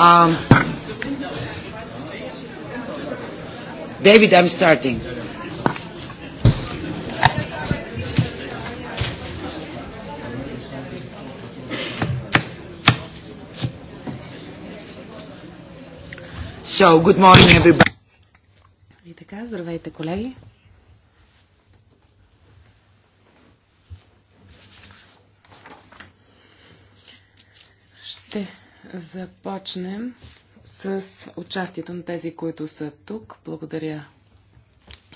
Um, David, I'm starting. So, good morning, everybody. И така, здравейте, колеги. започнем с участието на тези, които са тук. Благодаря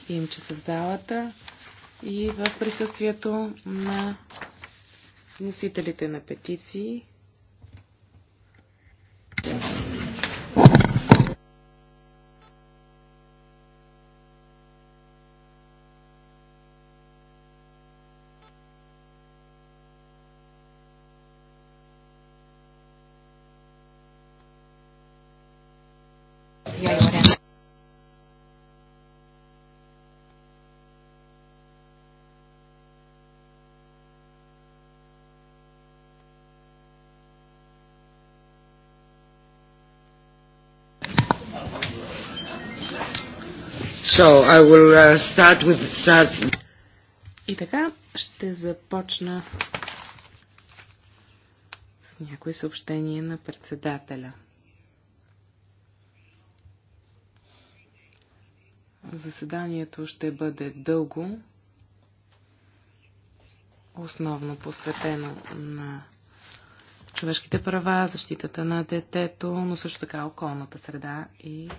им, че са в залата и в присъствието на носителите на петиции. So, I will uh, start with Sartre. И така ще започна с някои съобщения на председателя. Заседанието ще бъде дълго, основно посветено на човешките права, защитата на детето, но също така околната среда и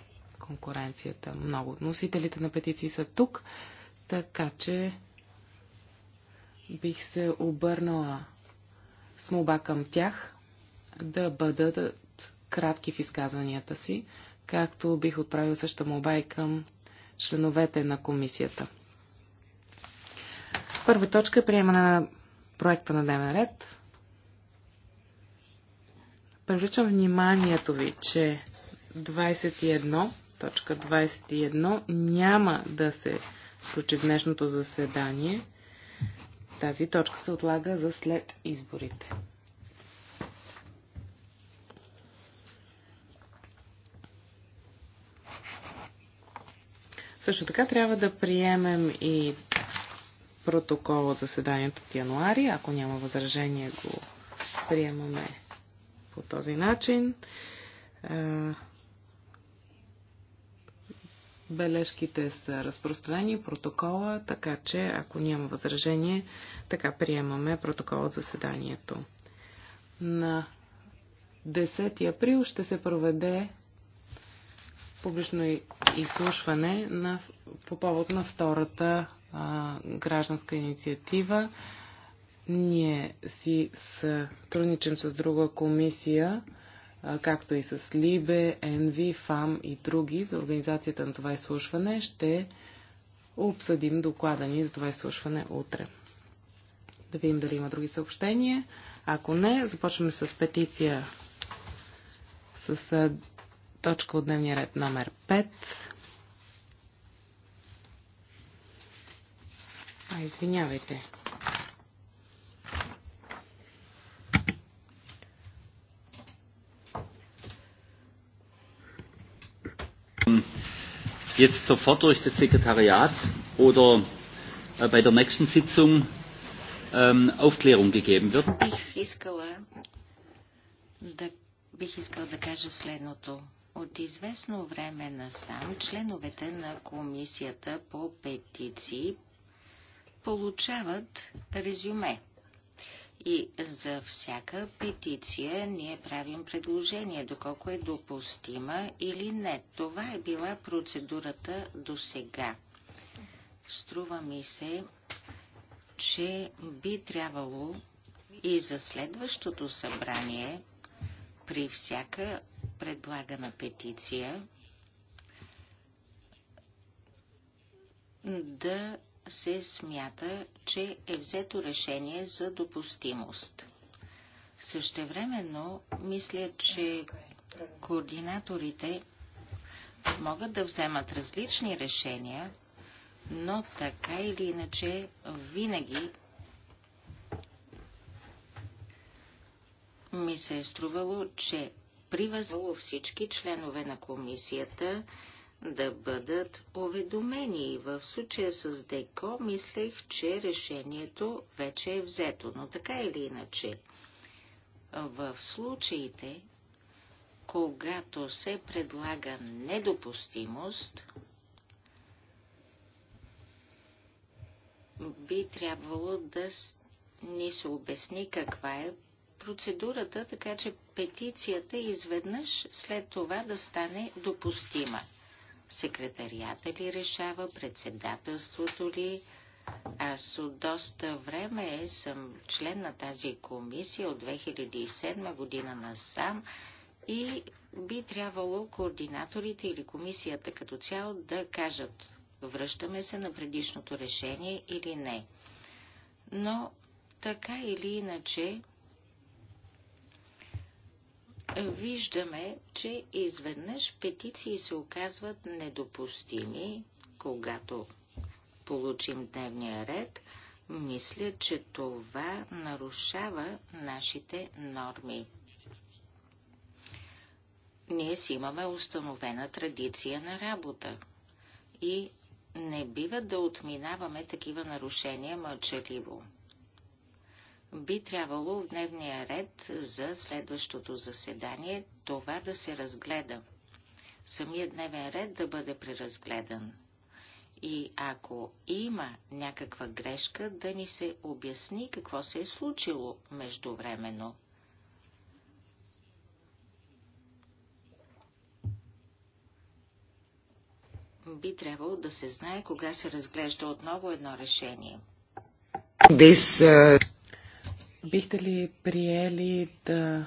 конкуренцията. Много от носителите на петиции са тук, така че бих се обърнала с молба към тях да бъдат кратки в изказванията си, както бих отправил същата молба и към членовете на комисията. Първа точка е приемане на проекта на дневен ред. Привличам вниманието ви, че 21 Точка 21 няма да се включи в днешното заседание. Тази точка се отлага за след изборите. Също така трябва да приемем и протокол от заседанието от януари. Ако няма възражение, го приемаме по този начин. Бележките са разпространени, протокола, така че ако няма възражение, така приемаме протокол от заседанието. На 10 април ще се проведе публично изслушване на, по повод на втората а, гражданска инициатива. Ние си сътрудничим с друга комисия както и с Либе, Енви, ФАМ и други за организацията на това изслушване. Ще обсъдим доклада ни за това изслушване утре. Да видим дали има други съобщения. Ако не, започваме с петиция с точка от дневния ред номер 5. А, извинявайте. jetzt sofort durch das Sekretariat oder äh, bei der nächsten Sitzung ähm, Aufklärung gegeben wird. Бих искала да, бих искала да кажа следното. От известно време насам членовете на комисията по петиции получават резюме и за всяка петиция ние правим предложение, доколко е допустима или не. Това е била процедурата до сега. Струва ми се, че би трябвало и за следващото събрание при всяка предлагана петиция да се смята, че е взето решение за допустимост. Същевременно, мисля, че координаторите могат да вземат различни решения, но така или иначе винаги ми се е струвало, че при възможно всички членове на комисията да бъдат уведомени. В случая с Деко мислех, че решението вече е взето, но така или иначе, в случаите, когато се предлага недопустимост, би трябвало да ни се обясни каква е процедурата, така че петицията изведнъж след това да стане допустима. Секретарията ли решава, председателството ли? Аз от доста време съм член на тази комисия от 2007 година насам и би трябвало координаторите или комисията като цяло да кажат връщаме се на предишното решение или не. Но така или иначе виждаме, че изведнъж петиции се оказват недопустими, когато получим дневния ред. Мисля, че това нарушава нашите норми. Ние си имаме установена традиция на работа и не бива да отминаваме такива нарушения мълчаливо би трябвало в дневния ред за следващото заседание това да се разгледа. Самият дневен ред да бъде преразгледан. И ако има някаква грешка, да ни се обясни какво се е случило междувременно. Би трябвало да се знае кога се разглежда отново едно решение. This, uh Бихте ли приели да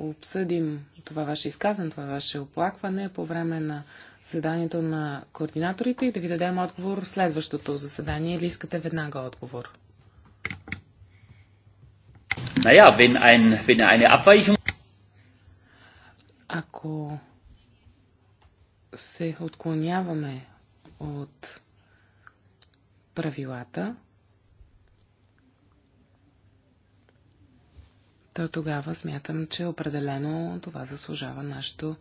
обсъдим това ваше изказване, това ваше оплакване по време на заседанието на координаторите и да ви дадем отговор в следващото заседание или искате веднага отговор? Naja, wenn, ein, wenn eine Abweichung... Ако се отклоняваме от правилата, то тогава смятам, че определено това заслужава нашето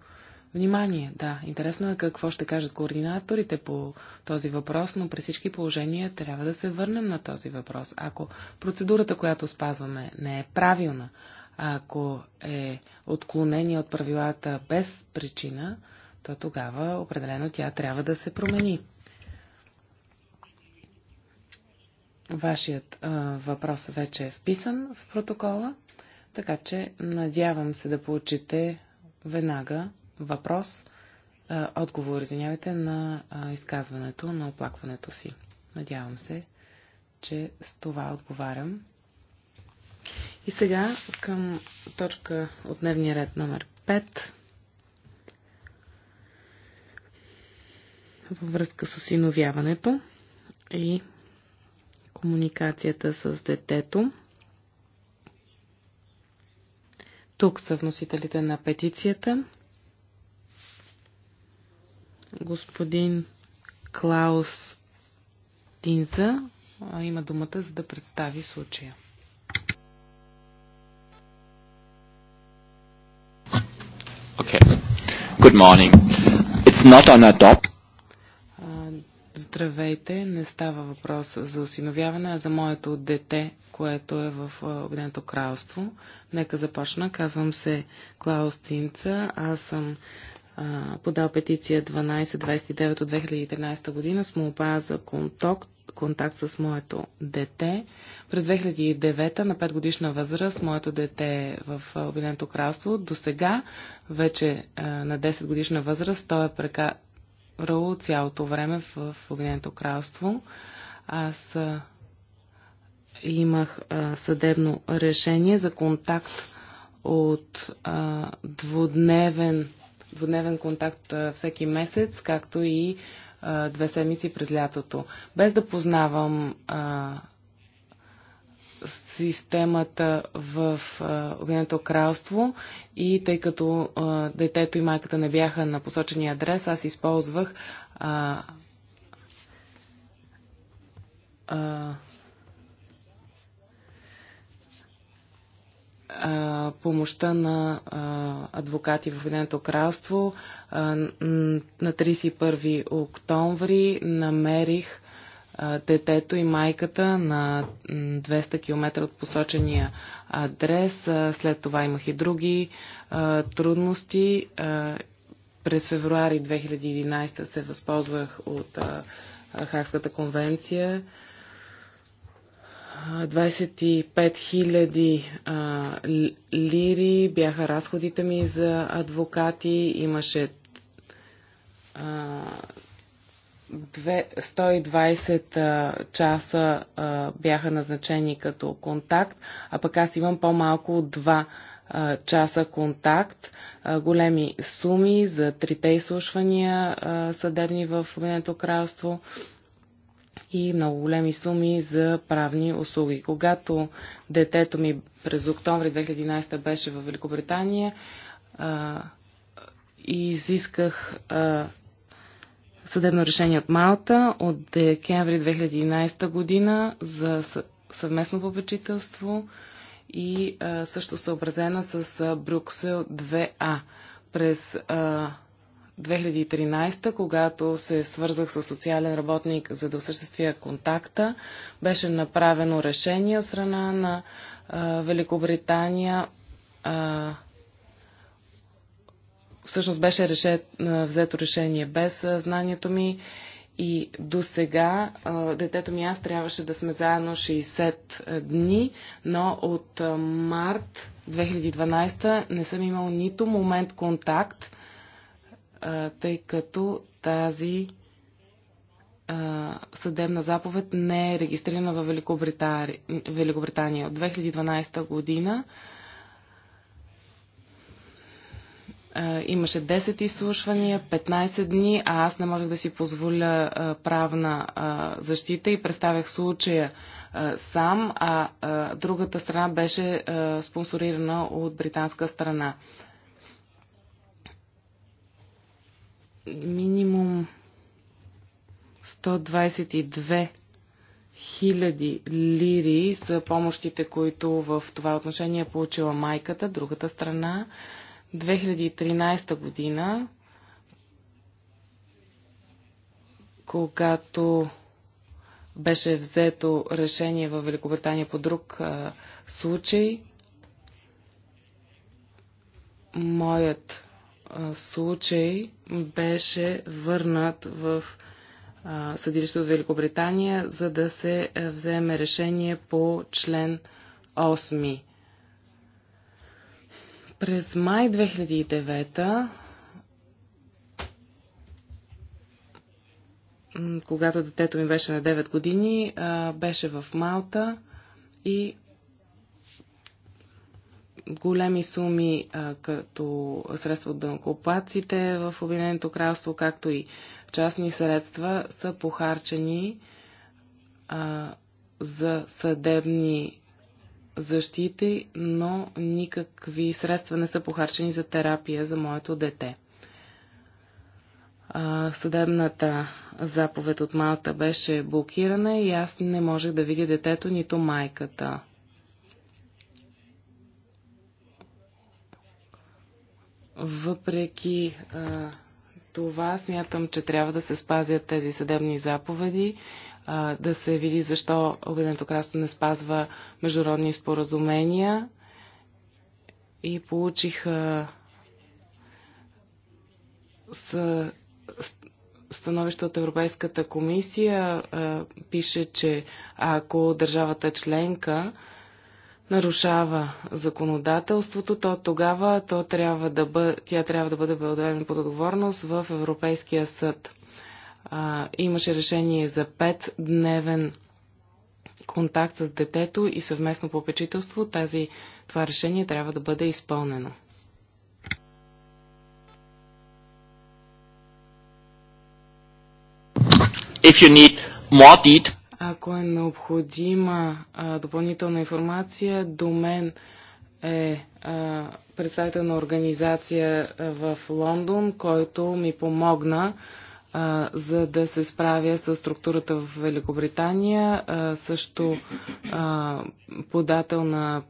внимание. Да, интересно е какво ще кажат координаторите по този въпрос, но при всички положения трябва да се върнем на този въпрос. Ако процедурата, която спазваме, не е правилна, ако е отклонение от правилата без причина, то тогава определено тя трябва да се промени. Вашият а, въпрос вече е вписан в протокола. Така че надявам се да получите веднага въпрос, а, отговор, извинявайте, на а, изказването, на оплакването си. Надявам се, че с това отговарям. И сега към точка от дневния ред номер 5. Във връзка с осиновяването и комуникацията с детето. Тук са вносителите на петицията. Господин Клаус Тинза има думата, за да представи случая. Okay. Good morning. It's not an adopt. Здравейте, не става въпрос за осиновяване, а за моето дете, което е в Огненото кралство. Нека започна. Казвам се Клаус Тинца. Аз съм а, подал петиция 1229 от 2013 година с молба за контакт, контакт с моето дете. През 2009 на 5 годишна възраст моето дете е в Обединеното кралство. До сега, вече а, на 10 годишна възраст, той е прека Рау цялото време в, в Огненото кралство. Аз а, имах а, съдебно решение за контакт от а, двудневен, двудневен контакт а, всеки месец, както и а, две седмици през лятото. Без да познавам а, системата в Огненото кралство и тъй като а, детето и майката не бяха на посочения адрес, аз използвах а, а, помощта на адвокати в Обединеното кралство. на 31 октомври намерих детето и майката на 200 км от посочения адрес. След това имах и други трудности. През февруари 2011 се възползвах от Хагската конвенция. 25 000 лири бяха разходите ми за адвокати. Имаше 120 часа бяха назначени като контакт, а пък аз имам по-малко от 2 часа контакт, големи суми за трите изслушвания съдебни в Обединеното кралство и много големи суми за правни услуги. Когато детето ми през октомври 2011 беше в Великобритания, изисках съдебно решение от Малта от декември 2011 година за съвместно попечителство и а, също съобразена с а, Брюксел 2А. През а, 2013, когато се свързах с социален работник за да осъществя контакта, беше направено решение от страна на а, Великобритания а, всъщност беше реше, взето решение без знанието ми и до сега детето ми аз трябваше да сме заедно 60 дни, но от март 2012 не съм имал нито момент контакт, тъй като тази съдебна заповед не е регистрирана в Великобритания. От 2012 година имаше 10 изслушвания, 15 дни, а аз не можех да си позволя правна защита и представях случая сам, а другата страна беше спонсорирана от британска страна. Минимум 122 хиляди лири са помощите, които в това отношение е получила майката, другата страна. 2013 година, когато беше взето решение в Великобритания по друг а, случай, моят а, случай беше върнат в а, съдилище от Великобритания, за да се вземе решение по член 8. През май 2009 когато детето ми беше на 9 години, беше в Малта и големи суми като средства от дънкопаците в Обединеното кралство, както и частни средства са похарчени за съдебни защити, но никакви средства не са похарчени за терапия за моето дете. Съдебната заповед от Малта беше блокирана и аз не можех да видя детето, нито майката. Въпреки а, това, смятам, че трябва да се спазят тези съдебни заповеди а, да се види защо Обединеното кралство не спазва международни споразумения и получих а, с, становище от Европейската комисия а, пише, че ако държавата членка нарушава законодателството, то тогава то трябва да бъ... тя трябва да бъде подадена под отговорност в Европейския съд а, имаше решение за 5-дневен контакт с детето и съвместно попечителство, тази, това решение трябва да бъде изпълнено. If you need more deed... Ако е необходима а, допълнителна информация, до мен е а, представител на организация а, в Лондон, който ми помогна за да се справя с структурата в Великобритания, също подател на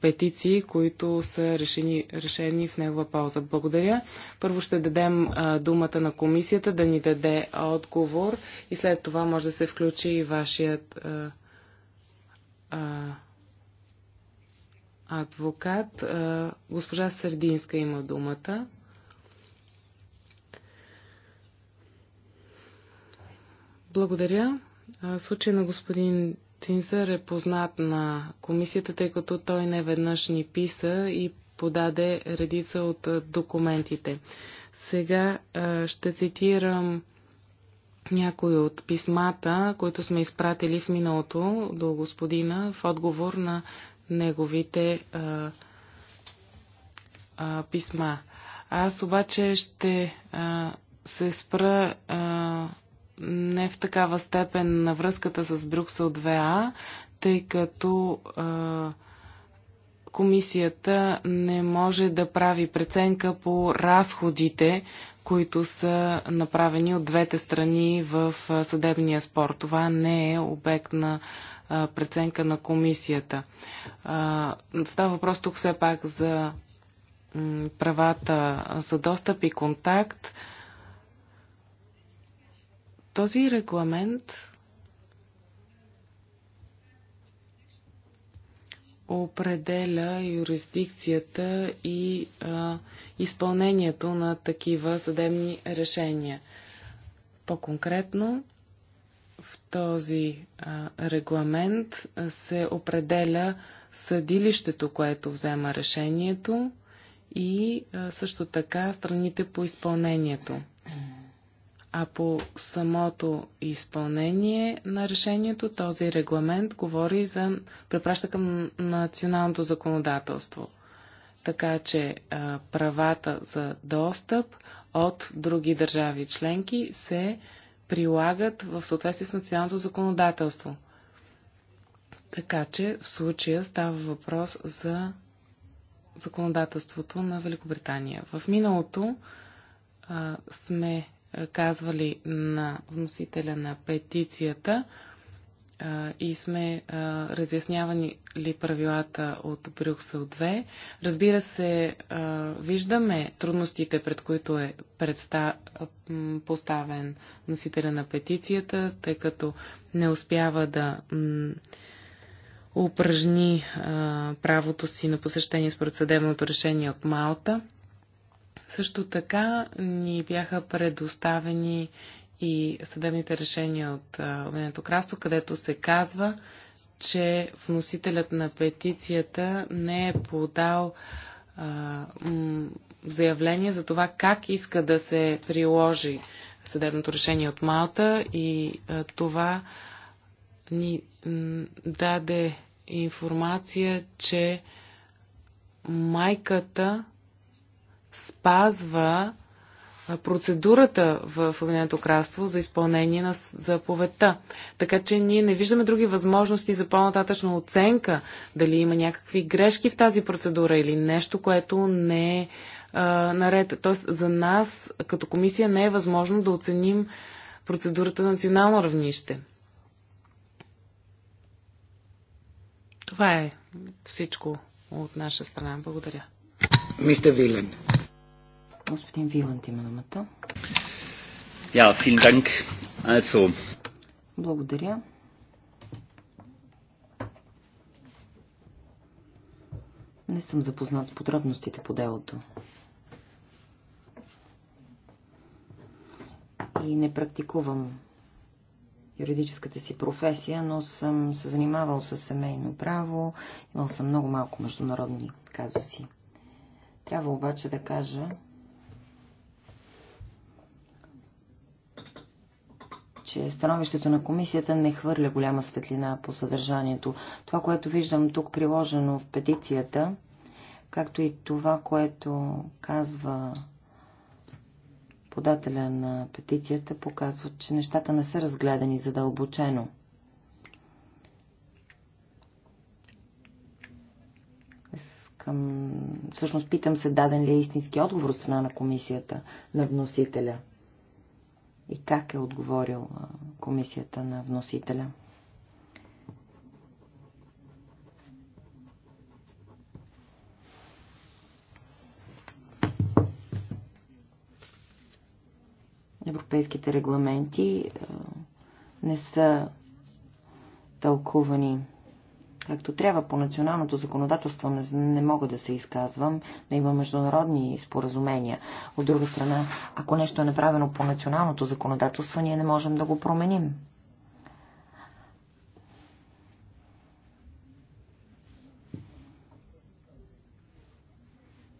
петиции, които са решени, решени в негова полза. Благодаря. Първо ще дадем думата на комисията да ни даде отговор и след това може да се включи и вашият. адвокат. Госпожа Сърдинска има думата. Благодаря. Случай на господин Цинсър е познат на комисията, тъй като той не веднъж ни писа и подаде редица от документите. Сега ще цитирам някои от писмата, които сме изпратили в миналото до господина в отговор на неговите а, а, писма. Аз обаче ще а, се спра а, не в такава степен на връзката с Брюксел 2А, тъй като а, комисията не може да прави преценка по разходите, които са направени от двете страни в съдебния спор. Това не е обект на а, преценка на комисията. А, става въпрос тук все пак за правата за достъп и контакт този регламент определя юрисдикцията и а, изпълнението на такива съдебни решения. По-конкретно, в този а, регламент се определя съдилището, което взема решението и а, също така страните по изпълнението. А по самото изпълнение на решението този регламент говори за препраща към националното законодателство. Така че а, правата за достъп от други държави членки се прилагат в съответствие с националното законодателство. Така че в случая става въпрос за законодателството на Великобритания. В миналото а, сме е, казвали на вносителя на петицията е, и сме е, разяснявани ли правилата от Брюксел 2. Разбира се, виждаме трудностите, пред които е предста... поставен носителя на петицията, тъй като не успява да упражни правото си на посещение според съдебното решение от Малта. Също така ни бяха предоставени и съдебните решения от Обединеното кралство, където се казва, че вносителят на петицията не е подал а, заявление за това как иска да се приложи съдебното решение от Малта и а, това ни даде информация, че майката спазва процедурата в Обединеното кралство за изпълнение на заповедта. Така че ние не виждаме други възможности за по-нататъчна оценка, дали има някакви грешки в тази процедура или нещо, което не е а, наред. Тоест за нас като комисия не е възможно да оценим процедурата на национално равнище. Това е всичко от наша страна. Благодаря. Мистер Вилен. Господин Виланд има думата. Я, yeah, vielen Благодаря. Не съм запознат с подробностите по делото. И не практикувам юридическата си професия, но съм се занимавал с семейно право, имал съм много малко международни казуси. Трябва обаче да кажа, че становището на комисията не хвърля голяма светлина по съдържанието. Това, което виждам тук приложено в петицията, както и това, което казва подателя на петицията, показва, че нещата не са разгледани задълбочено. Всъщност питам се, даден ли е истински отговор от страна на комисията на вносителя – и как е отговорил комисията на вносителя. Европейските регламенти не са тълкувани Както трябва по националното законодателство не, не мога да се изказвам, но има международни споразумения. От друга страна, ако нещо е направено по националното законодателство, ние не можем да го променим.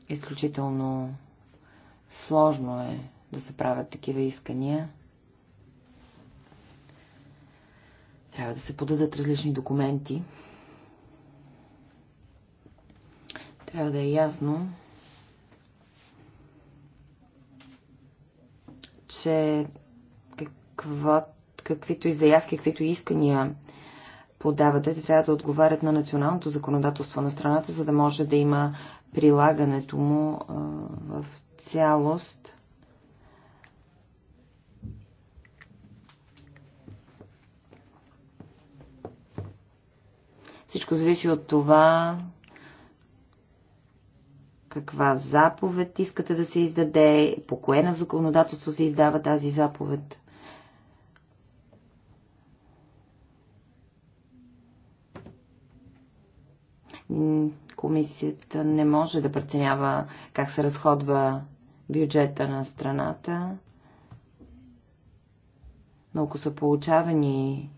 Изключително сложно е да се правят такива искания. Трябва да се подадат различни документи. Трябва да е ясно, че каква, каквито и заявки, каквито и искания подавате, те трябва да отговарят на националното законодателство на страната, за да може да има прилагането му а, в цялост. Всичко зависи от това, каква заповед искате да се издаде, по кое на законодателство се издава тази заповед. Комисията не може да преценява как се разходва бюджета на страната, но ако са получавани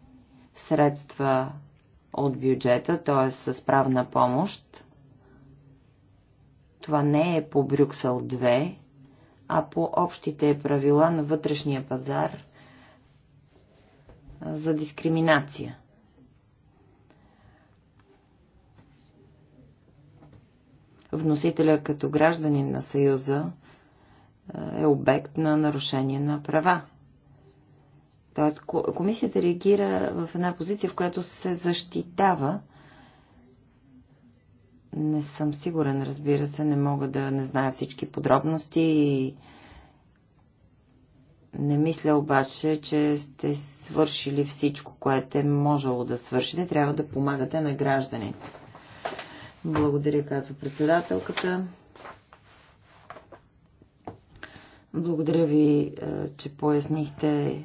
средства от бюджета, т.е. с правна помощ, това не е по Брюксел 2, а по общите правила на вътрешния пазар за дискриминация. Вносителя като гражданин на Съюза е обект на нарушение на права. Тоест, комисията реагира в една позиция, в която се защитава не съм сигурен, разбира се, не мога да не зная всички подробности и не мисля обаче, че сте свършили всичко, което е можело да свършите. Трябва да помагате на гражданите. Благодаря, казва председателката. Благодаря ви, е, че пояснихте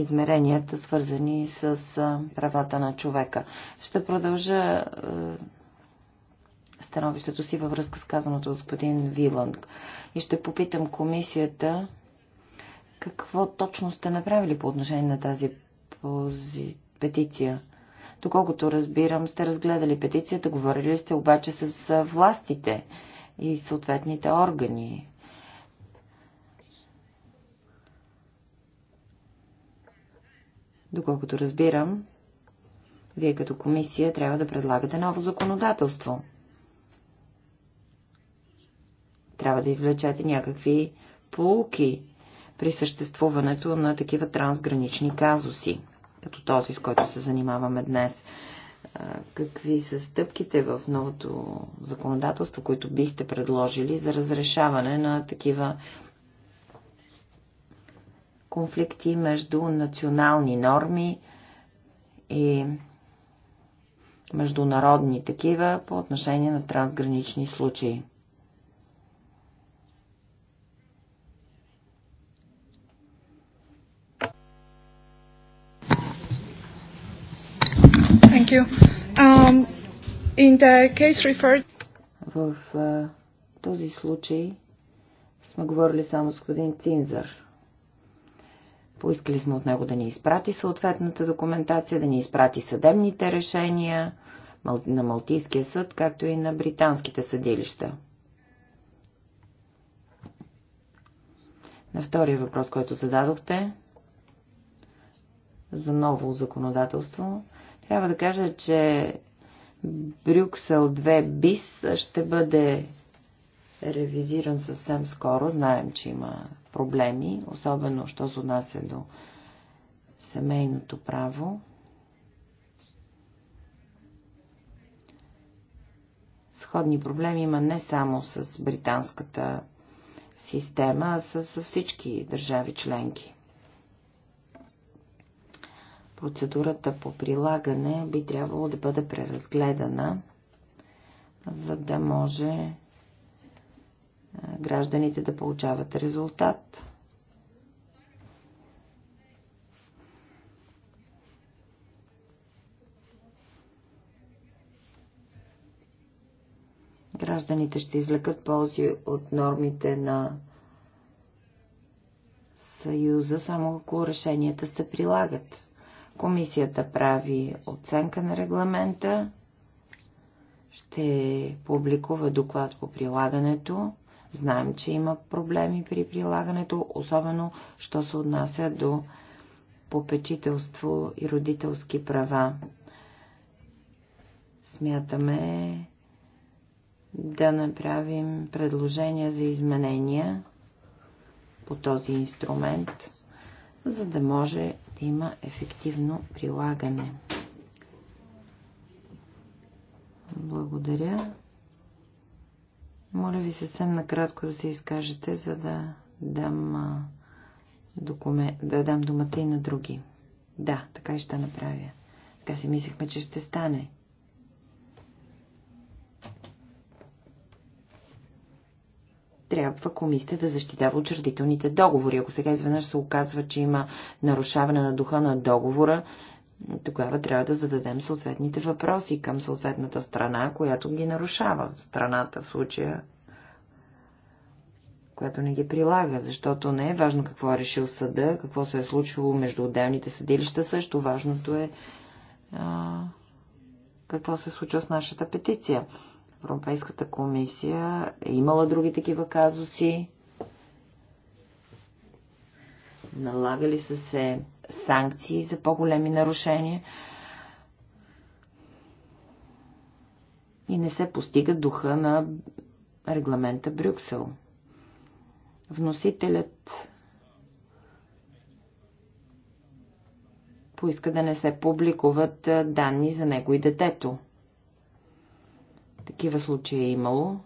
измеренията, свързани с правата на човека. Ще продължа становището си във връзка с казаното господин Виланг и ще попитам комисията какво точно сте направили по отношение на тази пози... петиция. Доколкото разбирам, сте разгледали петицията, говорили сте обаче с властите и съответните органи. Доколкото разбирам, вие като комисия трябва да предлагате ново законодателство. Трябва да извлечете някакви полуки при съществуването на такива трансгранични казуси, като този, с който се занимаваме днес. Какви са стъпките в новото законодателство, които бихте предложили за разрешаване на такива конфликти между национални норми и международни такива по отношение на трансгранични случаи. Thank you. Um, in the case referred... В uh, този случай сме говорили само с господин Цинзър. Поискали сме от него да ни изпрати съответната документация, да ни изпрати съдебните решения на Малтийския съд, както и на британските съдилища. На втория въпрос, който зададохте, за ново законодателство, трябва да кажа, че Брюксел 2 БИС ще бъде ревизиран съвсем скоро. Знаем, че има проблеми, особено, що се отнася до семейното право. Сходни проблеми има не само с британската система, а с всички държави членки. Процедурата по прилагане би трябвало да бъде преразгледана, за да може гражданите да получават резултат. Гражданите ще извлекат ползи от нормите на Съюза, само ако решенията се прилагат. Комисията прави оценка на регламента, ще публикува доклад по прилагането Знаем, че има проблеми при прилагането, особено, що се отнася до попечителство и родителски права. Смятаме да направим предложения за изменения по този инструмент, за да може да има ефективно прилагане. Благодаря. Моля ви съвсем накратко да се изкажете, за да дам, докуме... да дам думата и на други. Да, така и ще направя. Така си мислехме, че ще стане. трябва комисията да защитава учредителните договори. Ако сега изведнъж се оказва, че има нарушаване на духа на договора, тогава трябва да зададем съответните въпроси към съответната страна, която ги нарушава. Страната в случая, която не ги прилага, защото не е важно какво е решил съда, какво се е случило между отделните съдилища, също важното е а, какво се е случва с нашата петиция. Европейската комисия е имала други такива казуси. Налагали са се санкции за по-големи нарушения и не се постига духа на регламента Брюксел. Вносителят поиска да не се публикуват данни за него и детето. Такива случаи е имало.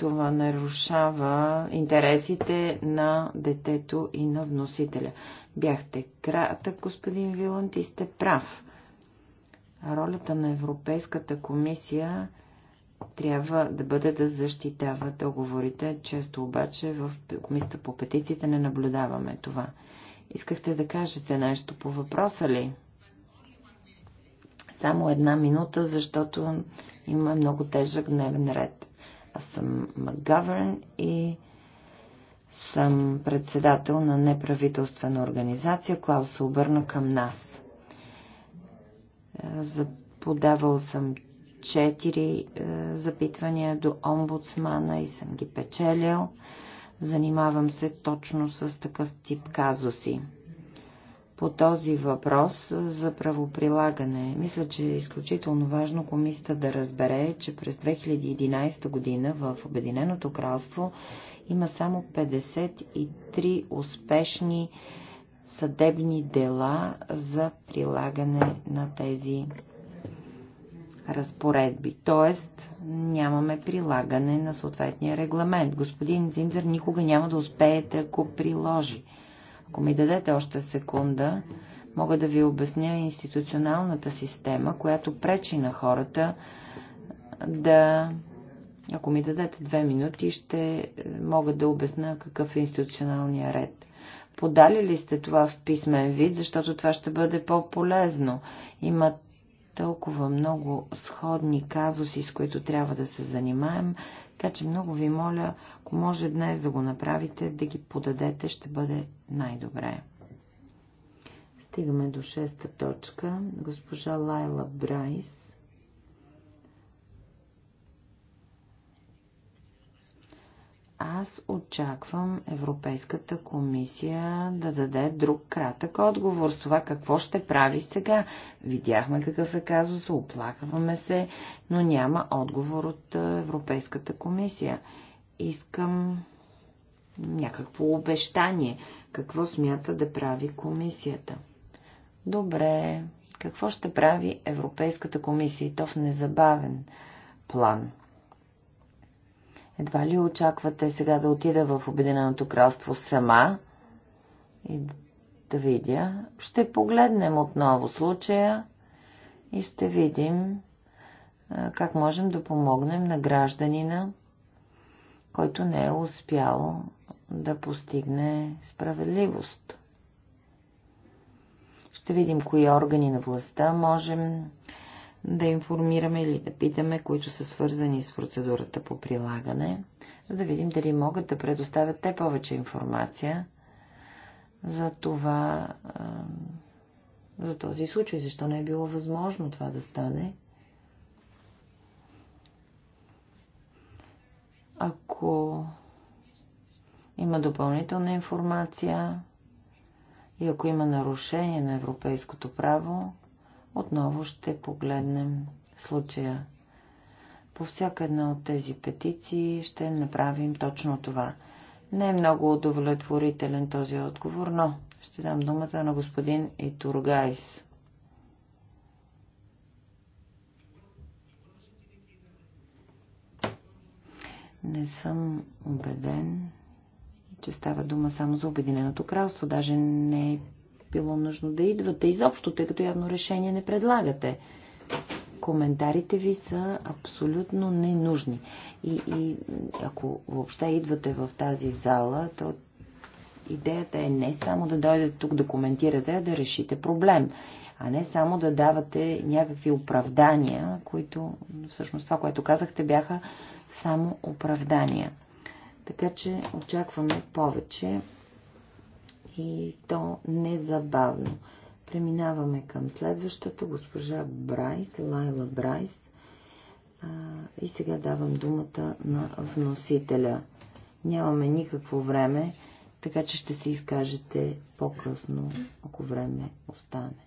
това нарушава интересите на детето и на вносителя. Бяхте кратък, господин Виланд, и сте прав. Ролята на Европейската комисия трябва да бъде да защитава договорите. Често обаче в комисията по петициите не наблюдаваме това. Искахте да кажете нещо по въпроса ли? Само една минута, защото има много тежък дневен ред. Аз съм МакГавърн и съм председател на неправителствена организация. Клаус се обърна към нас. Е, Подавал съм четири е, запитвания до омбудсмана и съм ги печелил. Занимавам се точно с такъв тип казуси по този въпрос за правоприлагане. Мисля, че е изключително важно комисията да разбере, че през 2011 година в Обединеното кралство има само 53 успешни съдебни дела за прилагане на тези разпоредби. Тоест, нямаме прилагане на съответния регламент. Господин Зиндер, никога няма да успеете, ако приложи ако ми дадете още секунда, мога да ви обясня институционалната система, която пречи на хората да... Ако ми дадете две минути, ще мога да обясня какъв е институционалния ред. Подали ли сте това в писмен вид, защото това ще бъде по-полезно. Имат толкова много сходни казуси, с които трябва да се занимаем, така че много ви моля, ако може днес да го направите, да ги подадете, ще бъде най-добре. Стигаме до шеста точка. Госпожа Лайла Брайс аз очаквам Европейската комисия да даде друг кратък отговор с това какво ще прави сега. Видяхме какъв е казус, оплакваме се, но няма отговор от Европейската комисия. Искам някакво обещание, какво смята да прави комисията. Добре, какво ще прави Европейската комисия и то в незабавен план? Едва ли очаквате сега да отида в Обединеното кралство сама и да видя. Ще погледнем отново случая и ще видим как можем да помогнем на гражданина, който не е успял да постигне справедливост. Ще видим кои органи на властта можем да информираме или да питаме, които са свързани с процедурата по прилагане, за да видим дали могат да предоставят те повече информация за това, за този случай, защо не е било възможно това да стане. Ако има допълнителна информация и ако има нарушение на европейското право, отново ще погледнем случая. По всяка една от тези петиции ще направим точно това. Не е много удовлетворителен този отговор, но ще дам думата на господин Итургайс. Не съм убеден, че става дума само за Обединеното кралство. Даже не е било нужно да идвате изобщо, тъй като явно решение не предлагате. Коментарите ви са абсолютно ненужни. И, и ако въобще идвате в тази зала, то идеята е не само да дойдете тук да коментирате, а да решите проблем а не само да давате някакви оправдания, които всъщност това, което казахте, бяха само оправдания. Така че очакваме повече и то незабавно. Преминаваме към следващата, госпожа Брайс, Лайла Брайс. и сега давам думата на вносителя. Нямаме никакво време, така че ще се изкажете по-късно, ако време остане.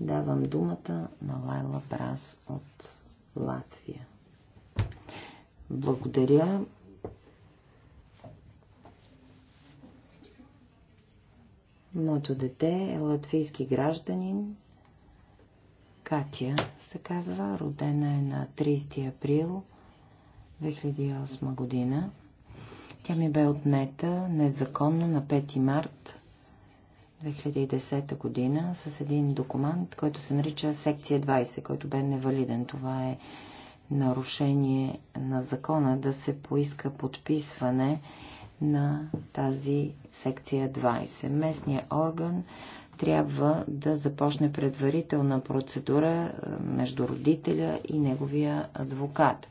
Давам думата на Лайла Брас от Латвия. Благодаря. Моето дете е латвийски гражданин. Катя се казва, родена е на 30 април 2008 година. Тя ми бе отнета незаконно на 5 март 2010 година с един документ, който се нарича секция 20, който бе невалиден. Това е нарушение на закона да се поиска подписване на тази секция 20. Местният орган трябва да започне предварителна процедура е, между родителя и неговия адвокат.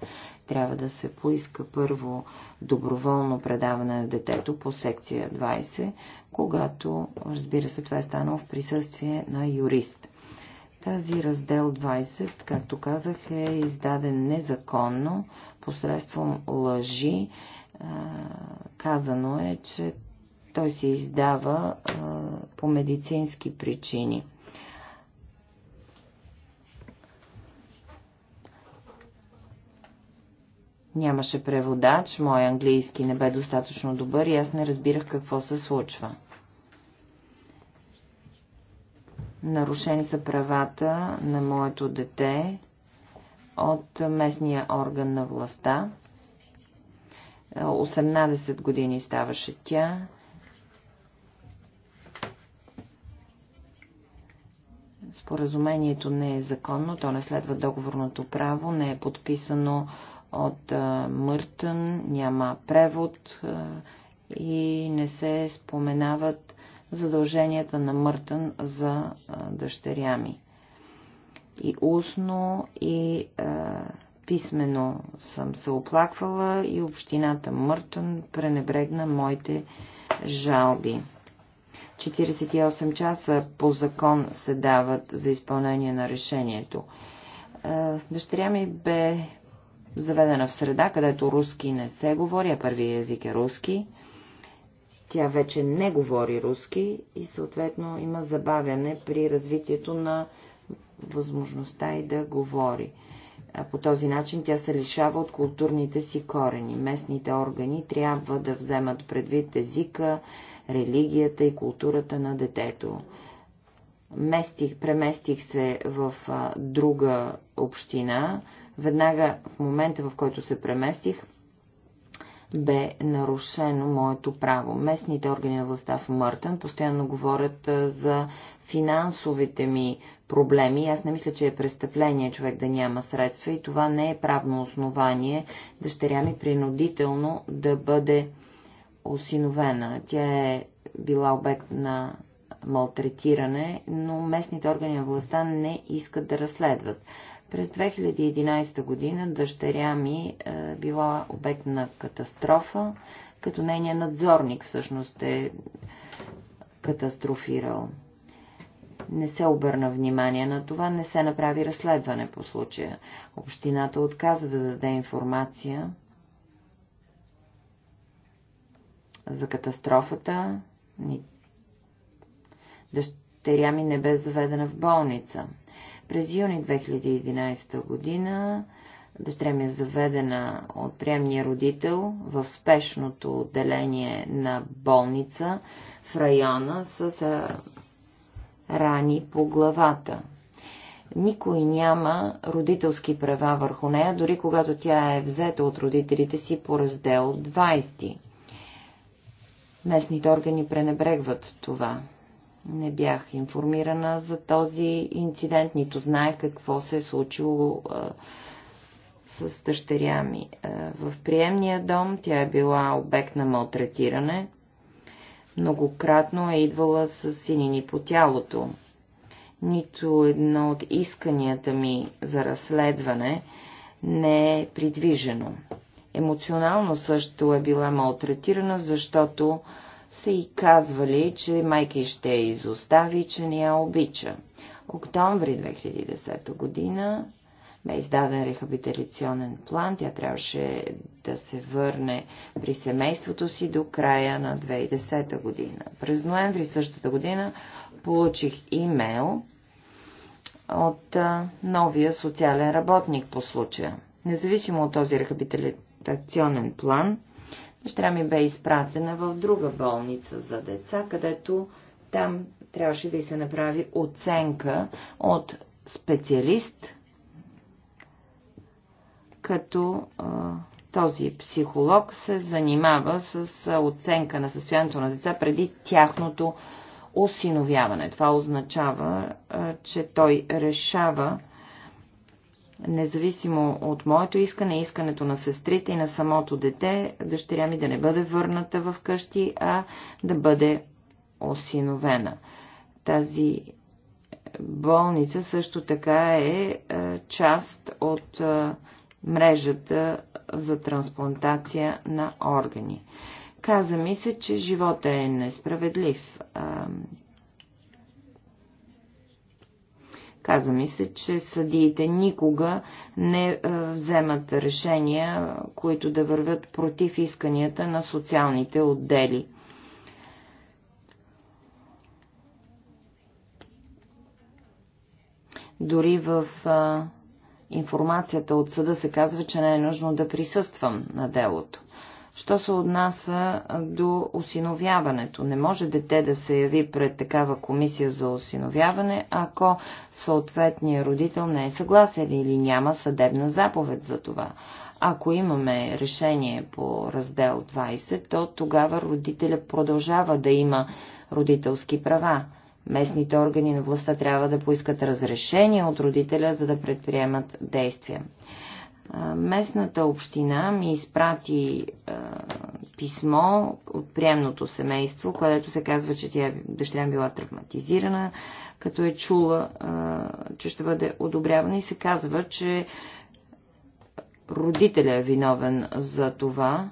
Трябва да се поиска първо доброволно предаване на детето по секция 20, когато, разбира се, това е станало в присъствие на юрист. Тази раздел 20, както казах, е издаден незаконно, посредством лъжи казано е, че той се издава по медицински причини. Нямаше преводач, мой английски не бе достатъчно добър и аз не разбирах какво се случва. Нарушени са правата на моето дете от местния орган на властта. 18 години ставаше тя. Споразумението не е законно, то не следва договорното право, не е подписано от Мъртън, няма превод и не се споменават задълженията на Мъртън за дъщеря ми. И устно, и Писмено съм се оплаквала и общината Мъртън пренебрегна моите жалби. 48 часа по закон се дават за изпълнение на решението. Е, дъщеря ми бе заведена в среда, където руски не се говори, а първи език е руски. Тя вече не говори руски и съответно има забавяне при развитието на възможността и да говори по този начин тя се лишава от културните си корени. Местните органи трябва да вземат предвид езика, религията и културата на детето. Местих, преместих се в а, друга община. Веднага в момента, в който се преместих, бе нарушено моето право. Местните органи на властта в Мъртън постоянно говорят а, за финансовите ми проблеми. Аз не мисля, че е престъпление човек да няма средства и това не е правно основание дъщеря ми принудително да бъде осиновена. Тя е била обект на малтретиране, но местните органи на властта не искат да разследват. През 2011 година дъщеря ми е била обект на катастрофа, като нейният надзорник всъщност е катастрофирал не се обърна внимание на това, не се направи разследване по случая. Общината отказа да даде информация за катастрофата. Дъщеря ми не бе заведена в болница. През юни 2011 година дъщеря ми е заведена от приемния родител в спешното отделение на болница в района с рани по главата. Никой няма родителски права върху нея, дори когато тя е взета от родителите си по раздел 20. Местните органи пренебрегват това. Не бях информирана за този инцидент, нито знаех какво се е случило а, с дъщеря ми. А, в приемния дом тя е била обект на малтретиране многократно е идвала с синини по тялото. Нито едно от исканията ми за разследване не е придвижено. Емоционално също е била малтретирана, защото са и казвали, че майка ще я изостави, че не я обича. Октомври 2010 година бе издаден рехабилитационен план. Тя трябваше да се върне при семейството си до края на 2010 година. През ноември същата година получих имейл от новия социален работник по случая. Независимо от този рехабилитационен план, дъщеря ми бе изпратена в друга болница за деца, където там трябваше да й се направи оценка от специалист, като този психолог се занимава с оценка на състоянието на деца преди тяхното осиновяване. Това означава, че той решава, независимо от моето искане, искането на сестрите и на самото дете, дъщеря ми да не бъде върната в къщи, а да бъде осиновена. Тази болница също така е част от мрежата за трансплантация на органи. Каза ми се, че живота е несправедлив. Каза ми се, че съдиите никога не вземат решения, които да вървят против исканията на социалните отдели. Дори в а, информацията от съда се казва, че не е нужно да присъствам на делото. Що се отнася до осиновяването? Не може дете да се яви пред такава комисия за осиновяване, ако съответният родител не е съгласен или няма съдебна заповед за това. Ако имаме решение по раздел 20, то тогава родителя продължава да има родителски права. Местните органи на властта трябва да поискат разрешение от родителя, за да предприемат действия. Местната община ми изпрати е, писмо от приемното семейство, където се казва, че тя дъщеря била травматизирана, като е чула, е, че ще бъде одобрявана и се казва, че родителя е виновен за това.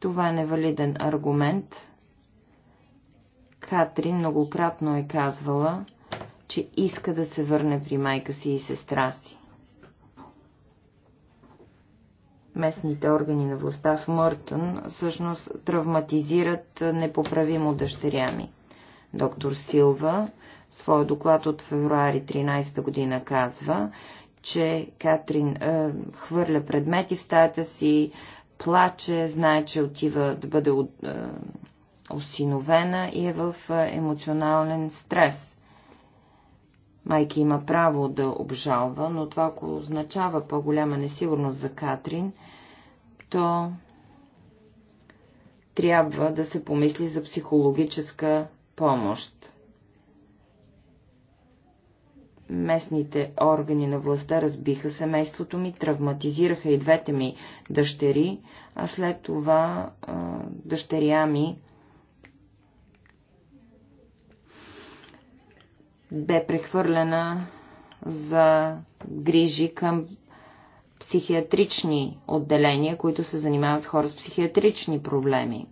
Това е невалиден аргумент. Катрин многократно е казвала, че иска да се върне при майка си и сестра си. Местните органи на властта в Мъртън всъщност травматизират непоправимо дъщеря ми. Доктор Силва в своя доклад от февруари 13 година казва, че Катрин е, хвърля предмети в стаята си, плаче, знае, че отива да бъде от, е, осиновена и е в е, емоционален стрес. Майки има право да обжалва, но това ако означава по-голяма несигурност за Катрин, то трябва да се помисли за психологическа помощ. Местните органи на властта разбиха семейството ми, травматизираха и двете ми дъщери, а след това а, дъщеря ми бе прехвърлена за грижи към психиатрични отделения, които се занимават с хора с психиатрични проблеми.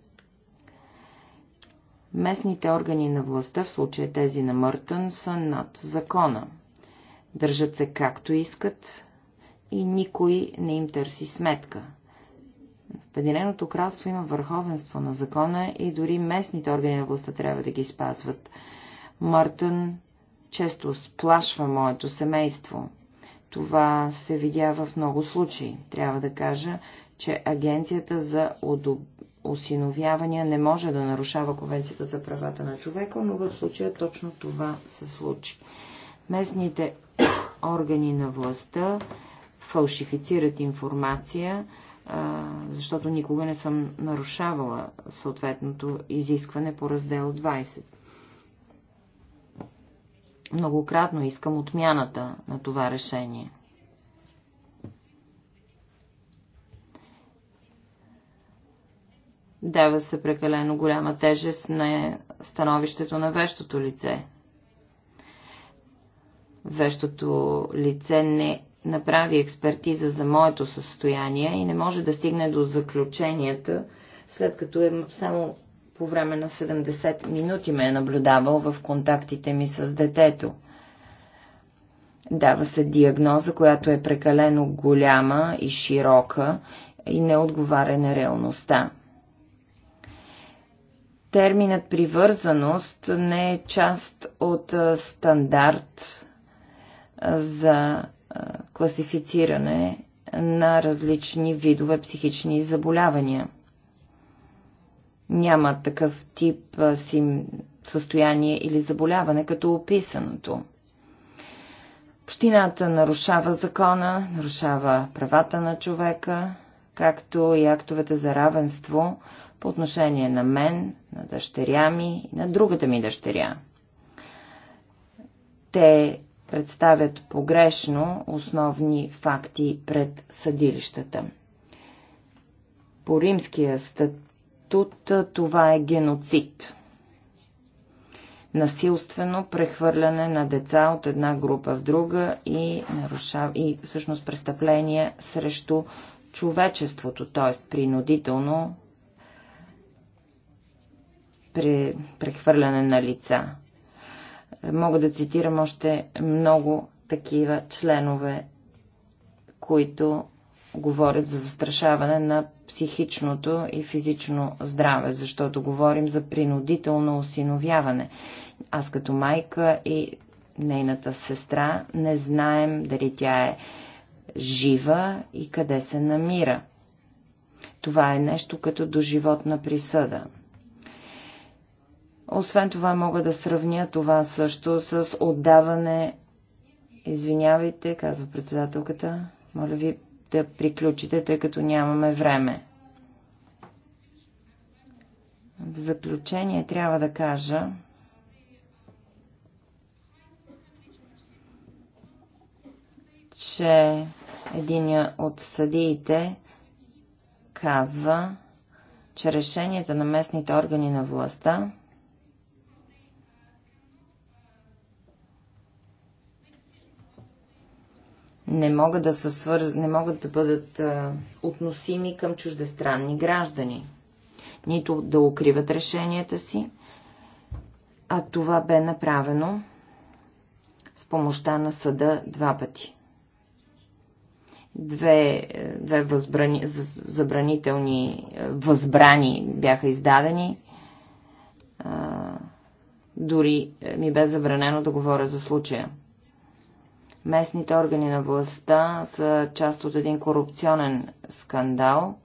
Местните органи на властта, в случая тези на Мъртън, са над закона. Държат се както искат и никой не им търси сметка. В Пединеното кралство има върховенство на закона и дори местните органи на властта трябва да ги спазват. Мъртън често сплашва моето семейство. Това се видя в много случаи. Трябва да кажа, че Агенцията за одоб... осиновявания не може да нарушава Конвенцията за правата на човека, но в случая точно това се случи. Местните органи на властта фалшифицират информация, защото никога не съм нарушавала съответното изискване по раздел 20. Многократно искам отмяната на това решение. Дава се прекалено голяма тежест на становището на вещото лице. Вещото лице не направи експертиза за моето състояние и не може да стигне до заключенията, след като е само по време на 70 минути ме е наблюдавал в контактите ми с детето. Дава се диагноза, която е прекалено голяма и широка и не отговаря на реалността. Терминът привързаност не е част от стандарт за класифициране на различни видове психични заболявания – няма такъв тип сим... състояние или заболяване, като описаното. Общината нарушава закона, нарушава правата на човека, както и актовете за равенство по отношение на мен, на дъщеря ми и на другата ми дъщеря. Те представят погрешно основни факти пред съдилищата. По римския стат Тут това е геноцид. Насилствено прехвърляне на деца от една група в друга и, нарушав... и всъщност престъпление срещу човечеството, т.е. принудително при прехвърляне на лица. Мога да цитирам още много такива членове, които говорят за застрашаване на психичното и физично здраве, защото говорим за принудително осиновяване. Аз като майка и нейната сестра не знаем дали тя е жива и къде се намира. Това е нещо като доживотна присъда. Освен това мога да сравня това също с отдаване. Извинявайте, казва председателката. Моля ви, да приключите, тъй като нямаме време. В заключение трябва да кажа, че един от съдиите казва, че решенията на местните органи на властта не могат да, са свърз... не могат да бъдат а, относими към чуждестранни граждани, нито да укриват решенията си, а това бе направено с помощта на съда два пъти. Две, е, две възбрани, забранителни е, възбрани бяха издадени. А, дори е, ми бе забранено да говоря за случая. Местните органи на властта са част от един корупционен скандал,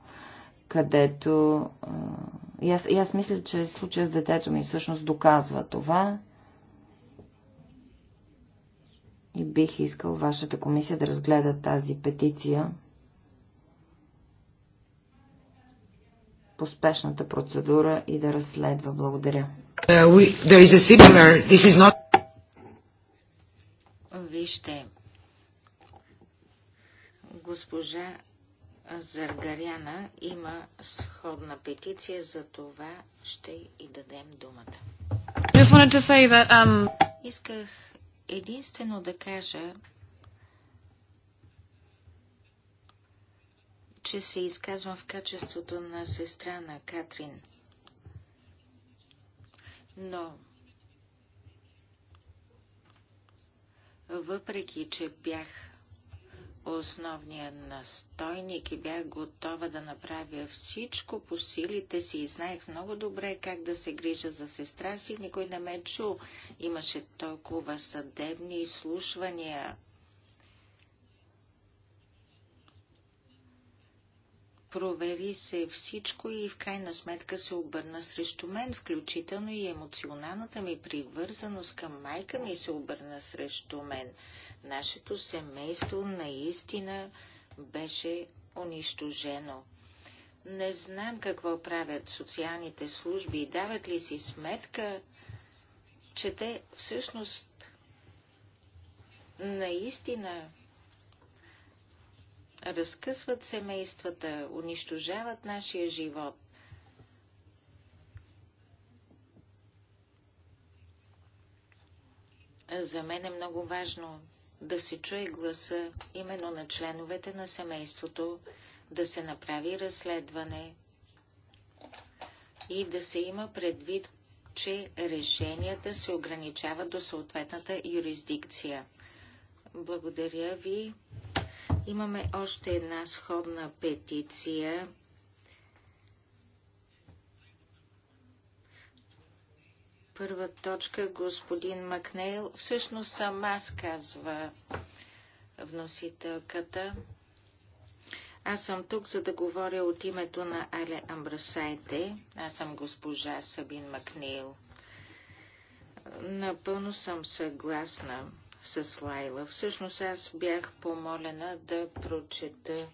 където... И аз, и аз мисля, че случая с детето ми всъщност доказва това. И бих искал вашата комисия да разгледа тази петиция по спешната процедура и да разследва. Благодаря. Uh, we, not вижте, госпожа Заргаряна има сходна петиция, за това ще и дадем думата. That, um... Исках единствено да кажа, че се изказвам в качеството на сестра на Катрин. Но въпреки че бях основния настойник и бях готова да направя всичко по силите си и знаех много добре как да се грижа за сестра си, никой не ме чу. Имаше толкова съдебни изслушвания, провери се всичко и в крайна сметка се обърна срещу мен, включително и емоционалната ми привързаност към майка ми се обърна срещу мен. Нашето семейство наистина беше унищожено. Не знам какво правят социалните служби и дават ли си сметка, че те всъщност наистина разкъсват семействата, унищожават нашия живот. За мен е много важно да се чуе гласа именно на членовете на семейството, да се направи разследване и да се има предвид, че решенията се ограничават до съответната юрисдикция. Благодаря ви. Имаме още една сходна петиция. Първа точка господин Макнейл. Всъщност съм аз, казва вносителката. Аз съм тук, за да говоря от името на Але Амбрасайте. Аз съм госпожа Сабин Макнейл. Напълно съм съгласна с Лайла. Всъщност аз бях помолена да прочета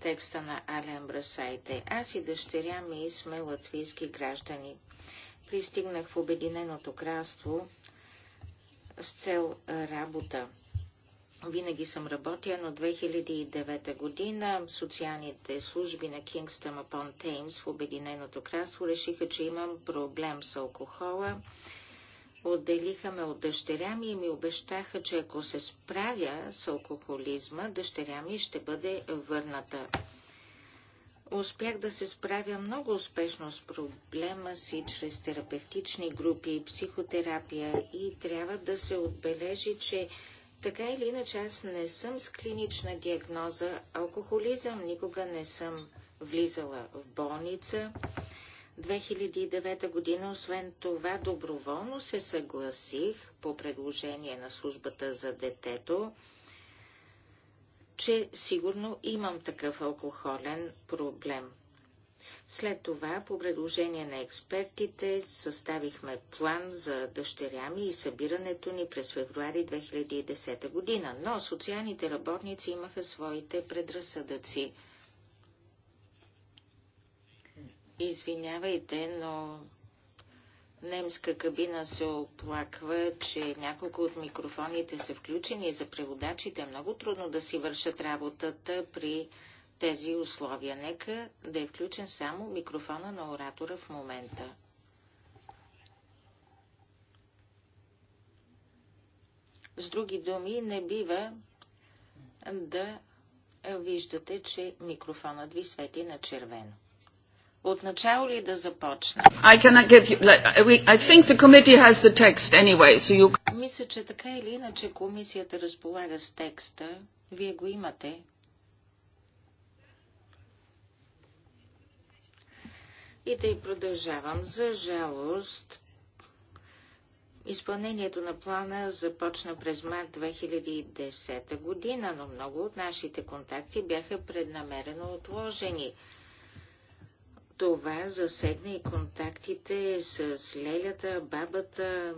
текста на Ален Брасайте. Аз и дъщеря ми сме латвийски граждани. Пристигнах в Обединеното кралство с цел работа. Винаги съм работя, но 2009 година социалните служби на Кингстъм Апон Теймс в Обединеното кралство решиха, че имам проблем с алкохола отделиха ме от дъщеря ми и ми обещаха, че ако се справя с алкохолизма, дъщеря ми ще бъде върната. Успях да се справя много успешно с проблема си чрез терапевтични групи, и психотерапия и трябва да се отбележи, че така или иначе аз не съм с клинична диагноза алкохолизъм, никога не съм влизала в болница. 2009 година. Освен това, доброволно се съгласих по предложение на службата за детето, че сигурно имам такъв алкохолен проблем. След това, по предложение на експертите, съставихме план за дъщеря ми и събирането ни през февруари 2010 година, но социалните работници имаха своите предразсъдъци – Извинявайте, но немска кабина се оплаква, че няколко от микрофоните са включени за преводачите. Е много трудно да си вършат работата при тези условия. Нека да е включен само микрофона на оратора в момента. С други думи, не бива да виждате, че микрофонът ви свети на червено. Отначало ли да започна? I cannot give you, like, I think the committee has the text anyway, so you... Мисля, че така или иначе комисията разполага с текста. Вие го имате. И да и продължавам. За жалост, изпълнението на плана започна през март 2010 година, но много от нашите контакти бяха преднамерено отложени – това засегна и контактите с лелята, бабата,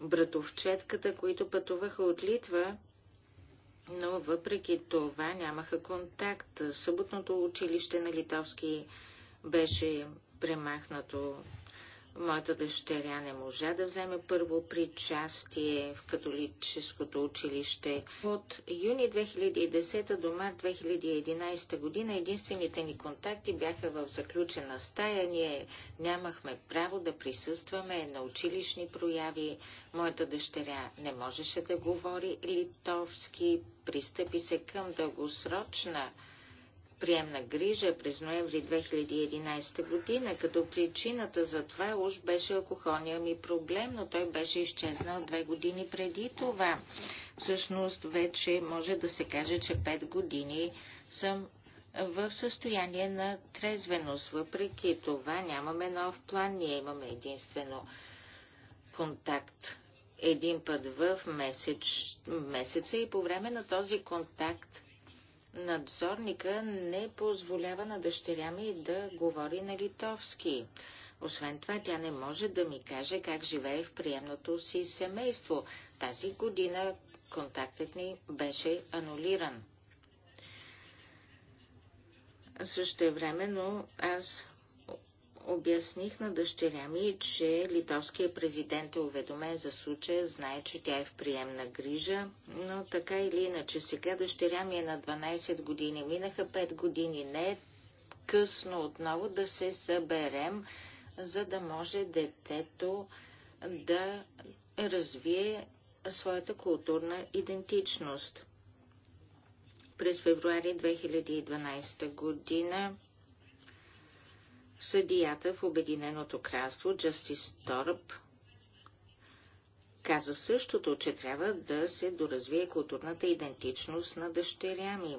братовчетката, които пътуваха от Литва, но въпреки това нямаха контакт. Съботното училище на литовски беше премахнато Моята дъщеря не можа да вземе първо причастие в католическото училище. От юни 2010 до март 2011 година единствените ни контакти бяха в заключена стая. Ние нямахме право да присъстваме на училищни прояви. Моята дъщеря не можеше да говори литовски. Пристъпи се към дългосрочна приемна грижа през ноември 2011 година, като причината за това уж беше алкохолния ми проблем, но той беше изчезнал две години преди това. Всъщност вече може да се каже, че пет години съм в състояние на трезвеност. Въпреки това нямаме нов план, ние имаме единствено контакт един път в месец, месеца и по време на този контакт надзорника не позволява на дъщеря ми да говори на литовски. Освен това, тя не може да ми каже как живее в приемното си семейство. Тази година контактът ни беше анулиран. Също Същевременно аз Обясних на дъщеря ми, че литовският президент е уведомен за случая, знае, че тя е в приемна грижа, но така или иначе сега дъщеря ми е на 12 години, минаха 5 години, не е късно отново да се съберем, за да може детето да развие своята културна идентичност. През февруари 2012 година Съдията в Обединеното кралство Джастис Торъп каза същото, че трябва да се доразвие културната идентичност на дъщеря ми.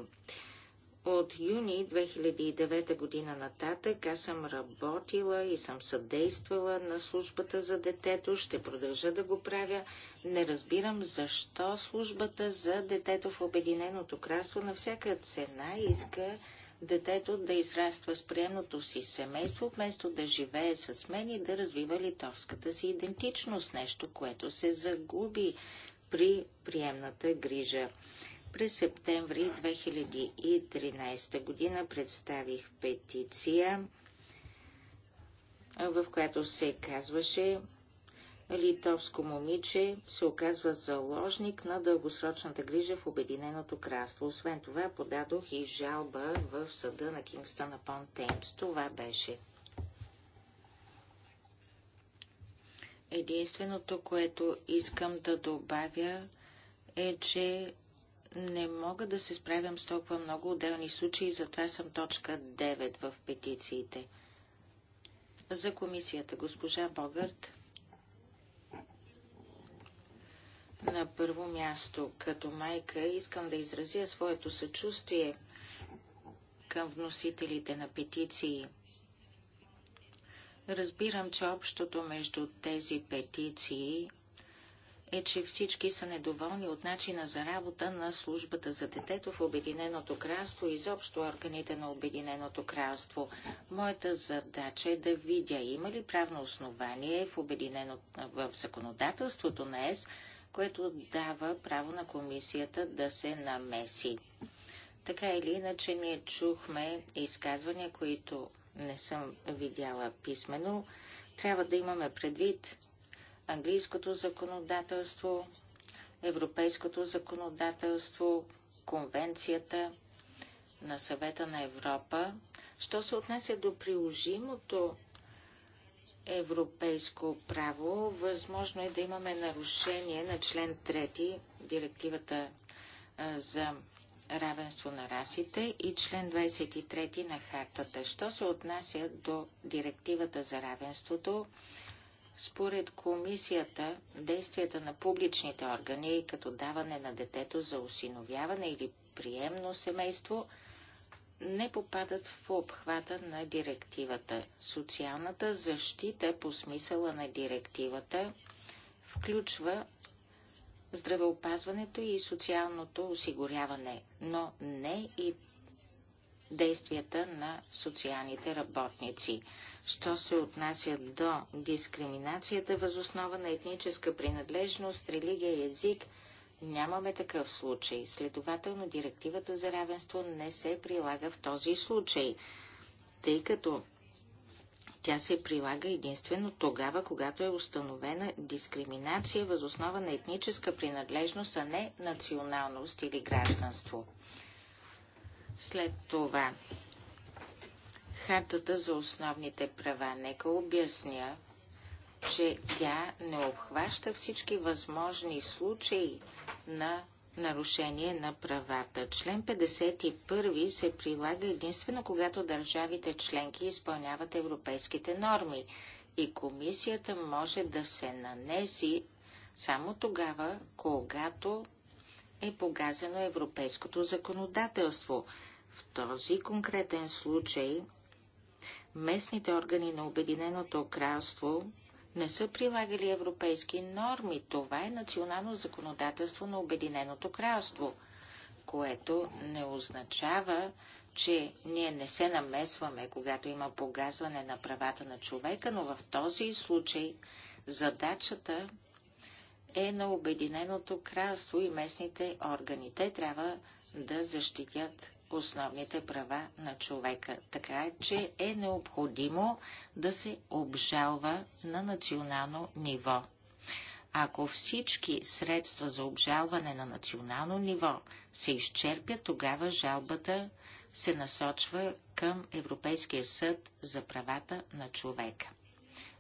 От юни 2009 година нататък аз съм работила и съм съдействала на службата за детето. Ще продължа да го правя. Не разбирам защо службата за детето в Обединеното кралство на всяка цена иска детето да израства с приемното си семейство, вместо да живее с мен и да развива литовската си идентичност, нещо, което се загуби при приемната грижа. През септември 2013 година представих петиция, в която се казваше литовско момиче се оказва заложник на дългосрочната грижа в Обединеното кралство. Освен това, подадох и жалба в съда на Кингстън Апон Теймс. Това беше Единственото, което искам да добавя е, че не мога да се справям с толкова много отделни случаи, затова съм точка 9 в петициите. За комисията госпожа Богърт. На първо място, като майка, искам да изразя своето съчувствие към вносителите на петиции. Разбирам, че общото между тези петиции е, че всички са недоволни от начина за работа на службата за детето в Обединеното кралство и изобщо органите на Обединеното кралство. Моята задача е да видя има ли правно основание в, в законодателството на ЕС което дава право на комисията да се намеси. Така или иначе ние чухме изказвания, които не съм видяла писменно. Трябва да имаме предвид английското законодателство, европейското законодателство, конвенцията на съвета на Европа. Що се отнася до приложимото европейско право, възможно е да имаме нарушение на член 3, директивата за равенство на расите и член 23 на хартата. Що се отнася до директивата за равенството, според комисията, действията на публичните органи, като даване на детето за осиновяване или приемно семейство – не попадат в обхвата на директивата. Социалната защита по смисъла на директивата включва здравеопазването и социалното осигуряване, но не и действията на социалните работници. Що се отнася до дискриминацията възоснова на етническа принадлежност, религия, и език – Нямаме такъв случай. Следователно, директивата за равенство не се прилага в този случай, тъй като тя се прилага единствено тогава, когато е установена дискриминация въз основа на етническа принадлежност, а не националност или гражданство. След това, Хартата за основните права, нека обясня, че тя не обхваща всички възможни случаи на нарушение на правата. Член 51 се прилага единствено когато държавите членки изпълняват европейските норми и комисията може да се нанеси само тогава, когато е погазено европейското законодателство. В този конкретен случай местните органи на Обединеното кралство не са прилагали европейски норми. Това е национално законодателство на Обединеното кралство, което не означава, че ние не се намесваме, когато има погазване на правата на човека, но в този случай задачата е на Обединеното кралство и местните органи. Те трябва да защитят основните права на човека. Така е, че е необходимо да се обжалва на национално ниво. Ако всички средства за обжалване на национално ниво се изчерпят, тогава жалбата се насочва към Европейския съд за правата на човека.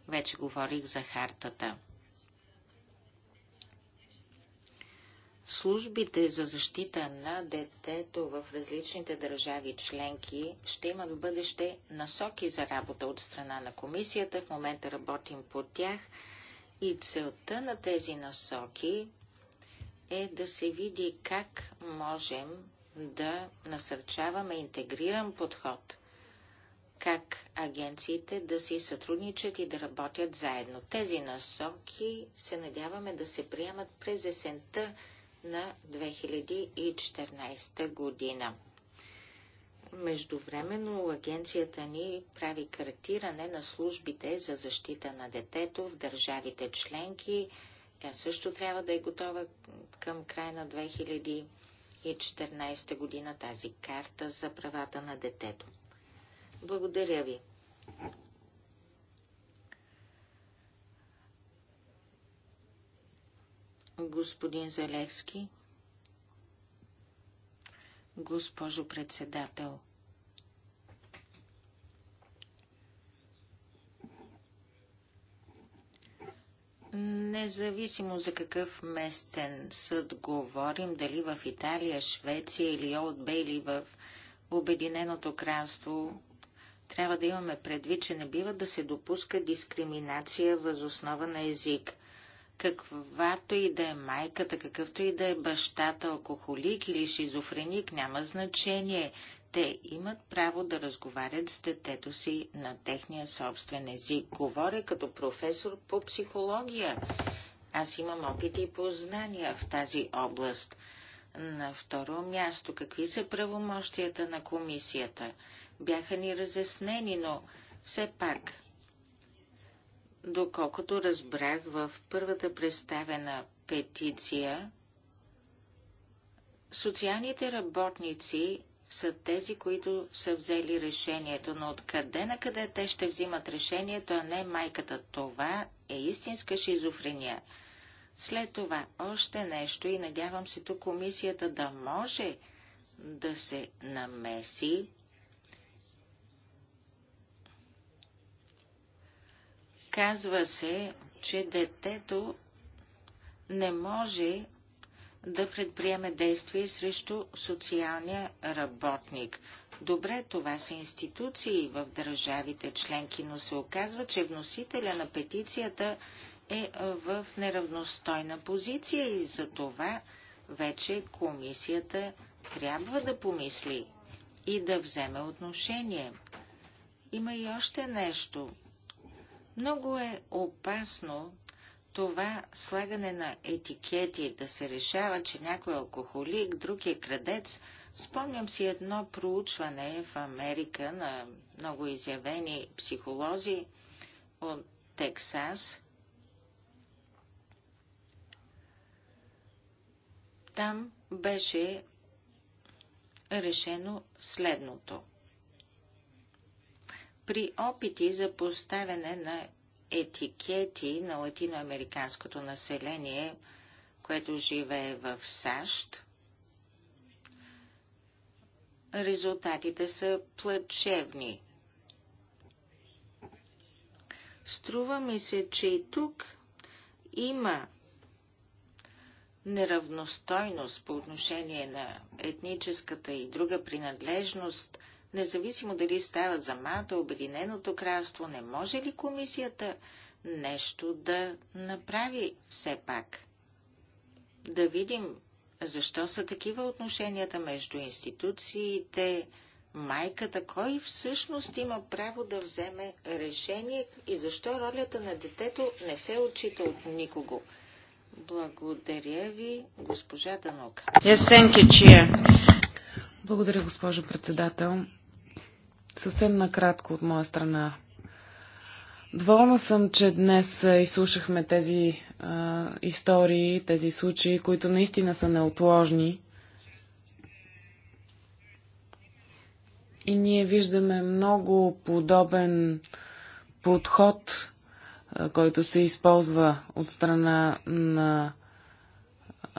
Вече говорих за хартата. службите за защита на детето в различните държави членки ще имат в бъдеще насоки за работа от страна на комисията. В момента работим по тях и целта на тези насоки е да се види как можем да насърчаваме интегриран подход, как агенциите да си сътрудничат и да работят заедно. Тези насоки се надяваме да се приемат през есента на 2014 година. Междувременно агенцията ни прави картиране на службите за защита на детето в държавите членки. Тя също трябва да е готова към края на 2014 година тази карта за правата на детето. Благодаря ви. господин Залевски. Госпожо председател. Независимо за какъв местен съд говорим, дали в Италия, Швеция или от или в Обединеното кралство, трябва да имаме предвид, че не бива да се допуска дискриминация въз основа на език – каквато и да е майката, какъвто и да е бащата, алкохолик или шизофреник, няма значение. Те имат право да разговарят с детето си на техния собствен език. Говоря като професор по психология. Аз имам опит и познания в тази област. На второ място, какви са правомощията на комисията? Бяха ни разяснени, но все пак Доколкото разбрах в първата представена петиция, социалните работници са тези, които са взели решението, но откъде на къде те ще взимат решението, а не майката. Това е истинска шизофрения. След това още нещо и надявам се тук комисията да може да се намеси Казва се, че детето не може да предприеме действие срещу социалния работник. Добре, това са институции в държавите членки, но се оказва, че вносителя на петицията е в неравностойна позиция и за това вече комисията трябва да помисли и да вземе отношение. Има и още нещо. Много е опасно това слагане на етикети, да се решава, че някой е алкохолик, друг е крадец. Спомням си едно проучване в Америка на много изявени психолози от Тексас. Там беше решено следното – при опити за поставяне на етикети на латиноамериканското население, което живее в САЩ, резултатите са плачевни. Струва ми се, че и тук има неравностойност по отношение на етническата и друга принадлежност – независимо дали става за Мата, Обединеното кралство, не може ли комисията нещо да направи все пак? Да видим защо са такива отношенията между институциите, майката, кой всъщност има право да вземе решение и защо ролята на детето не се отчита от никого. Благодаря ви, госпожа Данука. Благодаря, госпожо председател. Съвсем накратко от моя страна. Доволна съм, че днес изслушахме тези а, истории, тези случаи, които наистина са неотложни. И ние виждаме много подобен подход, а, който се използва от страна на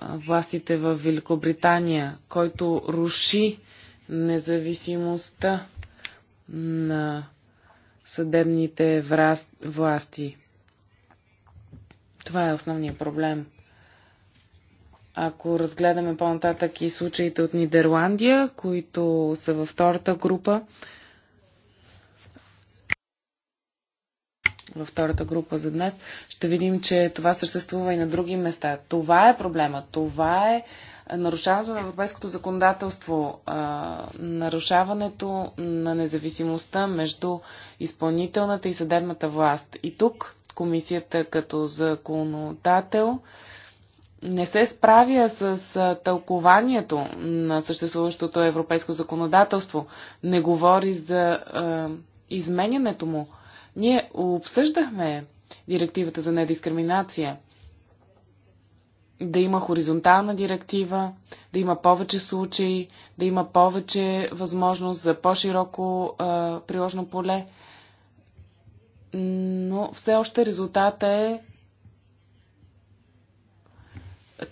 властите в Великобритания, който руши независимостта на съдебните власти. Това е основният проблем. Ако разгледаме по-нататък и случаите от Нидерландия, които са във втората група, във втората група за днес, ще видим, че това съществува и на други места. Това е проблема. Това е нарушаването на европейското законодателство, нарушаването на независимостта между изпълнителната и съдебната власт. И тук комисията като законодател не се справя с тълкованието на съществуващото европейско законодателство, не говори за е, изменянето му. Ние обсъждахме директивата за недискриминация. Да има хоризонтална директива, да има повече случаи, да има повече възможност за по-широко приложно поле. Но все още резултата е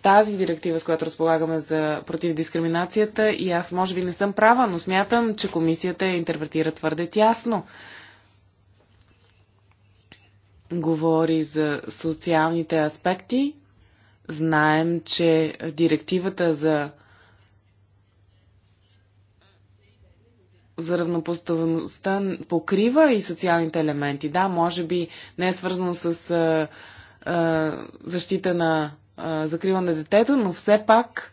тази директива, с която разполагаме за против дискриминацията и аз може би не съм права, но смятам, че комисията я интерпретира твърде тясно говори за социалните аспекти. Знаем, че директивата за за равнопоставеността покрива и социалните елементи. Да, може би не е свързано с а, а, защита на а, закрила на детето, но все пак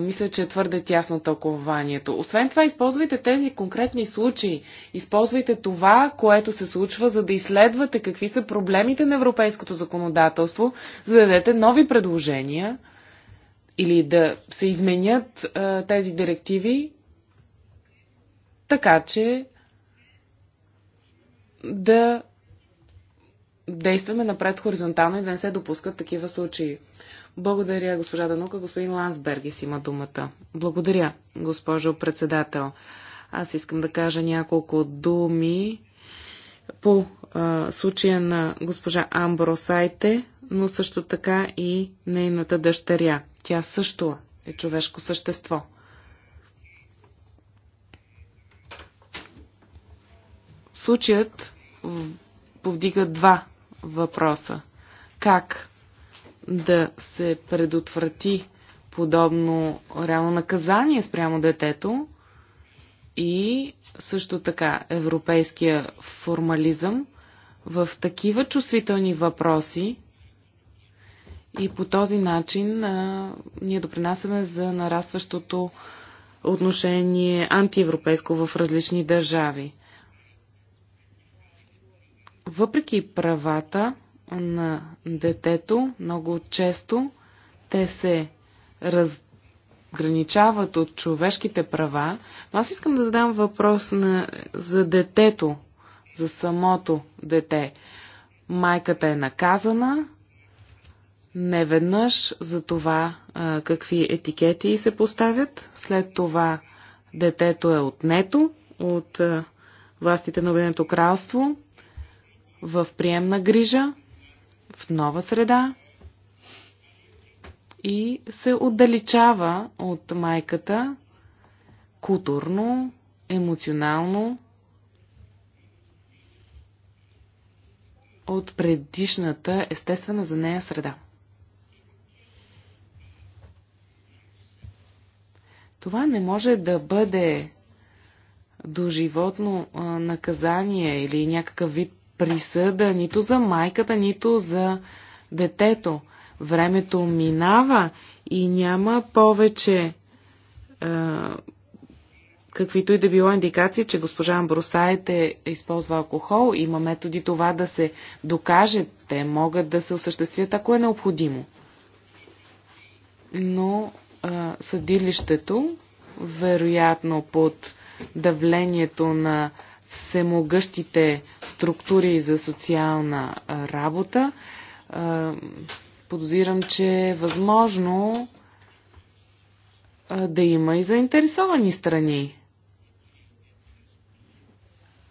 мисля, че е твърде тясно тълкованието. Освен това, използвайте тези конкретни случаи. Използвайте това, което се случва, за да изследвате какви са проблемите на европейското законодателство, за да дадете нови предложения или да се изменят а, тези директиви, така че да действаме напред хоризонтално и да не се допускат такива случаи. Благодаря, госпожа Данука. Господин Лансбергис има думата. Благодаря, госпожо председател. Аз искам да кажа няколко думи по а, случая на госпожа Амбросайте, но също така и нейната дъщеря. Тя също е човешко същество. Случаят повдига два въпроса. Как да се предотврати подобно реално наказание спрямо детето и също така европейския формализъм в такива чувствителни въпроси и по този начин а, ние допринасяме за нарастващото отношение антиевропейско в различни държави. Въпреки правата, на детето много често те се разграничават от човешките права, но аз искам да задам въпрос на, за детето, за самото дете. Майката е наказана неведнъж за това а, какви етикети се поставят. След това детето е отнето от а, властите на Обединеното кралство в приемна грижа в нова среда и се отдалечава от майката културно, емоционално, от предишната естествена за нея среда. Това не може да бъде доживотно наказание или някакъв вид присъда нито за майката, нито за детето. Времето минава и няма повече е, каквито и да било индикации, че госпожа Амбросаете е използва алкохол. Има методи това да се докаже. Те могат да се осъществят, ако е необходимо. Но е, съдилището, вероятно под давлението на всемогъщите структури за социална работа. Подозирам, че е възможно да има и заинтересовани страни.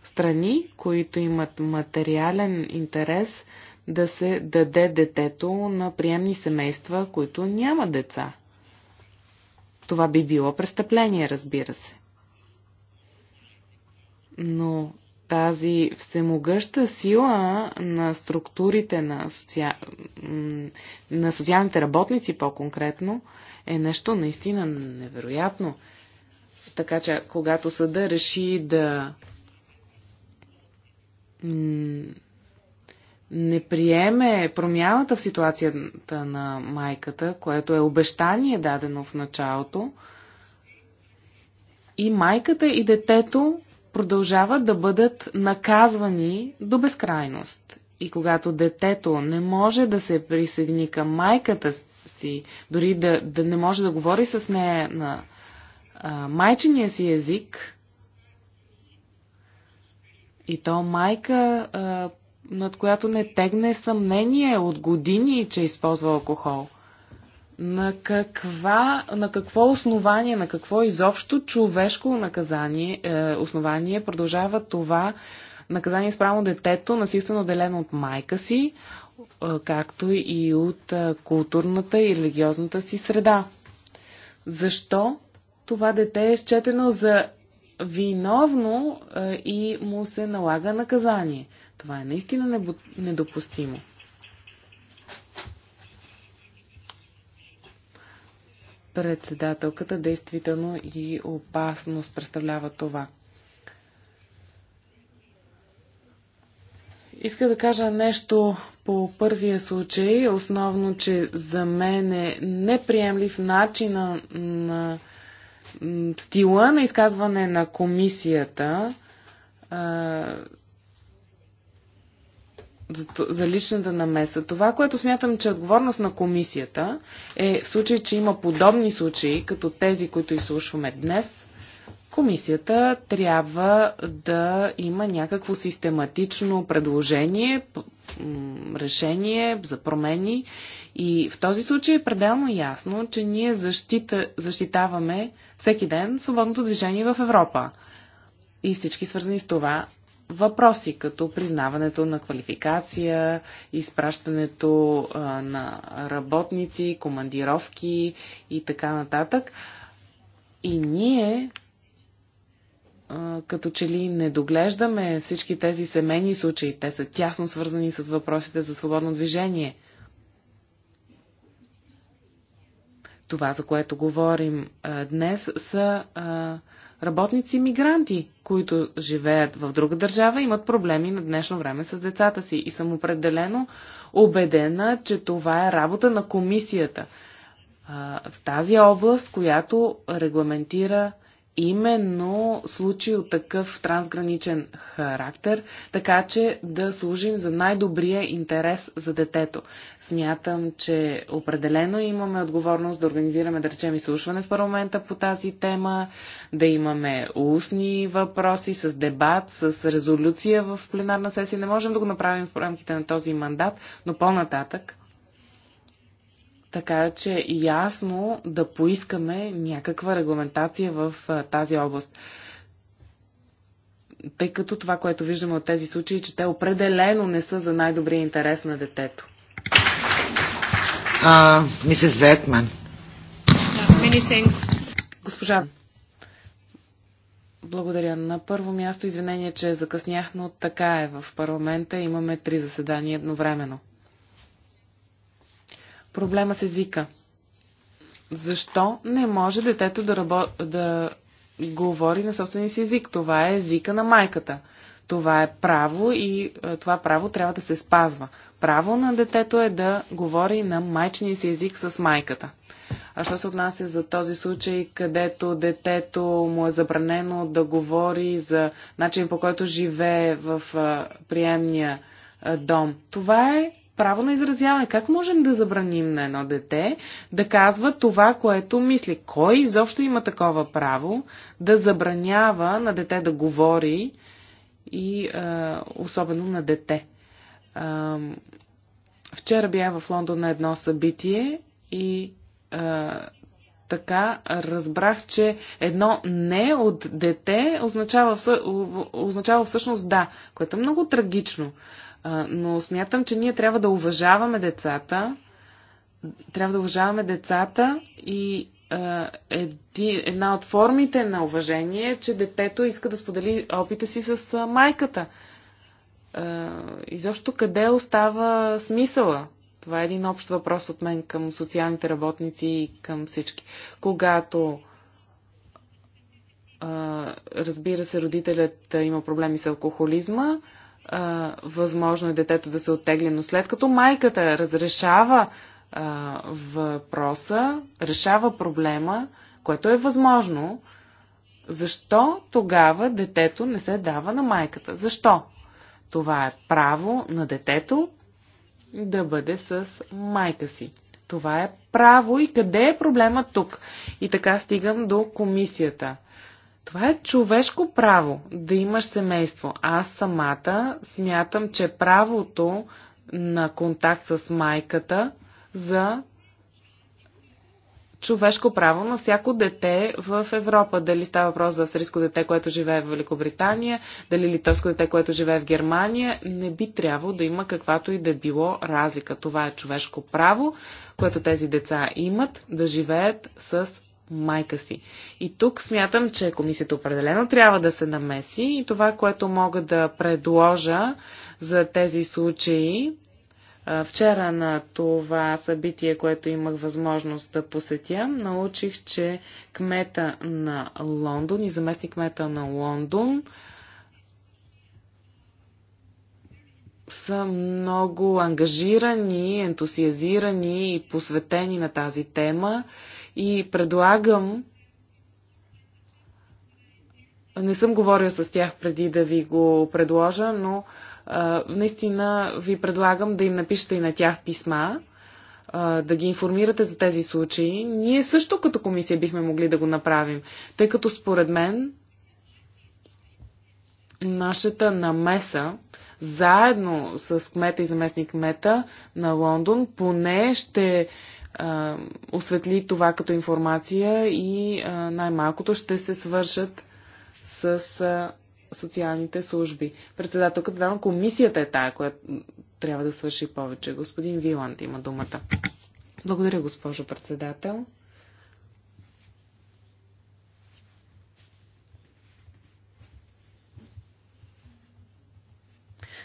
Страни, които имат материален интерес да се даде детето на приемни семейства, които няма деца. Това би било престъпление, разбира се но тази всемогъща сила на структурите на, социал... на социалните работници по-конкретно е нещо наистина невероятно. Така че, когато съда реши да не приеме промяната в ситуацията на майката, което е обещание дадено в началото, и майката и детето продължават да бъдат наказвани до безкрайност. И когато детето не може да се присъедини към майката си, дори да, да не може да говори с нея на а, майчиния си език, и то майка, а, над която не тегне съмнение от години, че използва алкохол на, каква, на какво основание, на какво изобщо човешко наказание, е, основание продължава това наказание спрямо детето, насилствено делено от майка си, е, както и от е, културната и религиозната си среда. Защо това дете е счетено за виновно и му се налага наказание? Това е наистина недопустимо. председателката, действително и опасност представлява това. Иска да кажа нещо по първия случай, основно, че за мен е неприемлив начина на стила на изказване на комисията за, за личната намеса. Това, което смятам, че е отговорност на комисията е в случай, че има подобни случаи, като тези, които изслушваме днес, комисията трябва да има някакво систематично предложение, решение за промени и в този случай е пределно ясно, че ние защита, защитаваме всеки ден свободното движение в Европа и всички свързани с това въпроси, като признаването на квалификация, изпращането а, на работници, командировки и така нататък. И ние а, като че ли не доглеждаме всички тези семейни случаи. Те са тясно свързани с въпросите за свободно движение. Това, за което говорим а, днес, са работници-мигранти, които живеят в друга държава, имат проблеми на днешно време с децата си. И съм определено убедена, че това е работа на комисията в тази област, която регламентира именно случай от такъв трансграничен характер, така че да служим за най-добрия интерес за детето. Смятам, че определено имаме отговорност да организираме, да речем, изслушване в парламента по тази тема, да имаме устни въпроси с дебат, с резолюция в пленарна сесия. Не можем да го направим в рамките на този мандат, но по-нататък така че ясно да поискаме някаква регламентация в тази област. Тъй като това, което виждаме от тези случаи, че те определено не са за най-добрия интерес на детето. Мисис uh, Ветман. Госпожа, благодаря. На първо място извинение, че закъснях, но така е. В парламента имаме три заседания едновременно проблема с езика. Защо не може детето да, рабо... да говори на собствения си език? Това е езика на майката. Това е право и е, това право трябва да се спазва. Право на детето е да говори на майчния си език с майката. А що се отнася за този случай, където детето му е забранено да говори за начин по който живее в е, приемния е, дом? Това е право на изразяване. Как можем да забраним на едно дете да казва това, което мисли? Кой изобщо има такова право да забранява на дете да говори и а, особено на дете? А, вчера бях в Лондон на едно събитие и а, така разбрах, че едно не от дете означава, означава всъщност да, което е много трагично. Но смятам, че ние трябва да уважаваме децата, трябва да уважаваме децата и една от формите на уважение е, че детето иска да сподели опита си с майката. И защо къде остава смисъла? Това е един общ въпрос от мен към социалните работници и към всички. Когато разбира се, родителят има проблеми с алкохолизма, а, възможно е детето да се оттегли, но след като майката разрешава а, въпроса, решава проблема, което е възможно, защо тогава детето не се дава на майката? Защо? Това е право на детето да бъде с майка си. Това е право и къде е проблема тук? И така стигам до комисията. Това е човешко право да имаш семейство. Аз самата смятам, че правото на контакт с майката за човешко право на всяко дете в Европа. Дали става въпрос за сриско дете, което живее в Великобритания, дали литовско дете, което живее в Германия, не би трябвало да има каквато и да било разлика. Това е човешко право, което тези деца имат да живеят с майка си. И тук смятам, че комисията определено трябва да се намеси и това, което мога да предложа за тези случаи, Вчера на това събитие, което имах възможност да посетя, научих, че кмета на Лондон и заместник кмета на Лондон са много ангажирани, ентусиазирани и посветени на тази тема и предлагам не съм говорил с тях преди да ви го предложа, но а, наистина ви предлагам да им напишете и на тях писма, а, да ги информирате за тези случаи. Ние също като комисия бихме могли да го направим, тъй като според мен нашата намеса заедно с кмета и заместник кмета на Лондон поне ще осветли това като информация и най-малкото ще се свършат с социалните служби. Председателката дава комисията е тая, която трябва да свърши повече. Господин Виланд има думата. Благодаря, госпожо председател.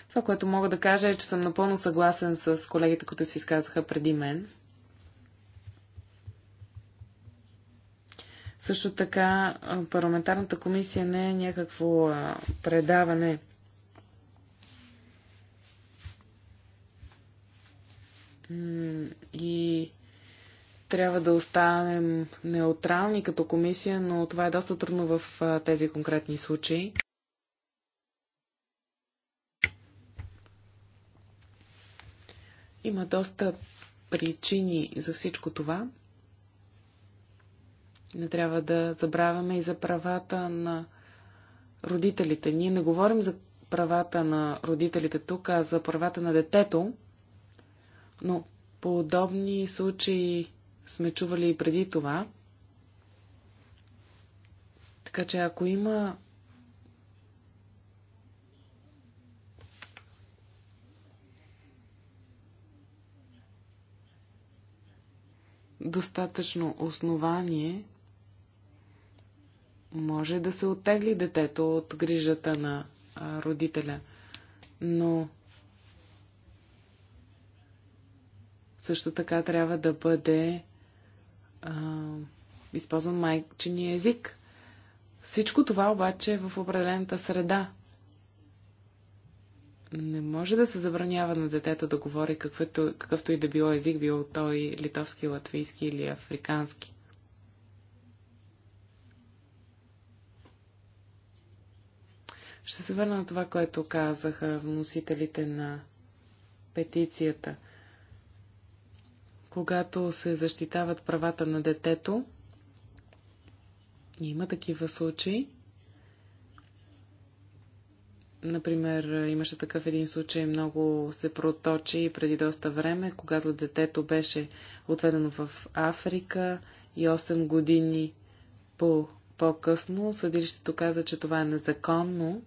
Това, което мога да кажа е, че съм напълно съгласен с колегите, които си изказаха преди мен. Също така парламентарната комисия не е някакво предаване. И трябва да останем неутрални като комисия, но това е доста трудно в тези конкретни случаи. Има доста причини за всичко това. Не трябва да забравяме и за правата на родителите. Ние не говорим за правата на родителите тук, а за правата на детето, но подобни случаи сме чували и преди това. Така че ако има достатъчно основание може да се оттегли детето от грижата на а, родителя. Но също така трябва да бъде а, използван майчения език. Всичко това обаче е в определената среда. Не може да се забранява на детето да говори какъвто, какъвто и да било език, било той литовски, латвийски или африкански. Ще се върна на това, което казаха вносителите на петицията. Когато се защитават правата на детето, има такива случаи. Например, имаше такъв един случай, много се проточи преди доста време, когато детето беше отведено в Африка и 8 години по, по-късно съдилището каза, че това е незаконно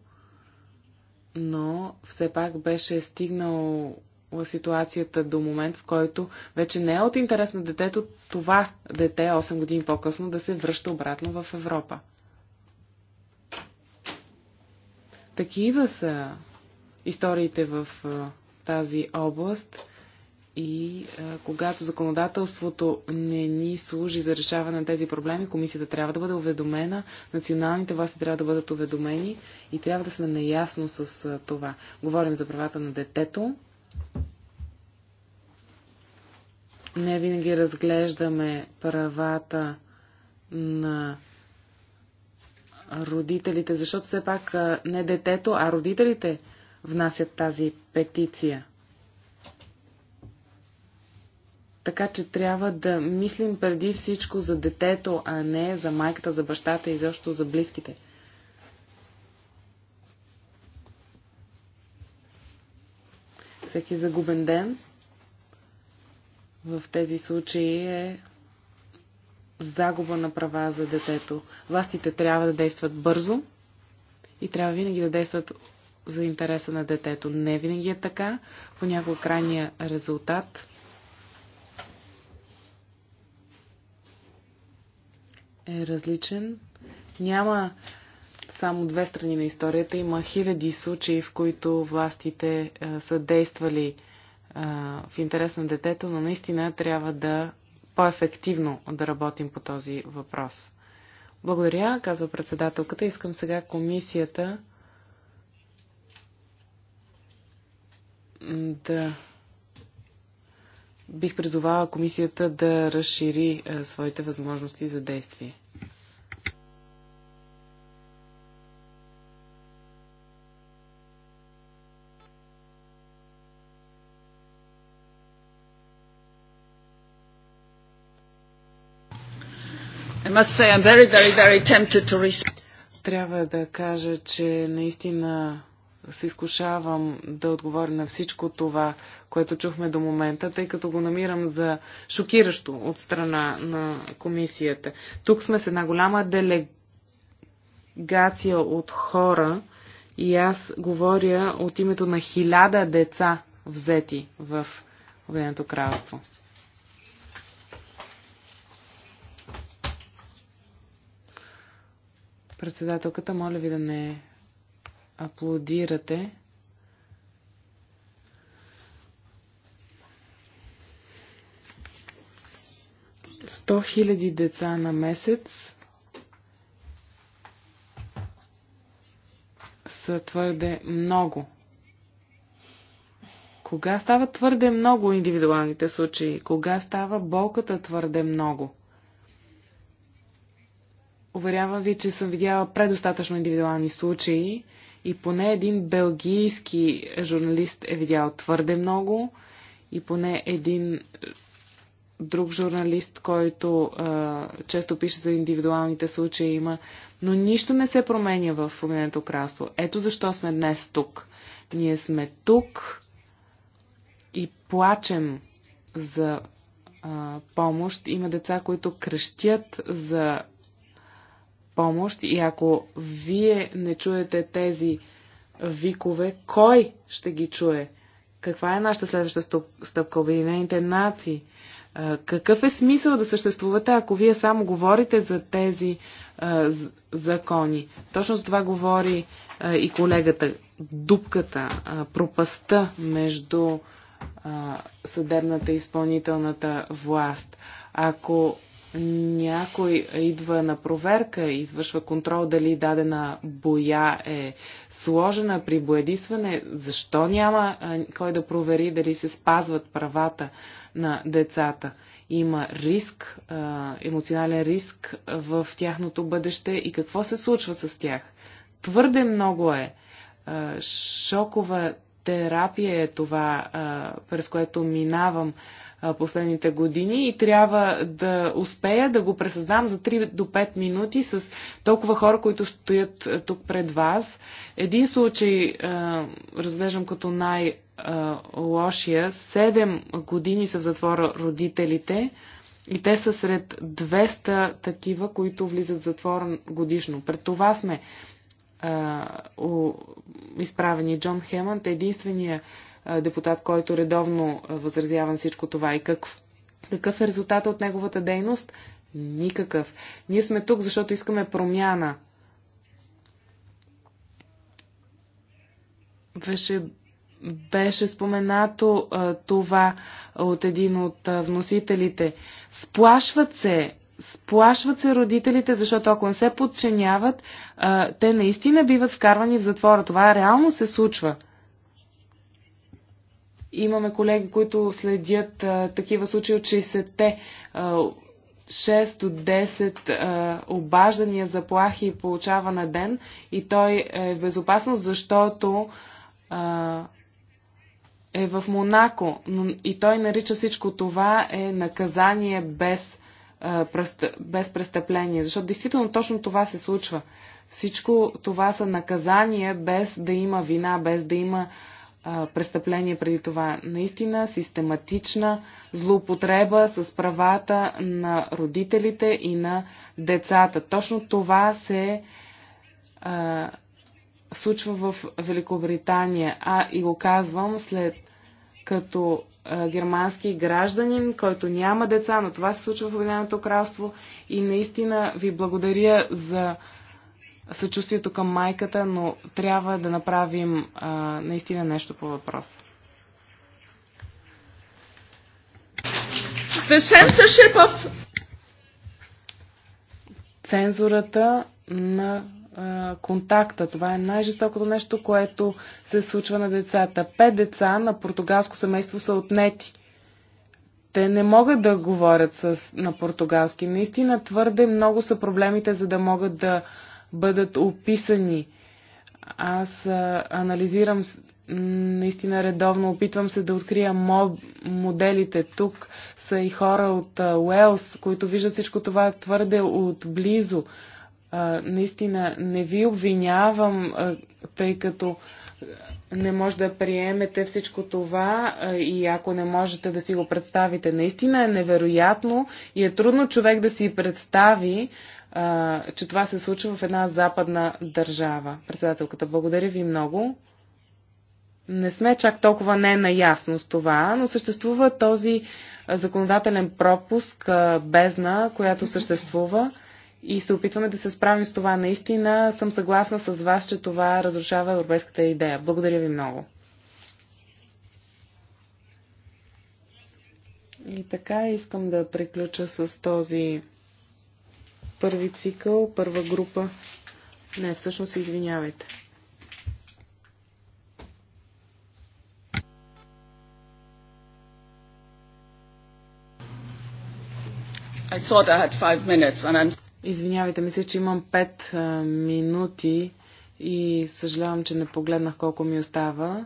но все пак беше стигнал ситуацията до момент, в който вече не е от интерес на детето това дете 8 години по-късно да се връща обратно в Европа. Такива са историите в тази област и а, когато законодателството не ни служи за решаване на тези проблеми, комисията трябва да бъде уведомена, националните власти трябва да бъдат уведомени и трябва да сме наясно с а, това. Говорим за правата на детето. Не винаги разглеждаме правата на родителите, защото все пак а, не детето, а родителите внасят тази петиция. Така че трябва да мислим преди всичко за детето, а не за майката, за бащата и защо за близките. Всеки загубен ден в тези случаи е загуба на права за детето. Властите трябва да действат бързо и трябва винаги да действат за интереса на детето. Не винаги е така. Понякога крайния резултат е различен. Няма само две страни на историята. Има хиляди случаи, в които властите а, са действали а, в интерес на детето, но наистина трябва да по-ефективно да работим по този въпрос. Благодаря, казва председателката. Искам сега комисията да бих призовала комисията да разшири е, своите възможности за действие. Трябва да кажа, че наистина се изкушавам да отговоря на всичко това, което чухме до момента, тъй като го намирам за шокиращо от страна на комисията. Тук сме с една голяма делегация от хора и аз говоря от името на хиляда деца взети в Обединеното кралство. Председателката, моля ви да не аплодирате. Сто хиляди деца на месец са твърде много. Кога става твърде много индивидуалните случаи? Кога става болката твърде много? Уверявам ви, че съм видяла предостатъчно индивидуални случаи и поне един белгийски журналист е видял твърде много. И поне един е, друг журналист, който а, е, често пише за индивидуалните случаи има. Но нищо не се променя в Обединеното кралство. Ето защо сме днес тук. Ние сме тук и плачем за а, помощ. Има деца, които крещят за помощ и ако вие не чуете тези викове, кой ще ги чуе? Каква е нашата следваща стъпка? Обединените нации? Какъв е смисъл да съществувате, ако вие само говорите за тези а, закони? Точно за това говори а, и колегата. Дупката, а, пропаста между съдебната и изпълнителната власт. Ако някой идва на проверка и извършва контрол дали дадена боя е сложена при боядисване, защо няма кой да провери дали се спазват правата на децата? Има риск, емоционален риск в тяхното бъдеще и какво се случва с тях? Твърде много е шокова терапия е това, през което минавам последните години и трябва да успея да го пресъздам за 3 до 5 минути с толкова хора, които стоят тук пред вас. Един случай разглеждам като най-лошия. 7 години са в затвора родителите. И те са сред 200 такива, които влизат в затвора годишно. Пред това сме изправени Джон Хемант е единствения депутат, който редовно възразява на всичко това. И какъв, какъв е резултат от неговата дейност? Никакъв. Ние сме тук, защото искаме промяна. Беше, беше споменато а, това от един от а, вносителите. Сплашват се Сплашват се родителите, защото ако не се подчиняват, а, те наистина биват вкарвани в затвора. Това реално се случва. Имаме колеги, които следят а, такива случаи от 60-те. 6 до 10 а, обаждания, заплахи получава на ден и той е в безопасност, защото а, е в Монако. Но, и той нарича всичко това е наказание без без престъпление. Защото действително точно това се случва. Всичко това са наказания без да има вина, без да има престъпление преди това. Наистина систематична злоупотреба с правата на родителите и на децата. Точно това се а, случва в Великобритания. А и го казвам след като а, германски гражданин, който няма деца, но това се случва в Обединеното кралство и наистина ви благодаря за съчувствието към майката, но трябва да направим а, наистина нещо по въпроса. Цензурата на контакта. Това е най-жестокото нещо, което се случва на децата. Пет деца на португалско семейство са отнети. Те не могат да говорят с, на португалски. Наистина твърде много са проблемите, за да могат да бъдат описани. Аз а, анализирам наистина редовно опитвам се да открия моб, моделите. Тук са и хора от Уелс, които виждат всичко това твърде отблизо а, наистина не ви обвинявам, а, тъй като не може да приемете всичко това а, и ако не можете да си го представите. Наистина е невероятно и е трудно човек да си представи, а, че това се случва в една западна държава. Председателката, благодаря ви много. Не сме чак толкова не наясно с това, но съществува този законодателен пропуск, бездна, която съществува и се опитваме да се справим с това. Наистина съм съгласна с вас, че това разрушава европейската идея. Благодаря ви много. И така искам да приключа с този първи цикъл, първа група. Не, всъщност извинявайте. I thought I had five minutes and I'm Извинявайте, мисля, че имам 5 минути и съжалявам, че не погледнах колко ми остава,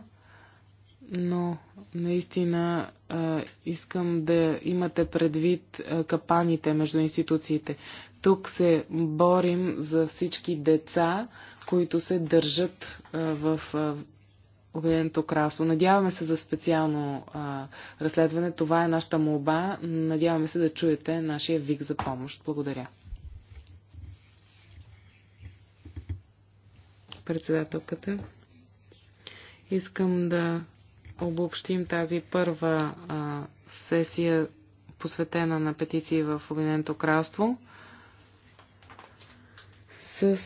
но наистина а, искам да имате предвид а, капаните между институциите. Тук се борим за всички деца, които се държат а, в. А, Обединеното кралство. Надяваме се за специално а, разследване. Това е нашата молба. Надяваме се да чуете нашия вик за помощ. Благодаря. председателката. Искам да обобщим тази първа а, сесия, посветена на петиции в Обединеното кралство, с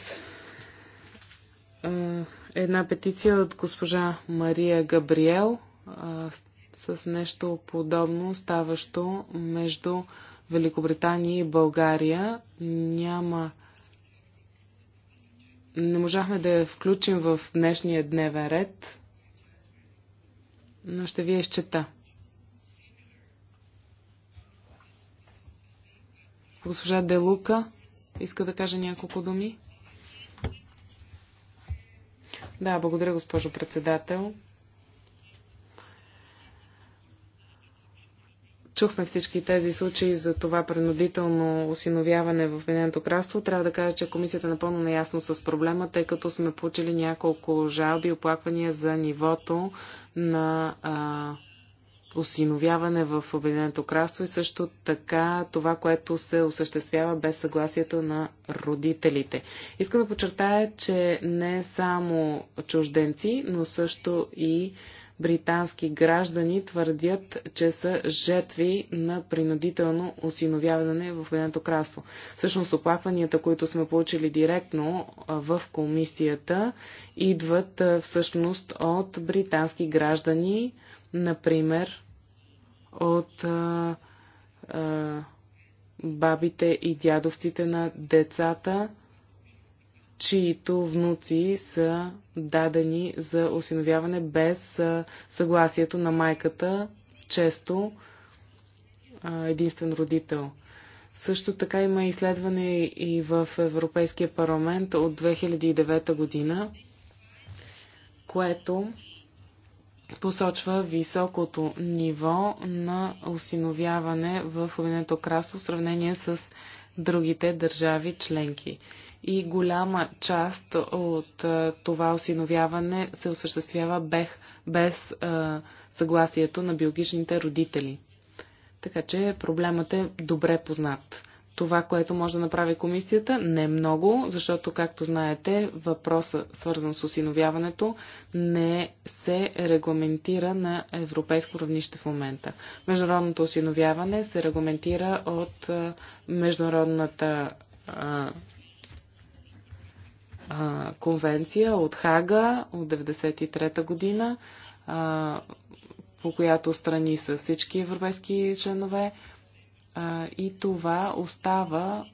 а, една петиция от госпожа Мария Габриел а, с нещо подобно, ставащо между Великобритания и България. Няма не можахме да я включим в днешния дневен ред, но ще ви я изчета. Госпожа Делука иска да каже няколко думи. Да, благодаря, госпожо председател. чухме всички тези случаи за това принудително осиновяване в Единеното кралство, трябва да кажа, че комисията е напълно наясно с проблема, тъй като сме получили няколко жалби и оплаквания за нивото на а, осиновяване в Обединеното кралство и също така това, което се осъществява без съгласието на родителите. Искам да подчертая, че не само чужденци, но също и британски граждани твърдят, че са жертви на принудително осиновяване в Обединеното кралство. Всъщност оплакванията, които сме получили директно в комисията, идват всъщност от британски граждани, например от а, а, бабите и дядовците на децата, чието внуци са дадени за осиновяване без съгласието на майката, често единствен родител. Също така има изследване и в Европейския парламент от 2009 година, което посочва високото ниво на осиновяване в Обединеното кралство в сравнение с другите държави членки и голяма част от това осиновяване се осъществява без, без съгласието на биологичните родители. Така че проблемът е добре познат. Това, което може да направи комисията, не е много, защото, както знаете, въпроса, свързан с осиновяването, не се регламентира на европейско равнище в момента. Международното осиновяване се регламентира от международната конвенция от Хага от 1993 година, а, по която страни са всички европейски членове. А, и това остава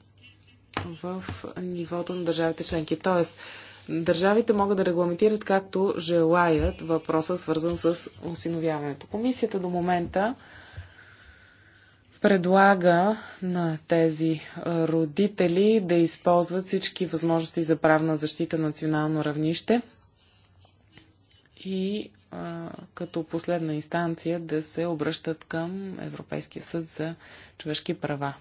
в нивото на държавите членки. Тоест, държавите могат да регламентират както желаят въпроса, свързан с осиновяването. Комисията до момента предлага на тези родители да използват всички възможности за правна защита на национално равнище и като последна инстанция да се обръщат към Европейския съд за човешки права.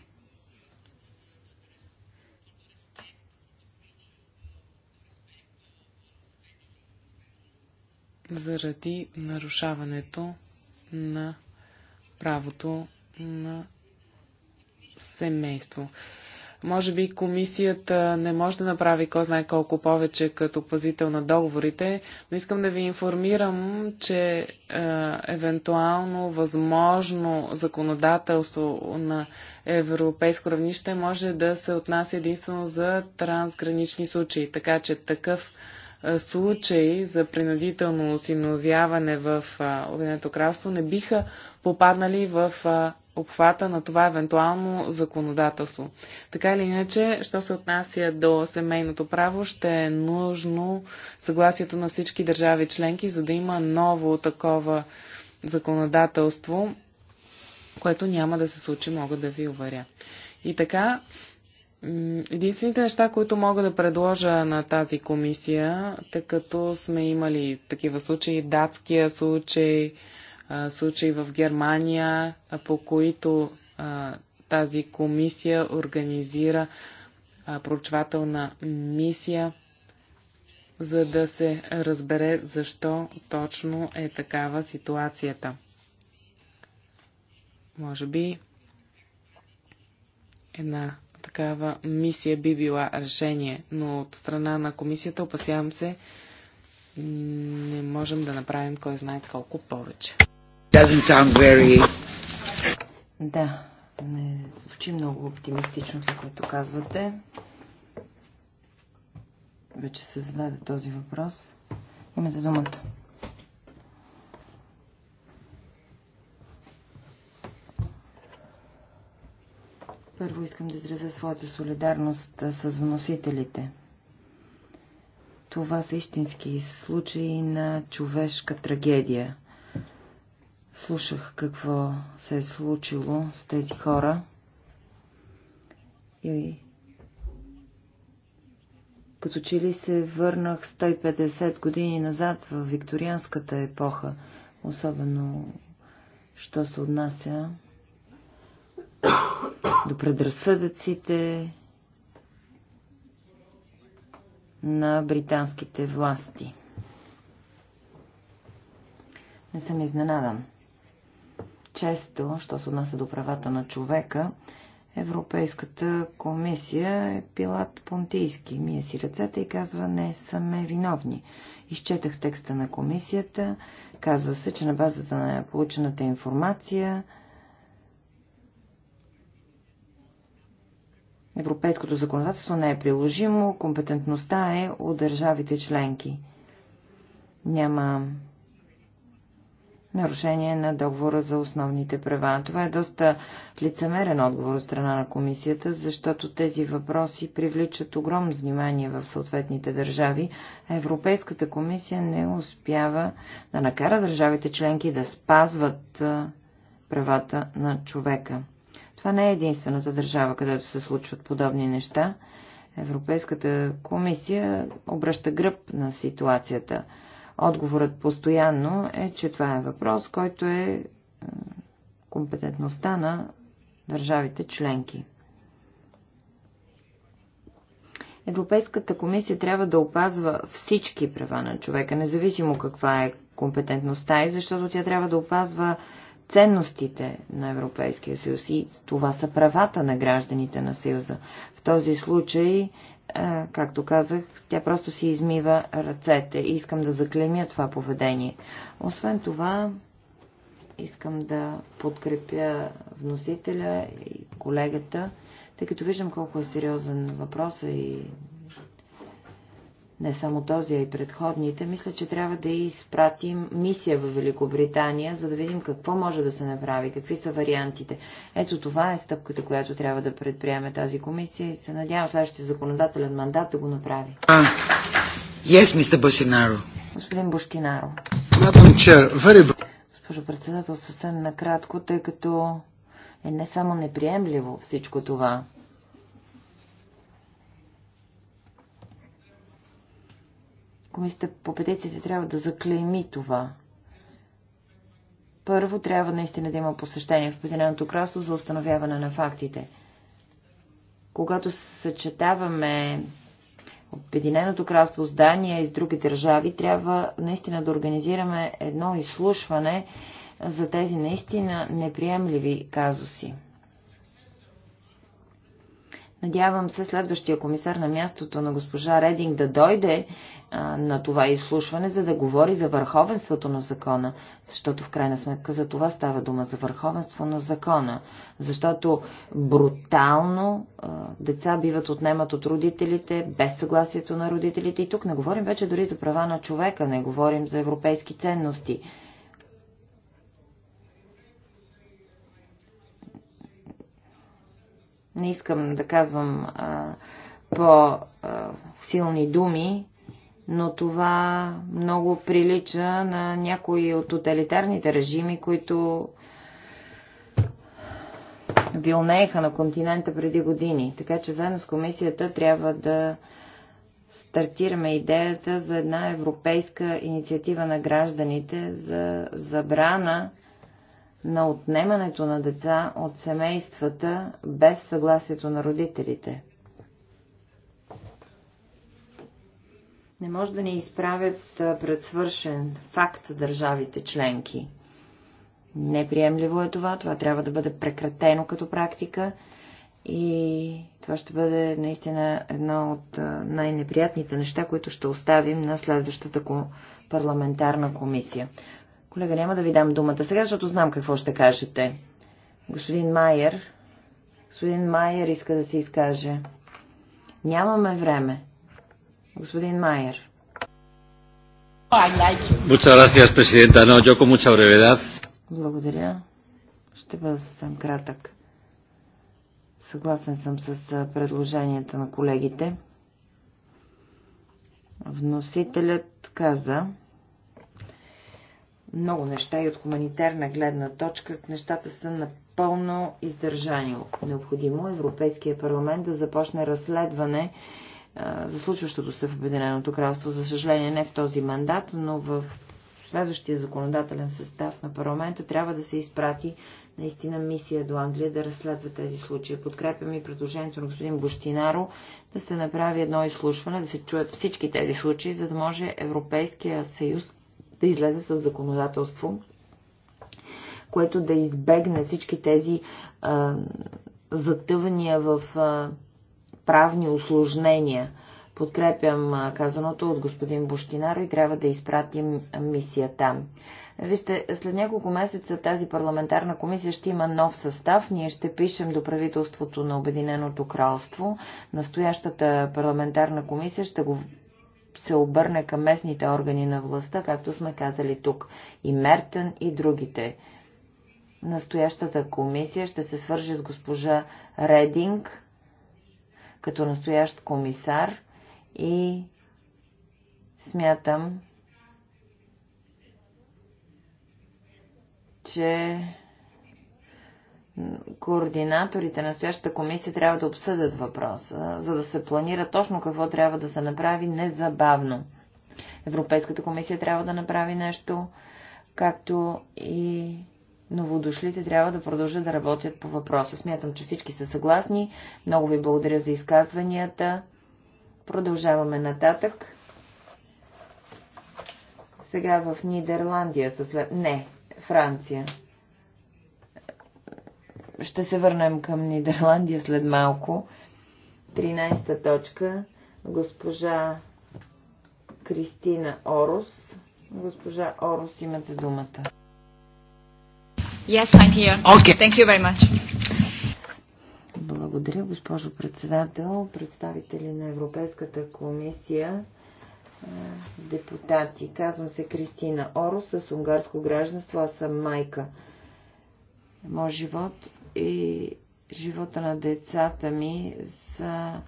заради нарушаването на правото на семейство. Може би комисията не може да направи кой знае колко повече като пазител на договорите, но искам да ви информирам, че е, евентуално възможно законодателство на европейско равнище може да се отнася единствено за трансгранични случаи. Така че такъв случаи за принудително осиновяване в Обединеното кралство не биха попаднали в обхвата на това евентуално законодателство. Така или иначе, що се отнася до семейното право, ще е нужно съгласието на всички държави членки, за да има ново такова законодателство, което няма да се случи, мога да ви уверя. И така, Единствените неща, които мога да предложа на тази комисия, тъй като сме имали такива случаи, датския случай, случаи в Германия, по които тази комисия организира проучвателна мисия, за да се разбере защо точно е такава ситуацията. Може би една такава мисия би била решение, но от страна на комисията, опасявам се, не можем да направим кой знае колко повече. Very... Да, не звучи много оптимистично това, което казвате. Вече се зададе този въпрос. Имате думата. Първо искам да изразя своята солидарност с вносителите. Това са истински случаи на човешка трагедия. Слушах какво се е случило с тези хора и като че ли се върнах 150 години назад в викторианската епоха, особено що се отнася до предразсъдъците на британските власти. Не съм изненадан. Често, що се отнася до правата на човека, Европейската комисия е пилат понтийски. Мие си ръцете и казва, не ме виновни. Изчетах текста на комисията. Казва се, че на базата на получената информация Европейското законодателство не е приложимо, компетентността е от държавите членки. Няма нарушение на договора за основните права. Това е доста лицемерен отговор от страна на комисията, защото тези въпроси привличат огромно внимание в съответните държави, а Европейската комисия не успява да накара държавите членки да спазват правата на човека. Това не е единствената държава, където се случват подобни неща. Европейската комисия обръща гръб на ситуацията. Отговорът постоянно е, че това е въпрос, който е компетентността на държавите членки. Европейската комисия трябва да опазва всички права на човека, независимо каква е компетентността и защото тя трябва да опазва ценностите на Европейския съюз и това са правата на гражданите на съюза. В този случай, е, както казах, тя просто си измива ръцете и искам да заклемя това поведение. Освен това, искам да подкрепя вносителя и колегата, тъй като виждам колко е сериозен въпрос и не само този, а и предходните, мисля, че трябва да изпратим мисия в Великобритания, за да видим какво може да се направи, какви са вариантите. Ето това е стъпката, която трябва да предприеме тази комисия и се надявам следващия законодателен мандат да го направи. А, yes, мистер Бошинаро. Господин Бошинаро. Госпожо председател, съвсем накратко, тъй като е не само неприемливо всичко това, Комисията по петициите трябва да заклейми това. Първо, трябва наистина да има посещение в Поединеното кралство за установяване на фактите. Когато съчетаваме Обединеното кралство с Дания и с други държави, трябва наистина да организираме едно изслушване за тези наистина неприемливи казуси. Надявам се следващия комисар на мястото на госпожа Рединг да дойде а, на това изслушване, за да говори за върховенството на закона, защото в крайна сметка за това става дума, за върховенство на закона, защото брутално а, деца биват отнемат от родителите, без съгласието на родителите и тук не говорим вече дори за права на човека, не говорим за европейски ценности. Не искам да казвам по-силни думи, но това много прилича на някои от тоталитарните режими, които вилнееха на континента преди години. Така че заедно с комисията трябва да стартираме идеята за една европейска инициатива на гражданите за забрана на отнемането на деца от семействата без съгласието на родителите. Не може да ни изправят пред свършен факт държавите членки. Неприемливо е това, това трябва да бъде прекратено като практика и това ще бъде наистина едно от най-неприятните неща, които ще оставим на следващата парламентарна комисия. Колега, няма да ви дам думата сега, защото знам какво ще кажете. Господин Майер. Господин Майер иска да се изкаже. Нямаме време. Господин Майер. Благодаря. Ще бъда съвсем кратък. Съгласен съм с предложенията на колегите. Вносителят каза, много неща и от хуманитарна гледна точка нещата са напълно издържани. Необходимо е Европейския парламент да започне разследване за случващото се в Обединеното кралство. За съжаление не в този мандат, но в следващия законодателен състав на парламента трябва да се изпрати наистина мисия до Англия да разследва тези случаи. Подкрепям и предложението на господин Бощинаро да се направи едно изслушване, да се чуят всички тези случаи, за да може Европейския съюз да излезе с законодателство, което да избегне всички тези а, затъвания в а, правни осложнения. Подкрепям казаното от господин Бощинаро и трябва да изпратим мисия там. Вижте, след няколко месеца тази парламентарна комисия ще има нов състав. Ние ще пишем до правителството на Обединеното кралство. Настоящата парламентарна комисия ще го се обърне към местните органи на властта, както сме казали тук, и Мертън и другите. Настоящата комисия ще се свърже с госпожа Рединг като настоящ комисар и смятам, че координаторите на настоящата комисия трябва да обсъдят въпроса, за да се планира точно какво трябва да се направи незабавно. Европейската комисия трябва да направи нещо, както и новодошлите трябва да продължат да работят по въпроса. Смятам, че всички са съгласни. Много ви благодаря за изказванията. Продължаваме нататък. Сега в Нидерландия са след... Не, Франция. Ще се върнем към Нидерландия след малко. 13 точка. Госпожа Кристина Орус. Госпожа Орус, имате думата. Yes, I'm here. Okay. Thank you very much. Благодаря, госпожо председател, представители на Европейската комисия, депутати. Казвам се Кристина Орус, с унгарско гражданство, аз съм майка. Моят живот и живота на децата ми са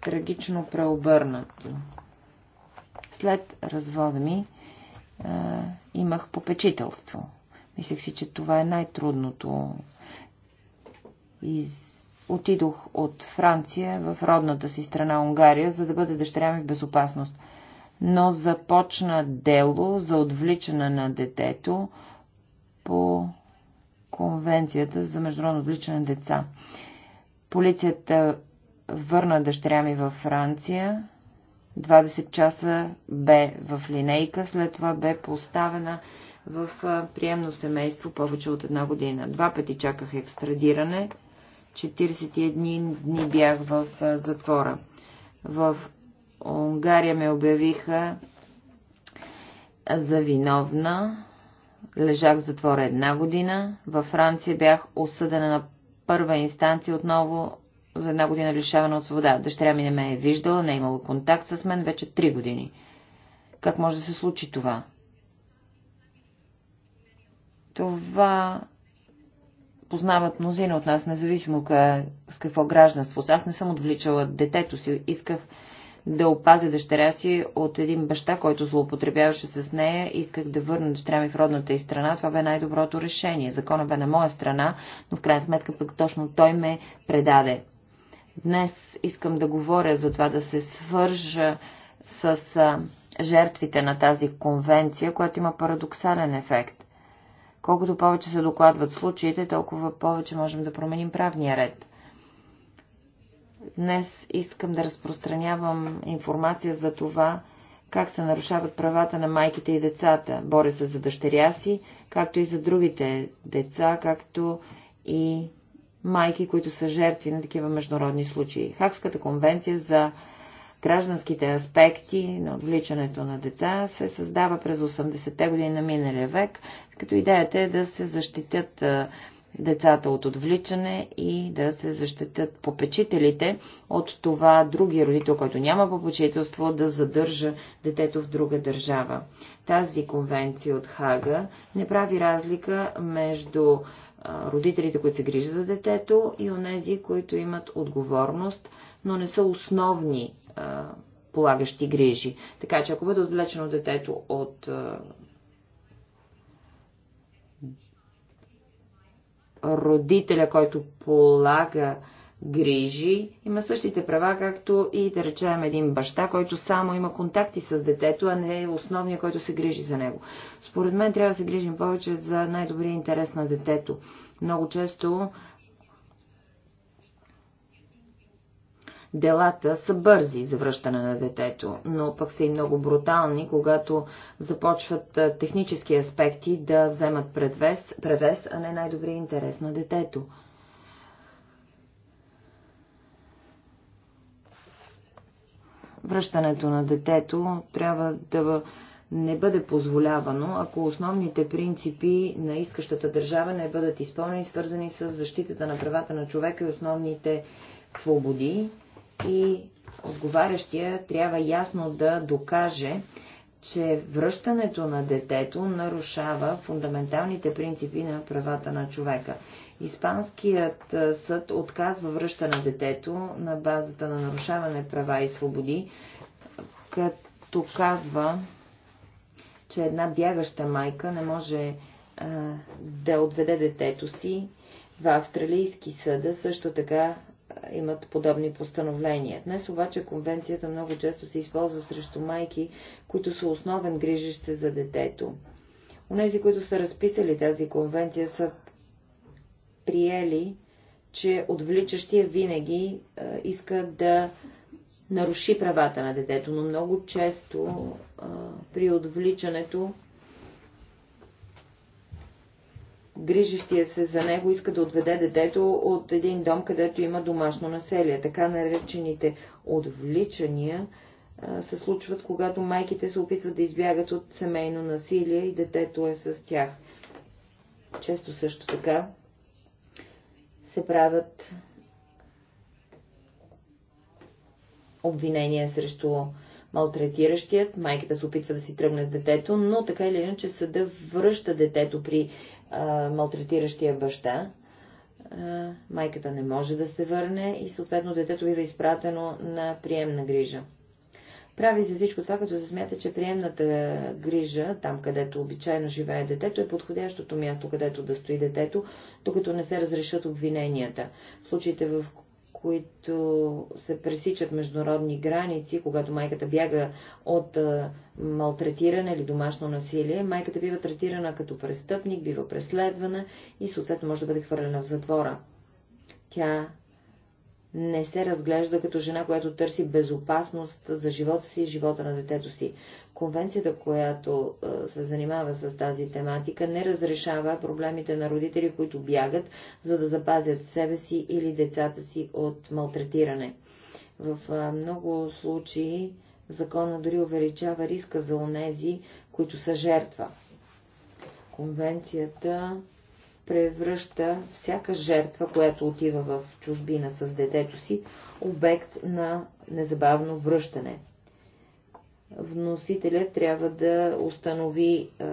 трагично преобърнато. След развода ми а, имах попечителство. Мислех си, че това е най-трудното. Из... Отидох от Франция в родната си страна Унгария, за да бъде дъщеря ми в безопасност. Но започна дело за отвличане на детето по Конвенцията за международно обличане на деца. Полицията върна дъщеря ми във Франция. 20 часа бе в линейка, след това бе поставена в приемно семейство повече от една година. Два пъти чаках екстрадиране, 41 дни бях в затвора. В Унгария ме обявиха за виновна лежах в затвора една година. Във Франция бях осъдена на първа инстанция отново за една година лишавана от свобода. Дъщеря ми не ме е виждала, не е имала контакт с мен вече три години. Как може да се случи това? Това познават мнозина от нас, независимо къ... с какво гражданство. Аз не съм отвличала детето си. Исках да опазя дъщеря си от един баща, който злоупотребяваше с нея. Исках да върна дъщеря ми в родната и страна. Това бе най-доброто решение. Закона бе на моя страна, но в крайна сметка пък точно той ме предаде. Днес искам да говоря за това да се свържа с жертвите на тази конвенция, която има парадоксален ефект. Колкото повече се докладват случаите, толкова повече можем да променим правния ред. Днес искам да разпространявам информация за това, как се нарушават правата на майките и децата. Боря се за дъщеря си, както и за другите деца, както и майки, които са жертви на такива международни случаи. Хакската конвенция за гражданските аспекти на отвличането на деца се създава през 80-те години на миналия век, като идеята е да се защитят децата от отвличане и да се защитят попечителите от това другия родител, който няма попечителство, да задържа детето в друга държава. Тази конвенция от Хага не прави разлика между родителите, които се грижат за детето и онези, които имат отговорност, но не са основни полагащи грижи. Така че ако бъде отвлечено детето от родителя, който полага грижи, има същите права, както и да речем един баща, който само има контакти с детето, а не е основния, който се грижи за него. Според мен трябва да се грижим повече за най-добрия интерес на детето. Много често делата са бързи за връщане на детето, но пък са и много брутални, когато започват технически аспекти да вземат предвес, превес, а не най-добрия интерес на детето. Връщането на детето трябва да не бъде позволявано, ако основните принципи на искащата държава не бъдат изпълнени, свързани с защитата на правата на човека и основните свободи, и отговарящия трябва ясно да докаже, че връщането на детето нарушава фундаменталните принципи на правата на човека. Испанският съд отказва връща на детето на базата на нарушаване права и свободи, като казва, че една бягаща майка не може а, да отведе детето си. в австралийски съда също така имат подобни постановления. Днес обаче конвенцията много често се използва срещу майки, които са основен грижещ се за детето. Унези, които са разписали тази конвенция, са приели, че отвличащия винаги а, иска да наруши правата на детето, но много често а, при отвличането грижещия се за него иска да отведе детето от един дом, където има домашно населие. Така наречените отвличания а, се случват, когато майките се опитват да избягат от семейно насилие и детето е с тях. Често също така се правят обвинения срещу малтретиращият, майката се опитва да си тръгне с детето, но така или иначе съда връща детето при а, малтретиращия баща. А, майката не може да се върне и съответно детето бива изпратено на приемна грижа. Прави се всичко това, като се смята, че приемната грижа, там където обичайно живее детето, е подходящото място, където да стои детето, докато не се разрешат обвиненията. В случаите, в които се пресичат международни граници, когато майката бяга от малтретиране или домашно насилие, майката бива третирана като престъпник, бива преследвана и съответно може да бъде хвърлена в затвора. Тя не се разглежда като жена, която търси безопасност за живота си и живота на детето си. Конвенцията, която се занимава с тази тематика, не разрешава проблемите на родители, които бягат, за да запазят себе си или децата си от малтретиране. В много случаи закона дори увеличава риска за онези, които са жертва. Конвенцията превръща всяка жертва, която отива в чужбина с детето си, обект на незабавно връщане. Вносителят трябва да установи е,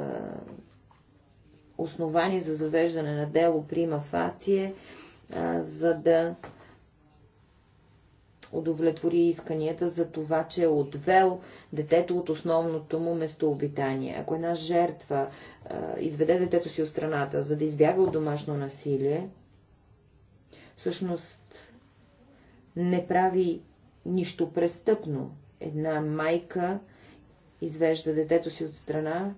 основание за завеждане на дело прима фация, е, за да удовлетвори исканията за това, че е отвел детето от основното му местообитание. Ако една жертва а, изведе детето си от страната, за да избяга от домашно насилие, всъщност не прави нищо престъпно. Една майка извежда детето си от страна,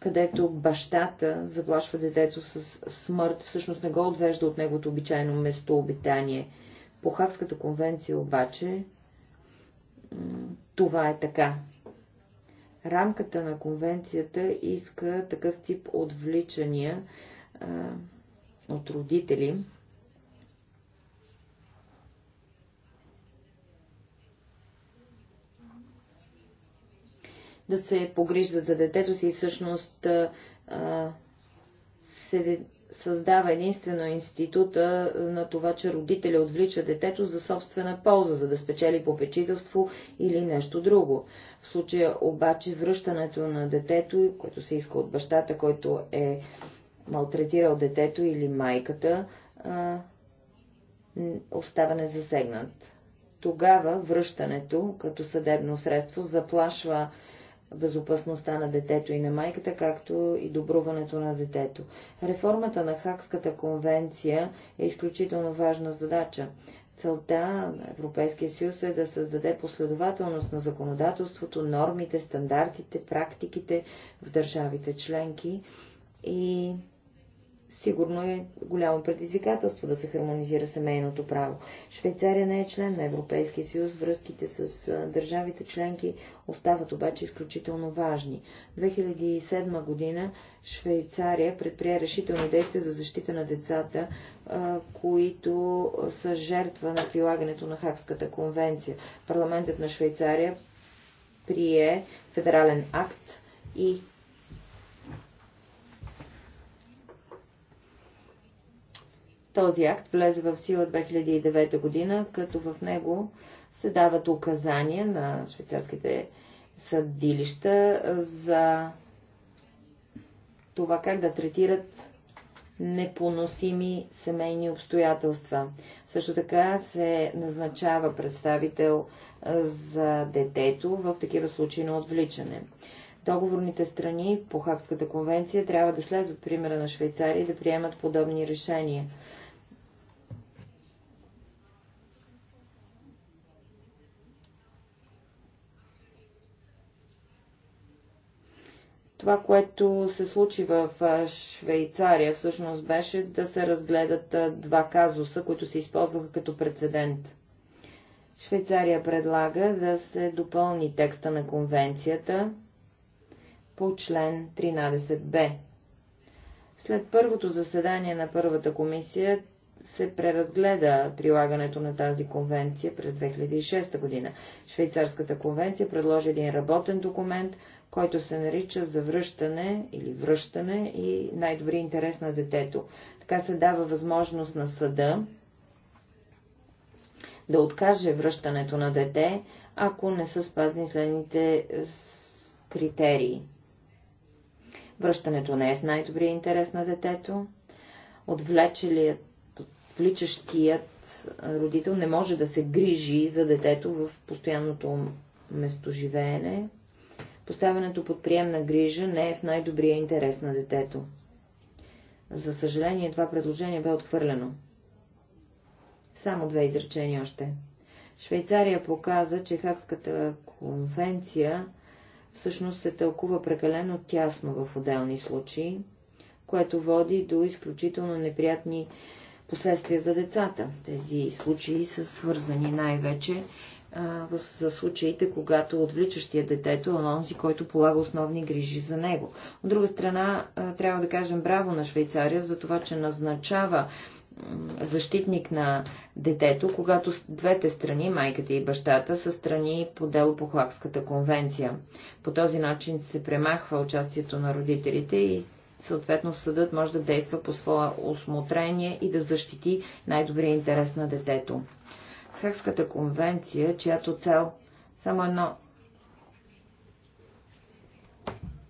където бащата заплашва детето с смърт, всъщност не го отвежда от неговото обичайно местообитание. обитание по Хавската конвенция обаче това е така. Рамката на конвенцията иска такъв тип отвличания а, от родители, да се погрижат за детето си и всъщност а, се създава единствено института на това, че родителя отвлича детето за собствена полза, за да спечели попечителство или нещо друго. В случая обаче връщането на детето, което се иска от бащата, който е малтретирал детето или майката, остава незасегнат. Тогава връщането като съдебно средство заплашва безопасността на детето и на майката, както и добруването на детето. Реформата на Хакската конвенция е изключително важна задача. Целта на Европейския съюз е да създаде последователност на законодателството, нормите, стандартите, практиките в държавите членки и Сигурно е голямо предизвикателство да се хармонизира семейното право. Швейцария не е член на Европейския съюз, връзките с държавите членки остават обаче изключително важни. 2007 година Швейцария предприе решителни действия за защита на децата, които са жертва на прилагането на Хакската конвенция. Парламентът на Швейцария прие федерален акт и Този акт влезе в сила 2009 година, като в него се дават указания на швейцарските съдилища за това как да третират непоносими семейни обстоятелства. Също така се назначава представител за детето в такива случаи на отвличане. Договорните страни по хакската конвенция трябва да следват примера на Швейцария и да приемат подобни решения. Това, което се случи в Швейцария, всъщност беше да се разгледат два казуса, които се използваха като прецедент. Швейцария предлага да се допълни текста на конвенцията по член 13б. След първото заседание на първата комисия се преразгледа прилагането на тази конвенция през 2006 година. Швейцарската конвенция предложи един работен документ, който се нарича завръщане или връщане и най-добри интерес на детето. Така се дава възможност на съда да откаже връщането на дете, ако не са спазни следните критерии. Връщането не е в най-добрия интерес на детето. Отвличащият родител не може да се грижи за детето в постоянното местоживеене поставянето под приемна грижа не е в най-добрия интерес на детето. За съжаление, това предложение бе отхвърлено. Само две изречения още. Швейцария показа, че хакската конвенция всъщност се тълкува прекалено тясно в отделни случаи, което води до изключително неприятни последствия за децата. Тези случаи са свързани най-вече за случаите, когато отвличащия детето е онзи, който полага основни грижи за него. От друга страна, трябва да кажем браво на Швейцария за това, че назначава защитник на детето, когато двете страни, майката и бащата, са страни по дело по Хлакската конвенция. По този начин се премахва участието на родителите и съответно съдът може да действа по своя осмотрение и да защити най-добрия интерес на детето. Хакската конвенция, чиято цел само едно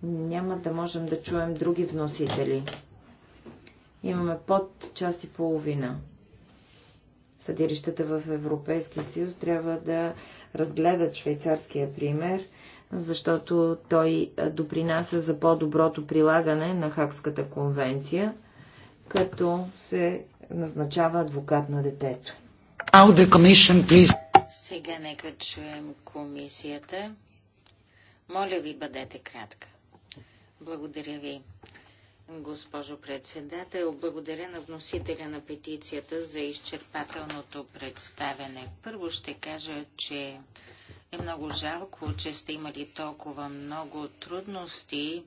няма да можем да чуем други вносители. Имаме под час и половина. Съдилищата в Европейския съюз трябва да разгледат швейцарския пример, защото той допринася за по-доброто прилагане на Хакската конвенция, като се назначава адвокат на детето. Now the commission, please. Сега нека чуем комисията. Моля ви, бъдете кратка. Благодаря ви. Госпожо председател, благодаря на вносителя на петицията за изчерпателното представяне. Първо ще кажа, че е много жалко, че сте имали толкова много трудности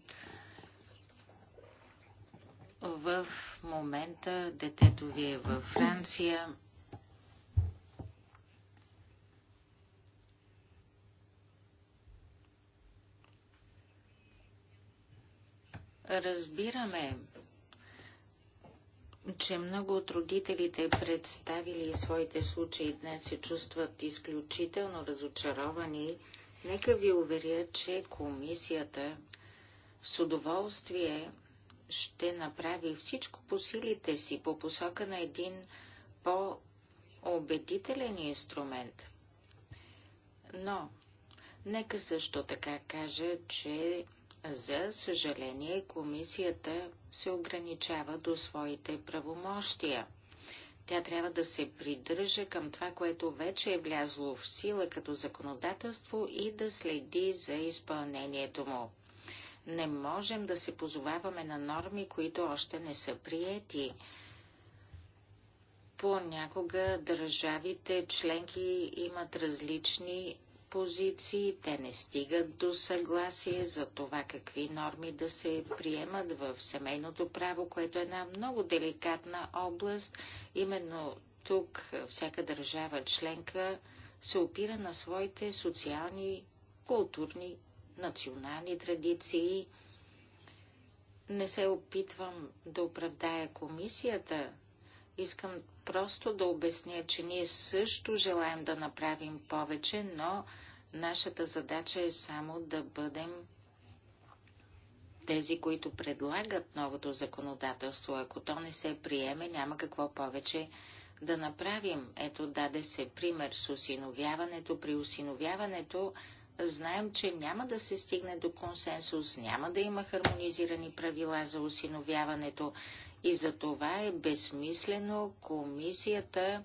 в момента детето ви е във Франция. Разбираме, че много от родителите, представили своите случаи днес, се чувстват изключително разочаровани. Нека ви уверя, че комисията с удоволствие ще направи всичко по силите си по посока на един по-убедителен инструмент. Но, нека също така кажа, че за съжаление, комисията се ограничава до своите правомощия. Тя трябва да се придържа към това, което вече е влязло в сила като законодателство и да следи за изпълнението му. Не можем да се позоваваме на норми, които още не са приети. Понякога държавите членки имат различни позиции, те не стигат до съгласие за това какви норми да се приемат в семейното право, което е една много деликатна област. Именно тук всяка държава членка се опира на своите социални, културни, национални традиции. Не се опитвам да оправдая комисията, Искам просто да обясня, че ние също желаем да направим повече, но нашата задача е само да бъдем тези, които предлагат новото законодателство. Ако то не се приеме, няма какво повече да направим. Ето даде се пример с осиновяването. При осиновяването знаем, че няма да се стигне до консенсус, няма да има хармонизирани правила за осиновяването и за това е безсмислено комисията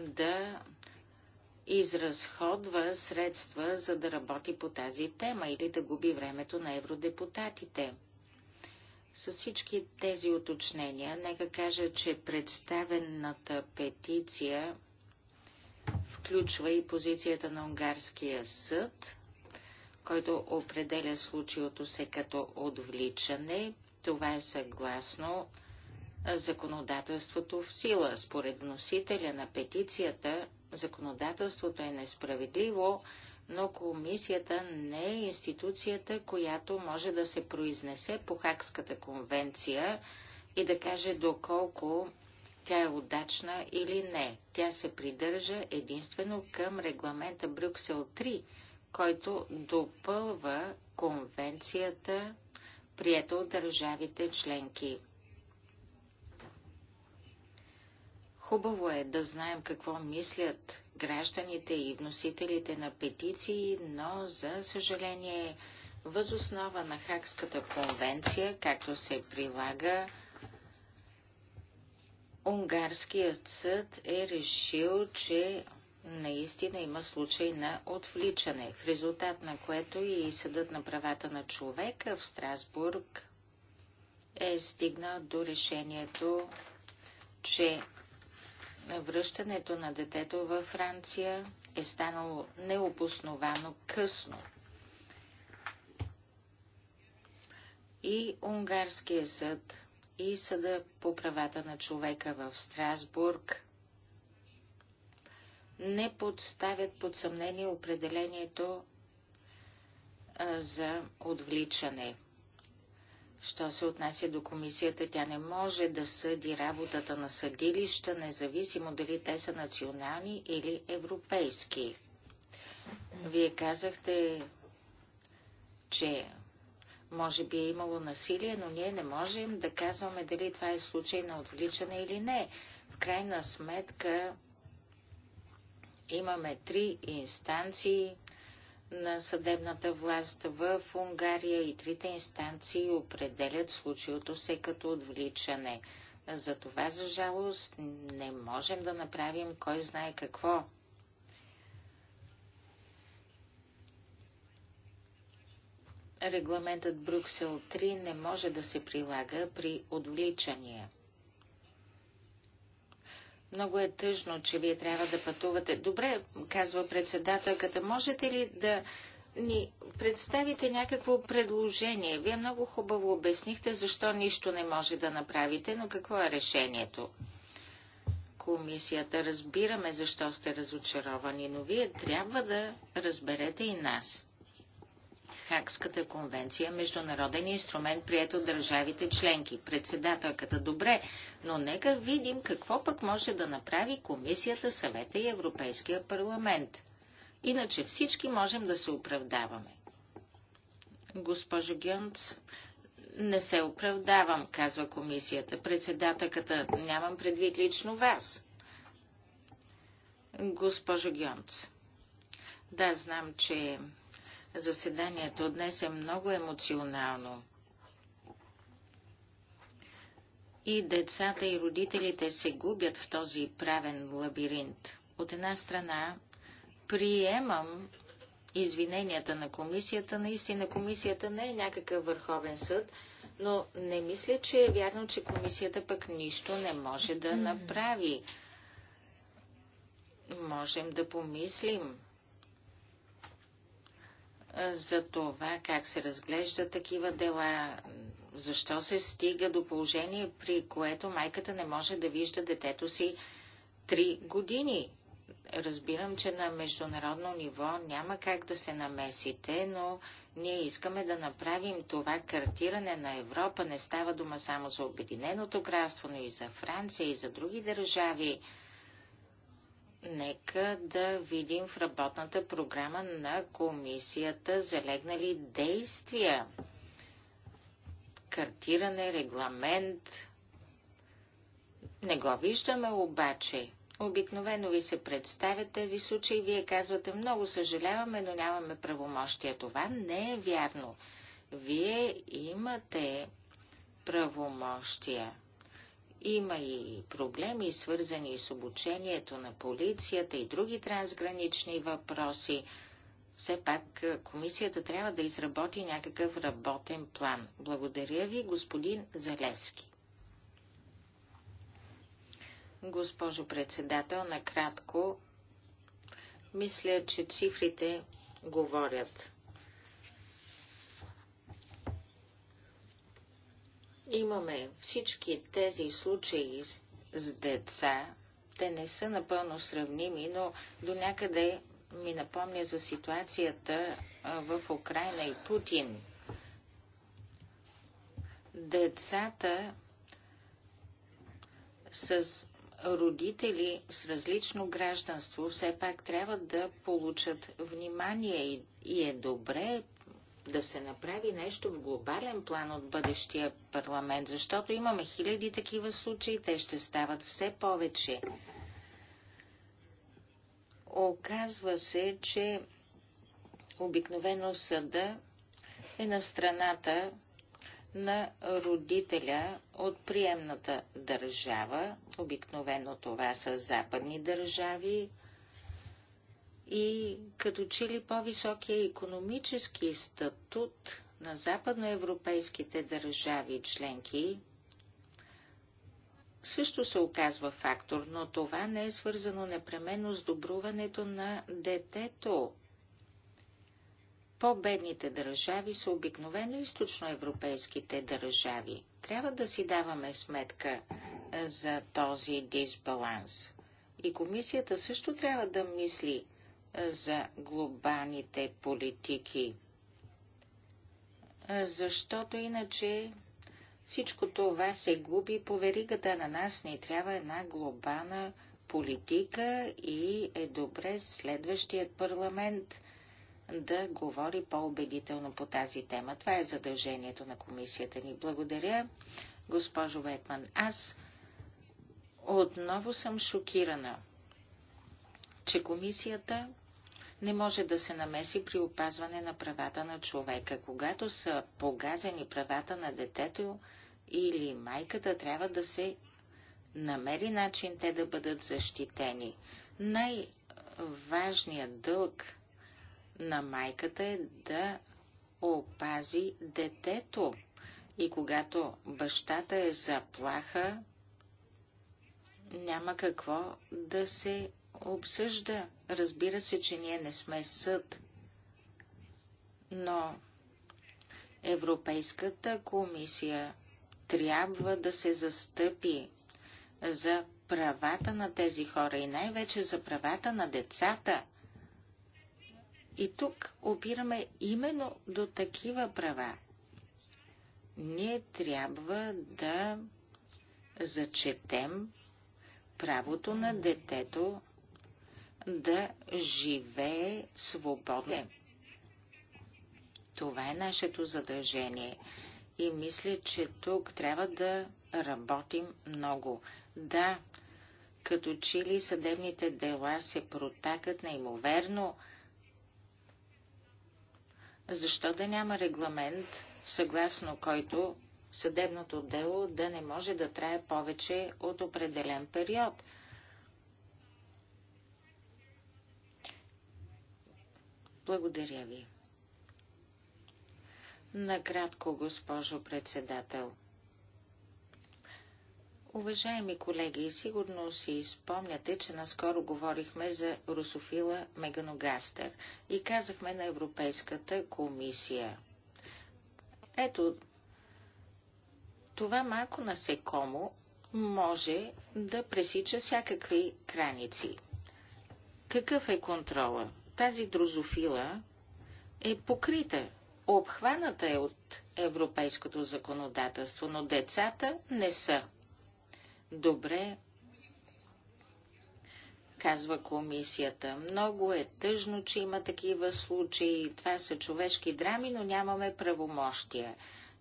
да изразходва средства, за да работи по тази тема или да губи времето на евродепутатите. С всички тези уточнения, нека кажа, че представената петиция включва и позицията на унгарския съд, който определя случилото се като отвличане. Това е съгласно законодателството в сила. Според носителя на петицията, законодателството е несправедливо, но комисията не е институцията, която може да се произнесе по Хакската конвенция и да каже доколко тя е удачна или не. Тя се придържа единствено към регламента Брюксел 3, който допълва конвенцията, приета от държавите членки. Хубаво е да знаем какво мислят гражданите и вносителите на петиции, но за съжаление възоснова на Хакската конвенция, както се прилага, унгарският съд е решил, че наистина има случай на отвличане, в резултат на което и Съдът на правата на човека в Страсбург е стигнал до решението, че връщането на детето във Франция е станало необосновано късно. И унгарският съд и Съда по правата на човека в Страсбург не подставят под съмнение определението за отвличане. Що се отнася до комисията, тя не може да съди работата на съдилища, независимо дали те са национални или европейски. Вие казахте, че може би е имало насилие, но ние не можем да казваме дали това е случай на отвличане или не. В крайна сметка имаме три инстанции на съдебната власт в Унгария и трите инстанции определят случилото се като отвличане. За това, за жалост, не можем да направим кой знае какво. регламентът Брюксел 3 не може да се прилага при отвличания. Много е тъжно, че вие трябва да пътувате. Добре, казва председателката, можете ли да ни представите някакво предложение? Вие много хубаво обяснихте защо нищо не може да направите, но какво е решението? Комисията разбираме защо сте разочаровани, но вие трябва да разберете и нас. Хакската конвенция, е международен инструмент, прият от държавите членки. Председателката добре, но нека видим какво пък може да направи Комисията, Съвета и Европейския парламент. Иначе всички можем да се оправдаваме. Госпожо Гюнц, не се оправдавам, казва комисията. Председателката, нямам предвид лично вас. Госпожо Гюнц, да, знам, че Заседанието днес е много емоционално. И децата и родителите се губят в този правен лабиринт. От една страна, приемам извиненията на комисията. Наистина комисията не е някакъв върховен съд, но не мисля, че е вярно, че комисията пък нищо не може да направи. Можем да помислим за това как се разглежда такива дела, защо се стига до положение, при което майката не може да вижда детето си три години. Разбирам, че на международно ниво няма как да се намесите, но ние искаме да направим това картиране на Европа. Не става дума само за Обединеното кралство, но и за Франция и за други държави. Нека да видим в работната програма на комисията залегнали действия. Картиране, регламент. Не го виждаме обаче. Обикновено ви се представят тези случаи, вие казвате много съжаляваме, но нямаме правомощия. Това не е вярно. Вие имате правомощия. Има и проблеми, свързани с обучението на полицията и други трансгранични въпроси. Все пак комисията трябва да изработи някакъв работен план. Благодаря ви, господин Залески. Госпожо председател, накратко, мисля, че цифрите говорят. Имаме всички тези случаи с деца. Те не са напълно сравними, но до някъде ми напомня за ситуацията в Украина и Путин. Децата с родители с различно гражданство все пак трябва да получат внимание и, и е добре да се направи нещо в глобален план от бъдещия парламент, защото имаме хиляди такива случаи, те ще стават все повече. Оказва се, че обикновено съда е на страната на родителя от приемната държава. Обикновено това са западни държави, и като че ли по-високия економически статут на западноевропейските държави членки също се оказва фактор, но това не е свързано непременно с добруването на детето. По-бедните държави са обикновено източноевропейските държави. Трябва да си даваме сметка е, за този дисбаланс. И комисията също трябва да мисли за глобалните политики. Защото иначе всичко това се губи по веригата на нас. Ни трябва една глобална политика и е добре следващият парламент да говори по-убедително по тази тема. Това е задължението на комисията ни. Благодаря, госпожо Ветман. Аз отново съм шокирана, че комисията не може да се намеси при опазване на правата на човека. Когато са погазени правата на детето или майката, трябва да се намери начин те да бъдат защитени. Най-важният дълг на майката е да опази детето. И когато бащата е заплаха, няма какво да се обсъжда. Разбира се, че ние не сме съд, но Европейската комисия трябва да се застъпи за правата на тези хора и най-вече за правата на децата. И тук опираме именно до такива права. Ние трябва да зачетем правото на детето да живее свободно. Това е нашето задължение. И мисля, че тук трябва да работим много. Да, като че ли съдебните дела се протакат неимоверно. Защо да няма регламент, съгласно който съдебното дело да не може да трае повече от определен период – Благодаря ви. Накратко, госпожо председател. Уважаеми колеги, сигурно си спомняте, че наскоро говорихме за русофила Меганогастер и казахме на Европейската комисия. Ето, това малко насекомо може да пресича всякакви краници. Какъв е контрола? тази дрозофила е покрита, обхваната е от европейското законодателство, но децата не са. Добре, казва комисията. Много е тъжно, че има такива случаи. Това са човешки драми, но нямаме правомощия.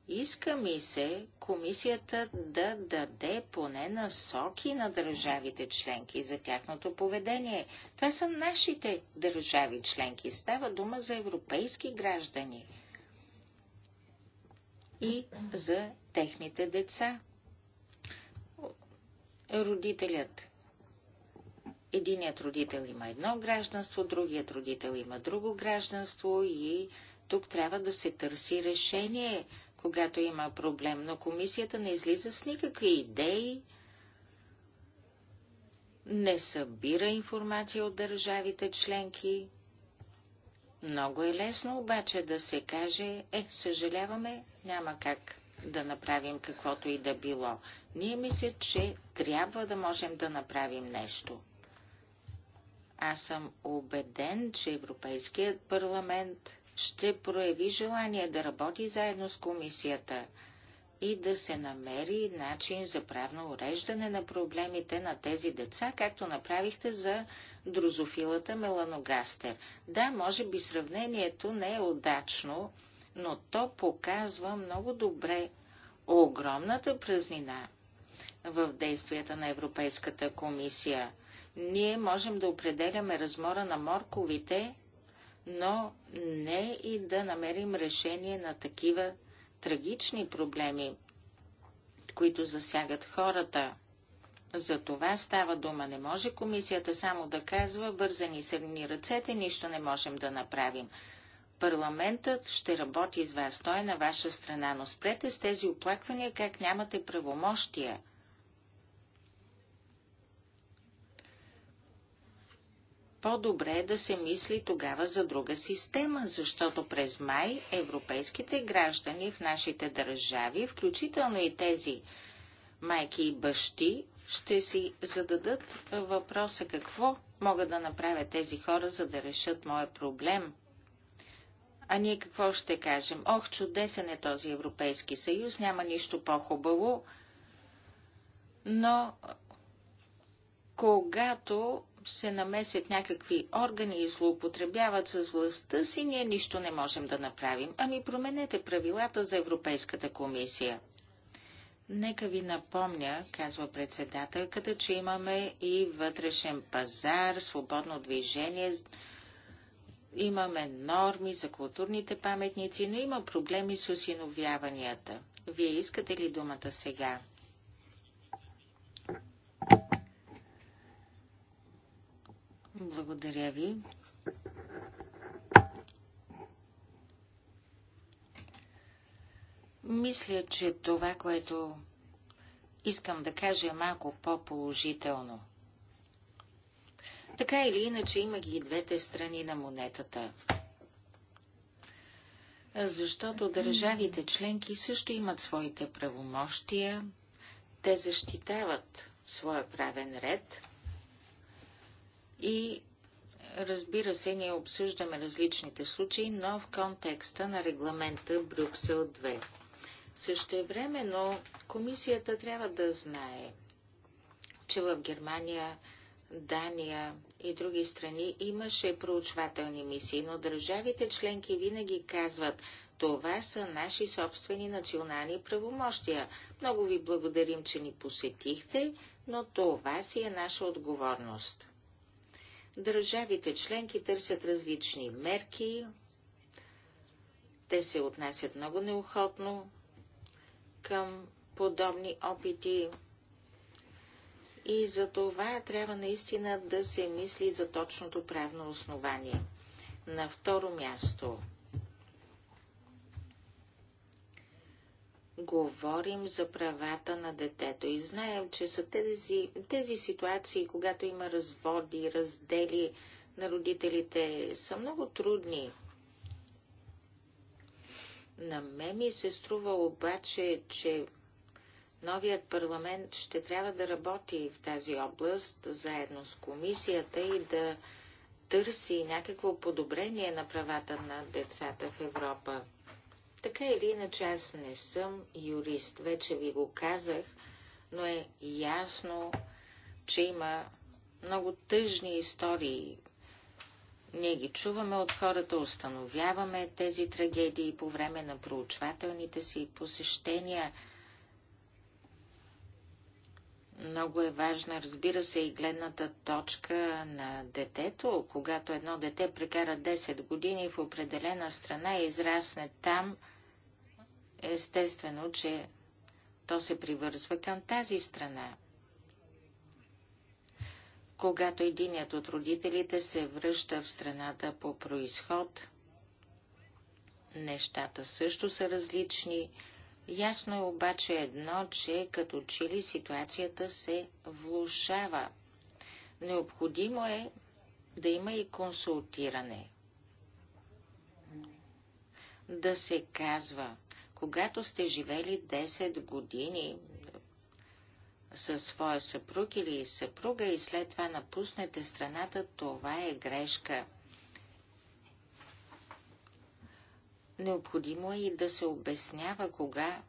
Иска ми се комисията да даде поне насоки на държавите членки за тяхното поведение. Това са нашите държави членки. Става дума за европейски граждани и за техните деца. Родителят. Единият родител има едно гражданство, другият родител има друго гражданство и тук трябва да се търси решение когато има проблем, но комисията не излиза с никакви идеи, не събира информация от държавите членки. Много е лесно обаче да се каже, е, съжаляваме, няма как да направим каквото и да било. Ние мисля, че трябва да можем да направим нещо. Аз съм убеден, че Европейският парламент ще прояви желание да работи заедно с комисията и да се намери начин за правно уреждане на проблемите на тези деца, както направихте за дрозофилата меланогастер. Да, може би сравнението не е удачно, но то показва много добре огромната празнина в действията на Европейската комисия. Ние можем да определяме размора на морковите но не и да намерим решение на такива трагични проблеми, които засягат хората. За това става дума. Не може комисията само да казва, вързани са ни ръцете, нищо не можем да направим. Парламентът ще работи с вас, той е на ваша страна, но спрете с тези оплаквания, как нямате правомощия – по-добре е да се мисли тогава за друга система, защото през май европейските граждани в нашите държави, включително и тези майки и бащи, ще си зададат въпроса какво могат да направят тези хора, за да решат моя проблем. А ние какво ще кажем? Ох, чудесен е този Европейски съюз, няма нищо по-хубаво, но когато се намесят някакви органи и злоупотребяват с властта си, ние нищо не можем да направим. Ами променете правилата за Европейската комисия. Нека ви напомня, казва председателката, че имаме и вътрешен пазар, свободно движение, имаме норми за културните паметници, но има проблеми с осиновяванията. Вие искате ли думата сега? Благодаря ви. Мисля, че това, което искам да кажа е малко по-положително. Така или иначе има ги и двете страни на монетата. Защото държавите членки също имат своите правомощия, те защитават своя правен ред – и разбира се, ние обсъждаме различните случаи, но в контекста на регламента Брюксел 2. Същевременно комисията трябва да знае, че в Германия, Дания и други страни имаше проучвателни мисии, но държавите членки винаги казват, това са наши собствени национални правомощия. Много ви благодарим, че ни посетихте, но това си е наша отговорност. Държавите членки търсят различни мерки, те се отнасят много неохотно към подобни опити и за това трябва наистина да се мисли за точното правно основание. На второ място говорим за правата на детето и знаем, че са тези, тези ситуации, когато има разводи, раздели на родителите, са много трудни. На мен ми се струва обаче, че новият парламент ще трябва да работи в тази област заедно с комисията и да търси някакво подобрение на правата на децата в Европа. Така или иначе аз не съм юрист, вече ви го казах, но е ясно, че има много тъжни истории. Ние ги чуваме от хората, установяваме тези трагедии по време на проучвателните си посещения. Много е важна, разбира се, и гледната точка на детето. Когато едно дете прекара 10 години в определена страна и израсне там – естествено, че то се привързва към тази страна. Когато единият от родителите се връща в страната по происход, нещата също са различни. Ясно е обаче едно, че като че ли ситуацията се влушава. Необходимо е да има и консултиране. Да се казва, когато сте живели 10 години със своя съпруг или съпруга и след това напуснете страната, това е грешка. Необходимо е и да се обяснява кога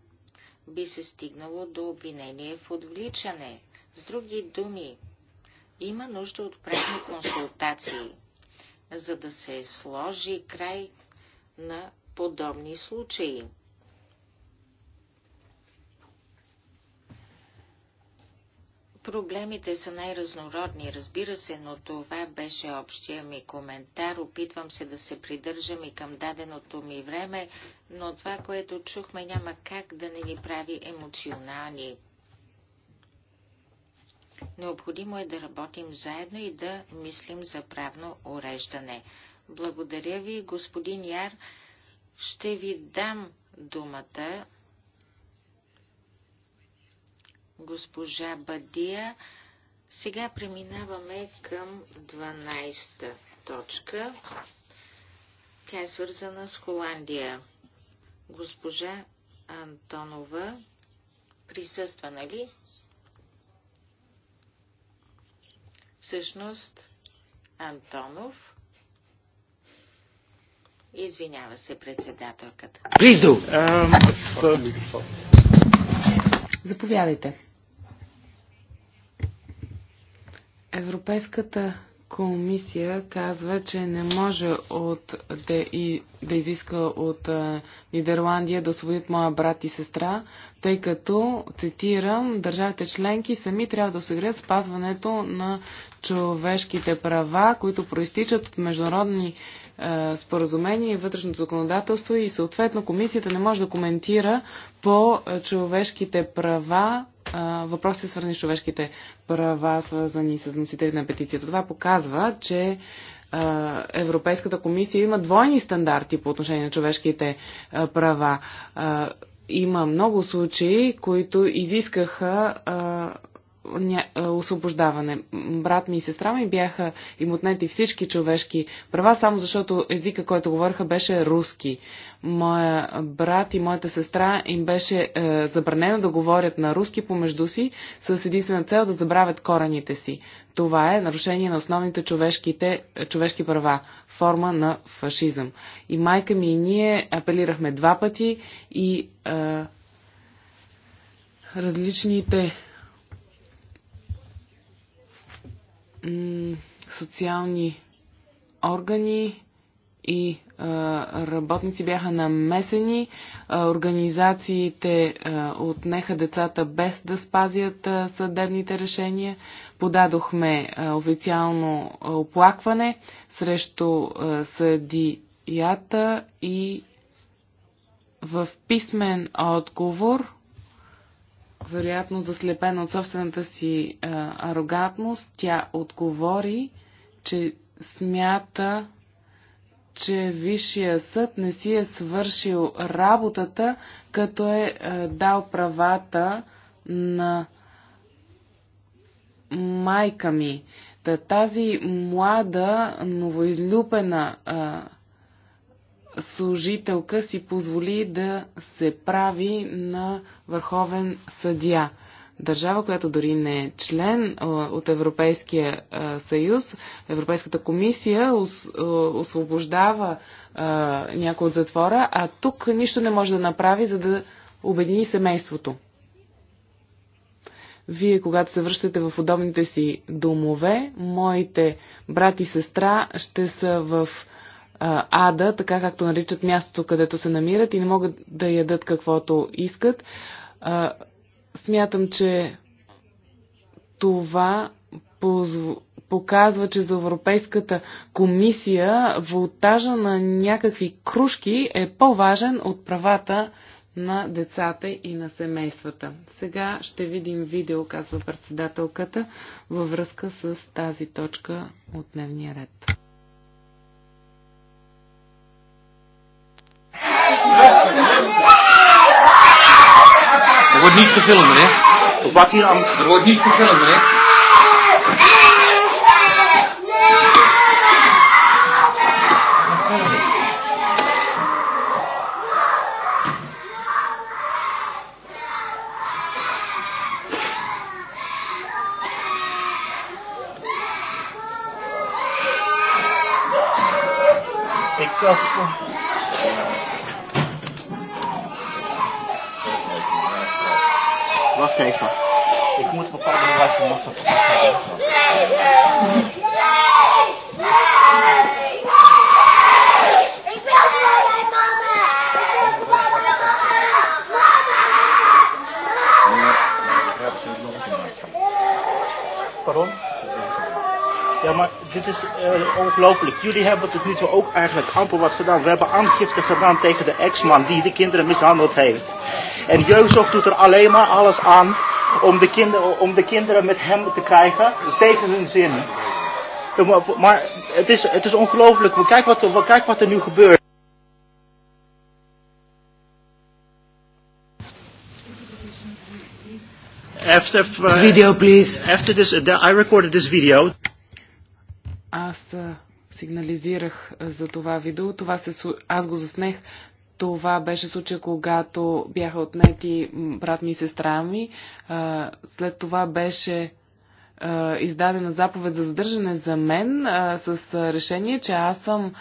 би се стигнало до обвинение в отвличане. С други думи, има нужда от правни консултации, за да се сложи край на подобни случаи. Проблемите са най-разнородни, разбира се, но това беше общия ми коментар. Опитвам се да се придържам и към даденото ми време, но това, което чухме, няма как да не ни прави емоционални. Необходимо е да работим заедно и да мислим за правно уреждане. Благодаря ви, господин Яр. Ще ви дам думата госпожа Бадия. Сега преминаваме към 12-та точка. Тя е свързана с Холандия. Госпожа Антонова присъства, нали? Всъщност, Антонов. Извинява се председателката. Приздо! Заповядайте. Европейската комисия казва, че не може от, да, и, да изиска от а, Нидерландия да освободят моя брат и сестра, тъй като, цитирам, държавите членки сами трябва да осигурят спазването на човешките права, които проистичат от международни а, споразумения и вътрешното законодателство и съответно комисията не може да коментира по човешките права въпросите, свързани с човешките права, свързани с носителите на петицията. Това показва, че Европейската комисия има двойни стандарти по отношение на човешките права. Има много случаи, които изискаха е, освобождаване. Брат ми и сестра ми бяха им отнети всички човешки права, само защото езика, който говориха, беше руски. Моя брат и моята сестра им беше е, забранено да говорят на руски помежду си, с единствена цел да забравят корените си. Това е нарушение на основните човешките, е, човешки права, форма на фашизъм. И майка ми и ние апелирахме два пъти и е, различните социални органи и а, работници бяха намесени, а, организациите а, отнеха децата без да спазят а, съдебните решения. Подадохме а, официално оплакване срещу а, съдията и в писмен отговор вероятно заслепена от собствената си а, арогантност, тя отговори, че смята, че Висшия съд не си е свършил работата, като е а, дал правата на майка ми. Та, тази млада, новоизлюпена а, служителка си позволи да се прави на върховен съдия. Държава, която дори не е член от Европейския съюз, Европейската комисия освобождава някой от затвора, а тук нищо не може да направи, за да обедини семейството. Вие, когато се връщате в удобните си домове, моите брат и сестра ще са в ада, така както наричат мястото, където се намират и не могат да ядат каквото искат. Смятам, че това позво показва, че за Европейската комисия волтажа на някакви кружки е по-важен от правата на децата и на семействата. Сега ще видим видео, казва председателката, във връзка с тази точка от дневния ред. Er wordt niet gefilmd, meneer. Wat hier aan? Er wordt niet gefilmd, meneer. Ik dacht ongelooflijk. Jullie hebben tot nu toe ook eigenlijk amper wat gedaan. We hebben aangifte gedaan tegen de ex-man die de kinderen mishandeld heeft. En Jeugdzorg doet er alleen maar alles aan om de, kinderen om de kinderen met hem te krijgen tegen hun zin. Maar het is, het is ongelooflijk. Kijk wat, kijk wat er nu gebeurt. After, uh, video, please. After this, I recorded this video. Аз сигнализирах за това видео. Това се, аз го заснех. Това беше случай, когато бяха отнети брат ми и сестра ми. След това беше издадена заповед за задържане за мен с решение, че аз съм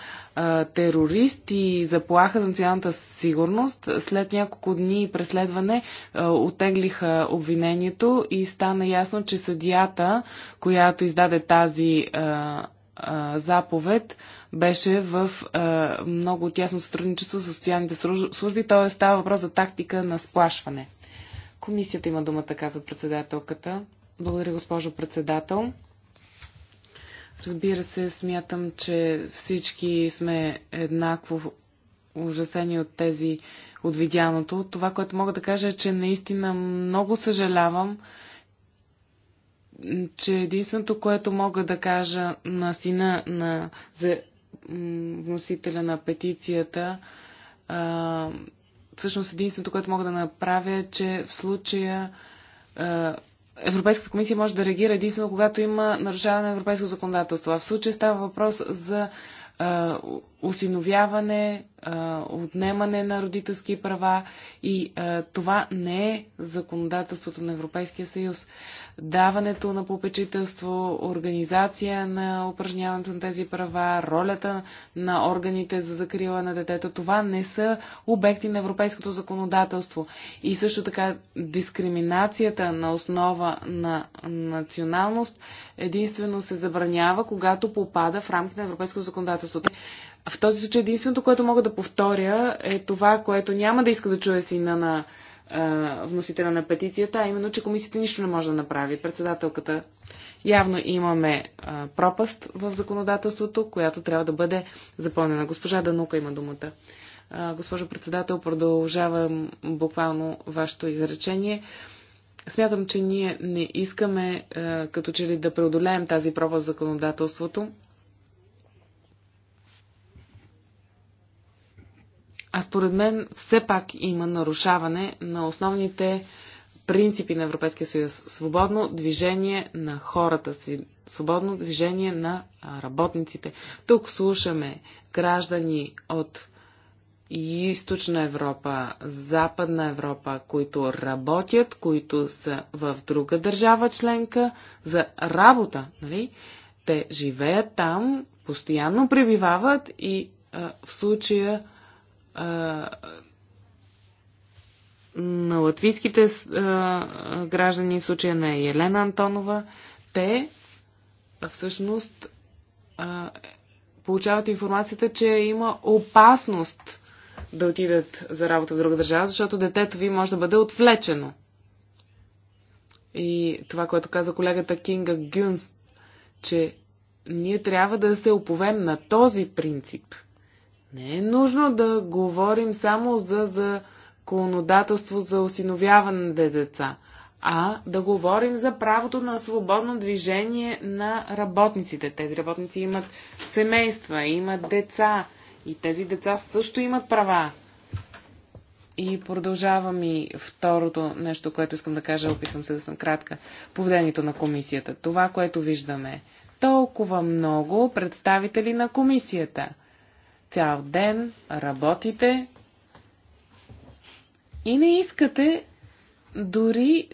терорист и заплаха за националната сигурност. След няколко дни преследване отеглиха обвинението и стана ясно, че съдията, която издаде тази заповед беше в а, много тясно сътрудничество с социалните служби, т.е. става въпрос за тактика на сплашване. Комисията има думата, каза председателката. Благодаря, госпожо председател. Разбира се, смятам, че всички сме еднакво ужасени от тези, от видяното. Това, което мога да кажа е, че наистина много съжалявам, че единственото, което мога да кажа на сина на за, вносителя на петицията, а, всъщност единственото, което мога да направя е, че в случая а, Европейската комисия може да реагира единствено, когато има нарушаване на европейско законодателство. А в случая става въпрос за осиновяване, отнемане на родителски права и това не е законодателството на Европейския съюз. Даването на попечителство, организация на упражняването на тези права, ролята на органите за закрила на детето, това не са обекти на европейското законодателство. И също така дискриминацията на основа на националност единствено се забранява, когато попада в рамките на европейското законодателство правителството. В този случай единственото, което мога да повторя е това, което няма да иска да чуе сина на а, вносителя на петицията, а именно, че комисията нищо не може да направи. Председателката явно имаме а, пропаст в законодателството, която трябва да бъде запълнена. Госпожа Данука има думата. А, госпожо председател, продължавам буквално вашето изречение. Смятам, че ние не искаме като че ли да преодолеем тази пропаст в законодателството. А според мен все пак има нарушаване на основните принципи на Европейския съюз. Свободно движение на хората си, свободно движение на работниците. Тук слушаме граждани от Източна Европа, Западна Европа, които работят, които са в друга държава членка за работа. Нали? Те живеят там, постоянно пребивават и а, в случая а, на латвийските а, граждани, в случая на Елена Антонова, те всъщност а, получават информацията, че има опасност да отидат за работа в друга държава, защото детето ви може да бъде отвлечено. И това, което каза колегата Кинга Гюнст, че ние трябва да се оповем на този принцип – не е нужно да говорим само за законодателство за осиновяване на деца, а да говорим за правото на свободно движение на работниците. Тези работници имат семейства, имат деца и тези деца също имат права. И продължавам и второто нещо, което искам да кажа, опитвам се да съм кратка. Поведението на комисията. Това, което виждаме. Толкова много представители на комисията цял ден, работите и не искате дори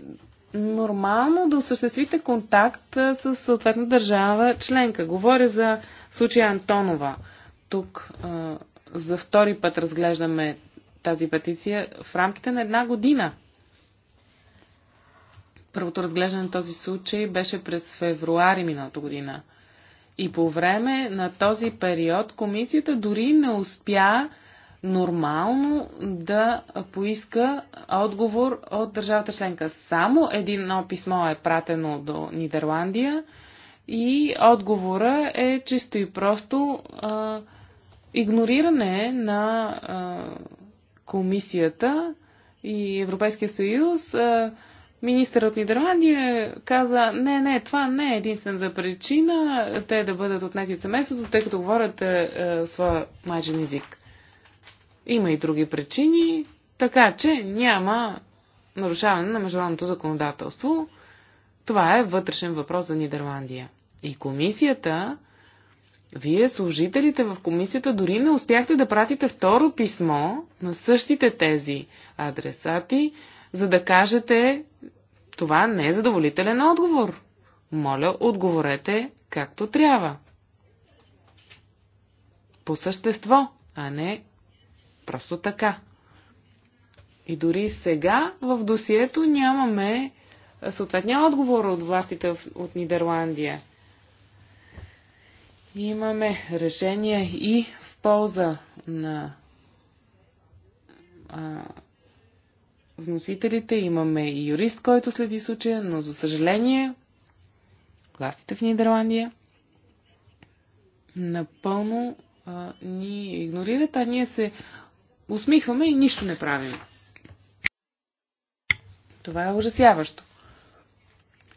нормално да осъществите контакт с съответна държава членка. Говоря за случая Антонова. Тук а, за втори път разглеждаме тази петиция в рамките на една година. Първото разглеждане на този случай беше през февруари миналата година. И по време на този период комисията дори не успя нормално да поиска отговор от държавата членка. Само едно писмо е пратено до Нидерландия и отговора е чисто и просто а, игнориране на а, комисията и Европейския съюз. А, Министър от Нидерландия каза, не, не, това не е единствената причина те да бъдат отнети от семейството, тъй като говорят е, е, своя майчин език. Има и други причини, така че няма нарушаване на международното законодателство. Това е вътрешен въпрос за Нидерландия. И комисията, вие служителите в комисията дори не успяхте да пратите второ писмо на същите тези адресати, за да кажете това не е задоволителен отговор. Моля, отговорете както трябва. По същество, а не просто така. И дори сега в досието нямаме съответния отговор от властите от Нидерландия. Имаме решение и в полза на а, вносителите, имаме и юрист, който следи случая, но за съжаление властите в Нидерландия напълно а, ни игнорират, а ние се усмихваме и нищо не правим. Това е ужасяващо.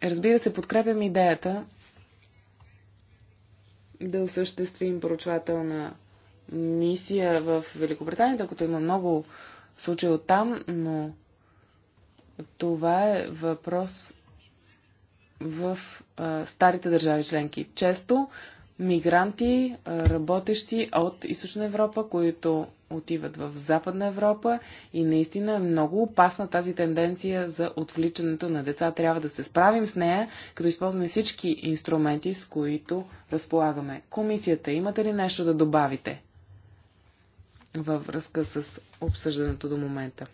Разбира се, подкрепям идеята да осъществим поручвателна мисия в Великобритания, тъй като има много случаи от там, но това е въпрос в а, старите държави членки. Често мигранти, а, работещи от Източна Европа, които отиват в Западна Европа и наистина е много опасна тази тенденция за отвличането на деца. Трябва да се справим с нея, като използваме всички инструменти, с които разполагаме. Комисията, имате ли нещо да добавите във връзка с обсъждането до момента?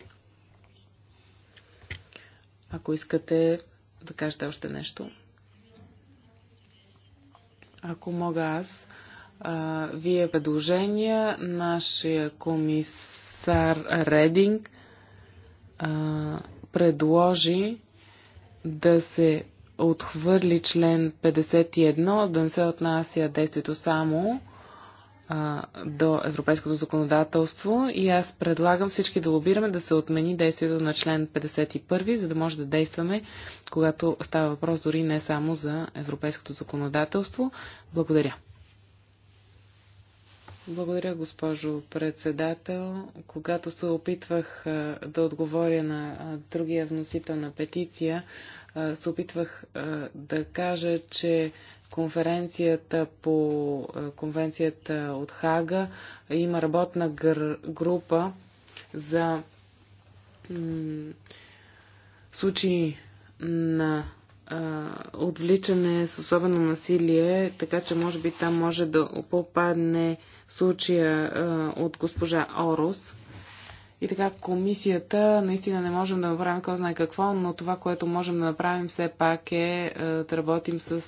Ако искате да кажете още нещо. Ако мога аз, а, вие предложения, нашия комисар Рединг а, предложи да се отхвърли член 51, да не се отнася действието само а, до европейското законодателство и аз предлагам всички да лобираме да се отмени действието на член 51, за да може да действаме, когато става въпрос дори не само за европейското законодателство. Благодаря. Благодаря, госпожо председател. Когато се опитвах да отговоря на другия вносител на петиция, се опитвах да кажа, че конференцията по е, конвенцията от Хага има работна група за случаи на е, отвличане с особено насилие, така че може би там може да попадне случая е, от госпожа Орус. И така, комисията наистина не можем да направим кой знае какво, но това, което можем да направим все пак е да работим с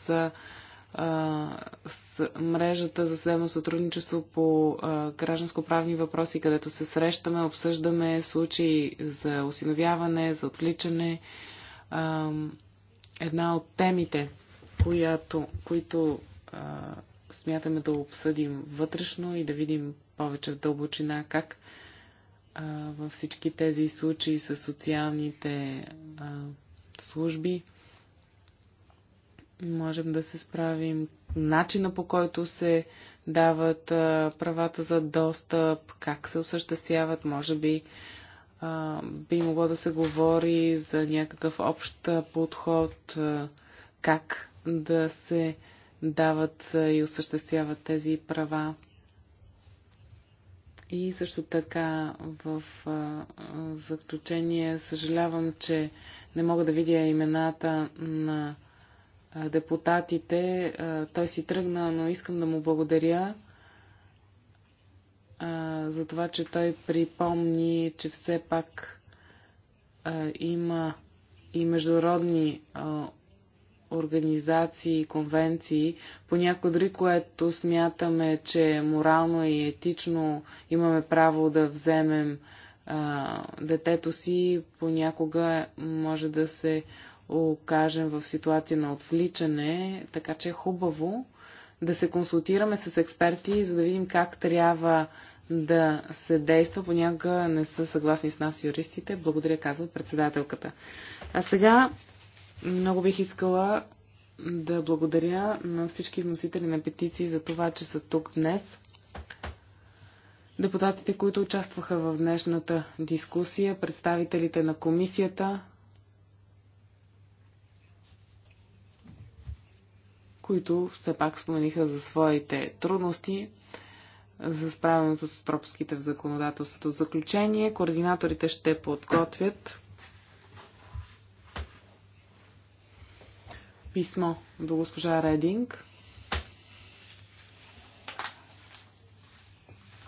с мрежата за следно сътрудничество по гражданско-правни въпроси, където се срещаме, обсъждаме случаи за осиновяване, за отвличане. една от темите, която, които смятаме да обсъдим вътрешно и да видим повече в дълбочина как във всички тези случаи с социалните служби можем да се справим, начина по който се дават правата за достъп, как се осъществяват, може би би могло да се говори за някакъв общ подход, как да се дават и осъществяват тези права. И също така в заключение съжалявам, че не мога да видя имената на депутатите. Той си тръгна, но искам да му благодаря за това, че той припомни, че все пак има и международни организации и конвенции, понякога дори което смятаме, че е морално и етично имаме право да вземем а, детето си, понякога може да се окажем в ситуация на отвличане, така че е хубаво да се консултираме с експерти, за да видим как трябва да се действа. Понякога не са съгласни с нас юристите. Благодаря, казва председателката. А сега много бих искала да благодаря на всички вносители на петиции за това, че са тук днес. Депутатите, които участваха в днешната дискусия, представителите на комисията, които все пак спомениха за своите трудности за справянето с пропуските в законодателството. В заключение, координаторите ще подготвят писмо до госпожа Рединг.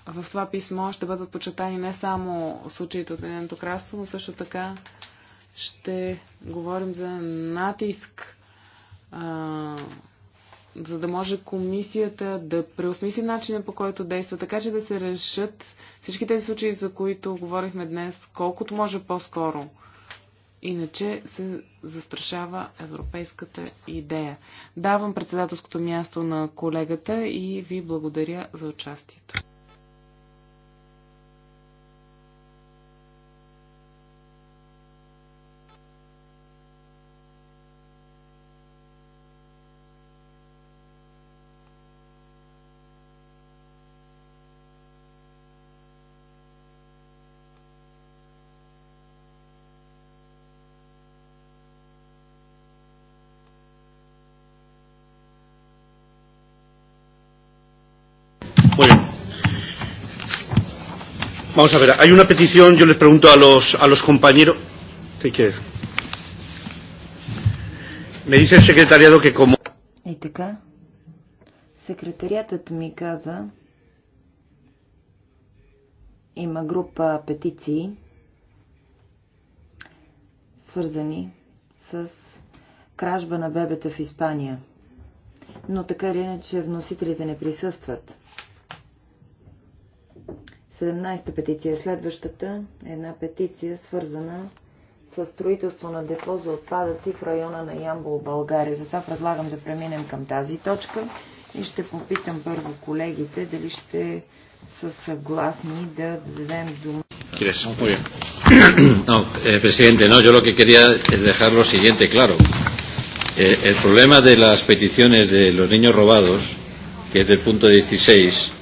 В това писмо ще бъдат почетани не само случаите от Единеното кралство, но също така ще говорим за натиск а, за да може комисията да преосмисли начина по който действа, така че да се решат всички тези случаи, за които говорихме днес, колкото може по-скоро. Иначе се застрашава европейската идея. Давам председателското място на колегата и ви благодаря за участието. Vamos a ver, hay una petición, yo les pregunto a los, a los compañeros. ¿Qué quieres? Me dice el secretariado que como... ¿Y И така, секретариатът ми каза, има група петиции, свързани с кражба на бебета в Испания. Но така или иначе вносителите не присъстват. 17-та петиция, следващата е една петиция, свързана с строителство на депо за отпадъци в района на Ямбол, България. Затова предлагам да преминем към тази точка и ще попитам първо колегите дали ще са съгласни да дадем дума. No, eh, presidente, no, yo lo que quería es dejar lo siguiente claro. Eh, el problema de las peticiones de los niños robados, que es del punto 16,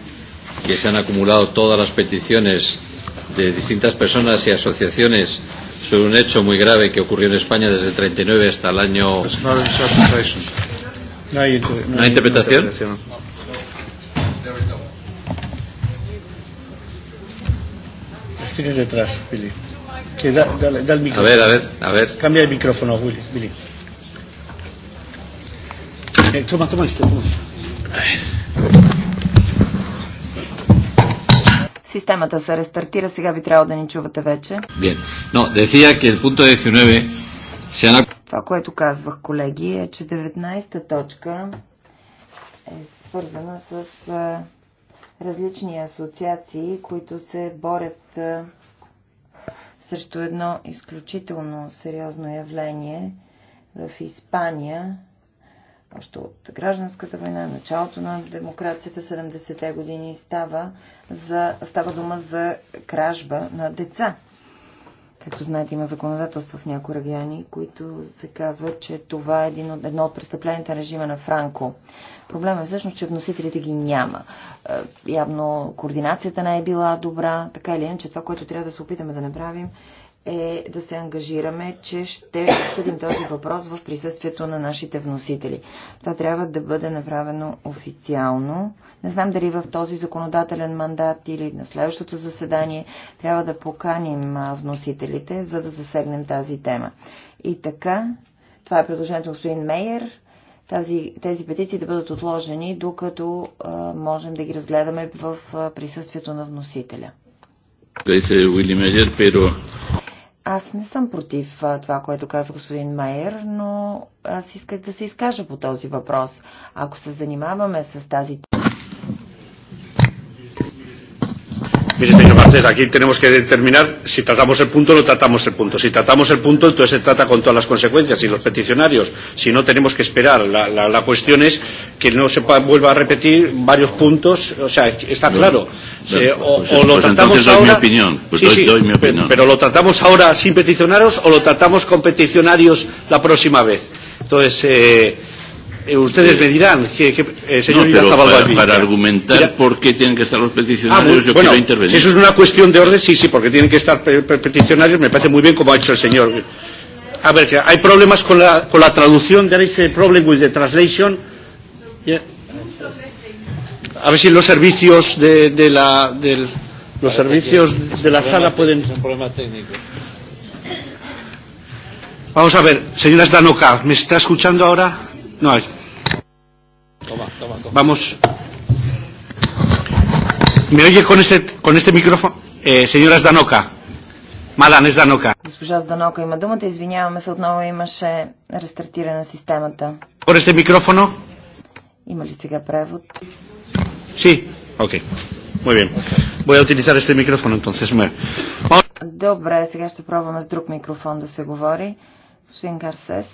que se han acumulado todas las peticiones de distintas personas y asociaciones sobre un hecho muy grave que ocurrió en España desde el 39 hasta el año. No hay, no hay interpretación. Las tienes detrás, Billy. Que da, dale, da el micrófono. A ver, a ver, a ver. Cambia el micrófono, Willy. Billy. Eh, toma, toma este. Toma. A ver. Системата се рестартира, сега ви трябва да ни чувате вече. No, decía que el punto 19 se Това, което казвах, колеги, е, че 19-та точка е свързана с различни асоциации, които се борят срещу едно изключително сериозно явление в Испания – още от гражданската война, началото на демокрацията 70-те години става, за, става дума за кражба на деца. Както знаете, има законодателство в някои региони, които се казва, че това е един от, едно от престъпленията на режима на Франко. Проблемът е всъщност, че вносителите ги няма. Е, явно координацията не е била добра, така или иначе това, което трябва да се опитаме да направим, е да се ангажираме, че ще обсъдим този въпрос в присъствието на нашите вносители. Това трябва да бъде направено официално. Не знам дали в този законодателен мандат или на следващото заседание трябва да поканим вносителите, за да засегнем тази тема. И така, това е предложението на господин Мейер тази, тези петиции да бъдат отложени, докато а, можем да ги разгледаме в присъствието на вносителя. Аз не съм против това, което каза господин Майер, но аз исках да се изкажа по този въпрос. Ако се занимаваме с тази Mire, señor Garcés, aquí tenemos que determinar si tratamos el punto o no tratamos el punto. Si tratamos el punto, entonces se trata con todas las consecuencias y los peticionarios. Si no, tenemos que esperar. La, la, la cuestión es que no se pueda, vuelva a repetir varios puntos. O sea, está claro. Eh, o, pues, o lo pues tratamos ahora. mi opinión. Pero lo tratamos ahora sin peticionarios o lo tratamos con peticionarios la próxima vez. Entonces. Eh, Eh, ustedes me dirán, que, que, eh, señor no, pero para, para argumentar Mira, por qué tienen que estar los peticionarios, ah, muy, yo bueno, quiero intervenir. Si eso es una cuestión de orden, sí, sí, porque tienen que estar pe pe peticionarios, me parece muy bien como ha hecho el señor. A ver, que hay problemas con la, con la traducción, de ese problem with the translation. Yeah. A ver si los servicios de, de la, del, los servicios de la sala pueden. Es un problema técnico. Vamos a ver, señora Zdanoka, ¿me está escuchando ahora? No, hay. toma, toma, toma. Vamos. ¿Me oye con este, con este micrófono? Eh, señora Zdanoka. Мадан Здановка. Госпожа Зданока има думата. Извиняваме се, отново имаше рестартиране на системата. Коресте микрофоно. Има ли сега превод? Си. Окей. Muy bien. Voy утилизар utilizar este micrófono, entonces me... Добре, сега ще пробваме с друг микрофон да се говори. Господин Гарсес.